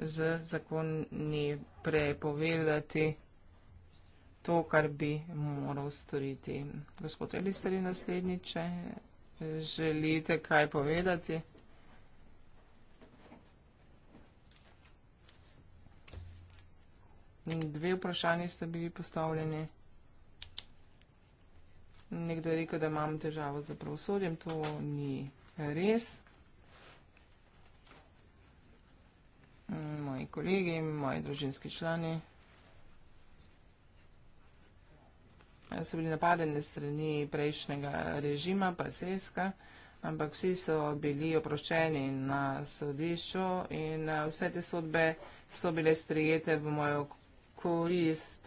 Speaker 1: z zakoni prepovedati to, kar bi moral storiti. Gospod Elisar je naslednji, če želite kaj povedati. Dve vprašanje ste bili postavljeni. Nekdo je rekel, da imam težavo za pravosodjem. To ni res. moji kolegi, moji družinski člani. So bili napadeni strani prejšnjega režima, pa sejska, ampak vsi so bili oproščeni na sodišču in eh, vse te sodbe so bile sprejete v mojo korist.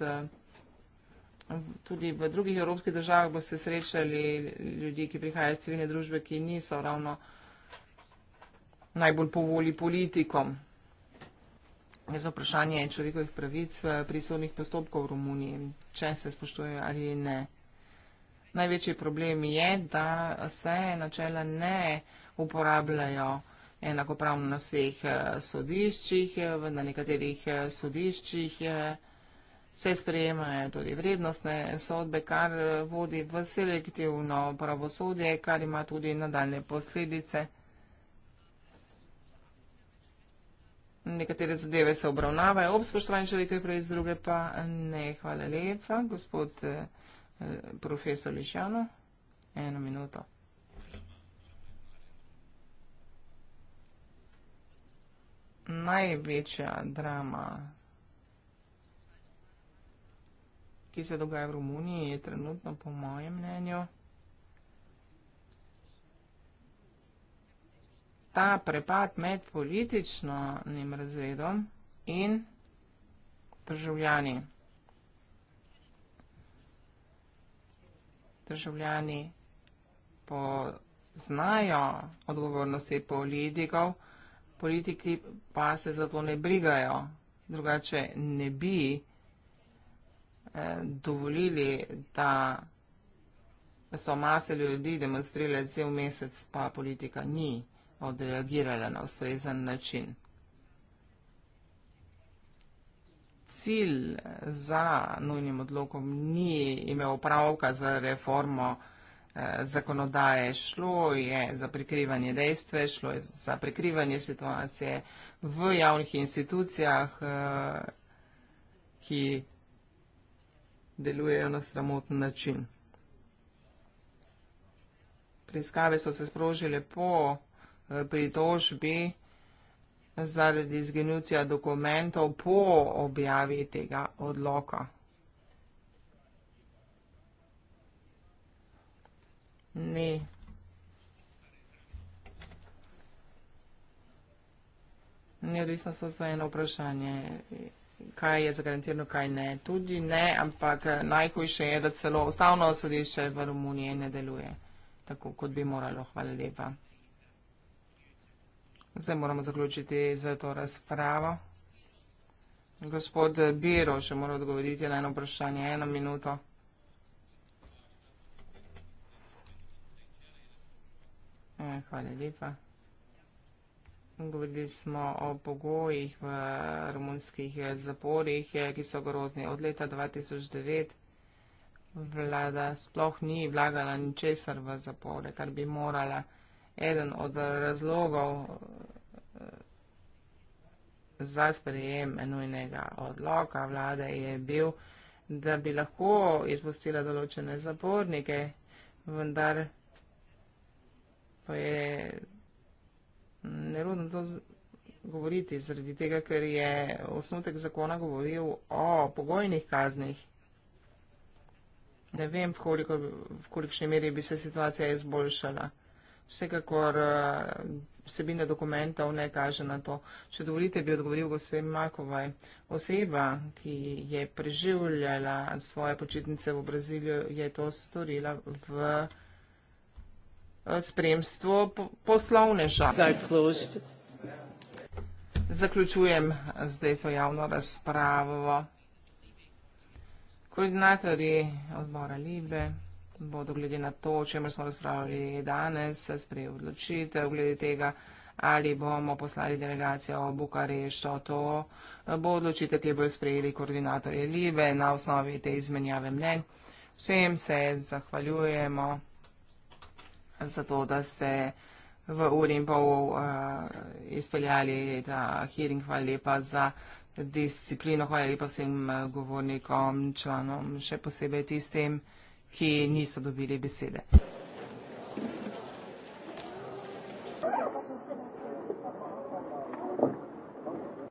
Speaker 1: Tudi v drugih evropskih državah boste srečali ljudi, ki prihajajo iz civilne družbe, ki niso ravno najbolj povoli politikom. Je za vprašanje človekovih pravic v eh, prisodnih postopkov v Romuniji, če se spoštujejo ali ne. Največji problem je, da se načela ne uporabljajo enakopravno na vseh eh, sodiščih, eh, na nekaterih sodiščih se sprejemajo tudi vrednostne sodbe, kar vodi v selektivno pravosodje, kar ima tudi nadaljne posledice. nekatere zadeve se obravnavajo ob spoštovanju človekovih pravic, druge pa ne. Hvala lepa, gospod eh, eh, profesor Lišano. Eno minuto. Največja drama, ki se dogaja v Romuniji, je trenutno, po mojem mnenju, ta prepad med političnim razredom in državljani. Državljani poznajo odgovornosti politikov, politiki pa se zato ne brigajo, drugače ne bi eh, dovolili, da so mase ljudi demonstrirali cel mesec, pa politika ni odreagirala na ustrezen način. Cilj za nujnim odlokom ni imel pravka za reformo eh, zakonodaje. Šlo je za prikrivanje dejstve, šlo je za prikrivanje situacije v javnih institucijah, eh, ki delujejo na sramoten način. Preiskave so se sprožile po vsega, pritožbi zaradi izginutja dokumentov po objavi tega odloka. Ni. Ni odvisno so to eno vprašanje, kaj je zagarantirano, kaj ne. Tudi ne, ampak najhujše je, da celo ustavno sodišče v Romuniji ne deluje tako, kot bi moralo. Hvala lepa. Zdaj moramo zaključiti za to razpravo. Gospod Biro še mora odgovoriti na eno vprašanje, eno minuto. E, hvala lepa. Govorili smo o pogojih v romunskih zaporih, ki so grozni od leta 2009. Vlada sploh ni vlagala ničesar v zapore, kar bi morala eden od razlogov eh, za sprejem enojnega odloka vlade je bil, da bi lahko izpustila določene zapornike, vendar pa je nerodno to govoriti, zaradi tega, ker je osnutek zakona govoril o pogojnih kaznih. Ne vem, v kolikšni meri bi se situacija izboljšala. Vsekakor eh, vsebina dokumentov ne kaže na to. Če dovolite, bi odgovoril gospe Makovaj. Oseba, ki je preživljala svoje počitnice v Brazilju, je to storila v eh, spremstvo poslovneža. Zaključujem zdaj to javno razpravo. Koordinatorji odbora Libe bodo glede na to, o čemer smo razpravljali danes, sprejeli odločitev glede tega, ali bomo poslali delegacijo v Bukarešto. To eh, bo odločitev, ki bojo sprejeli koordinatorje Libe na osnovi te izmenjave mnen. Vsem se zahvaljujemo za to, da ste v uri in pol uh, izpeljali ta hearing. Hvala lepa za disciplino, hvala lepa vsem eh, govornikom, članom, še posebej tistim, ki niso dobili besede.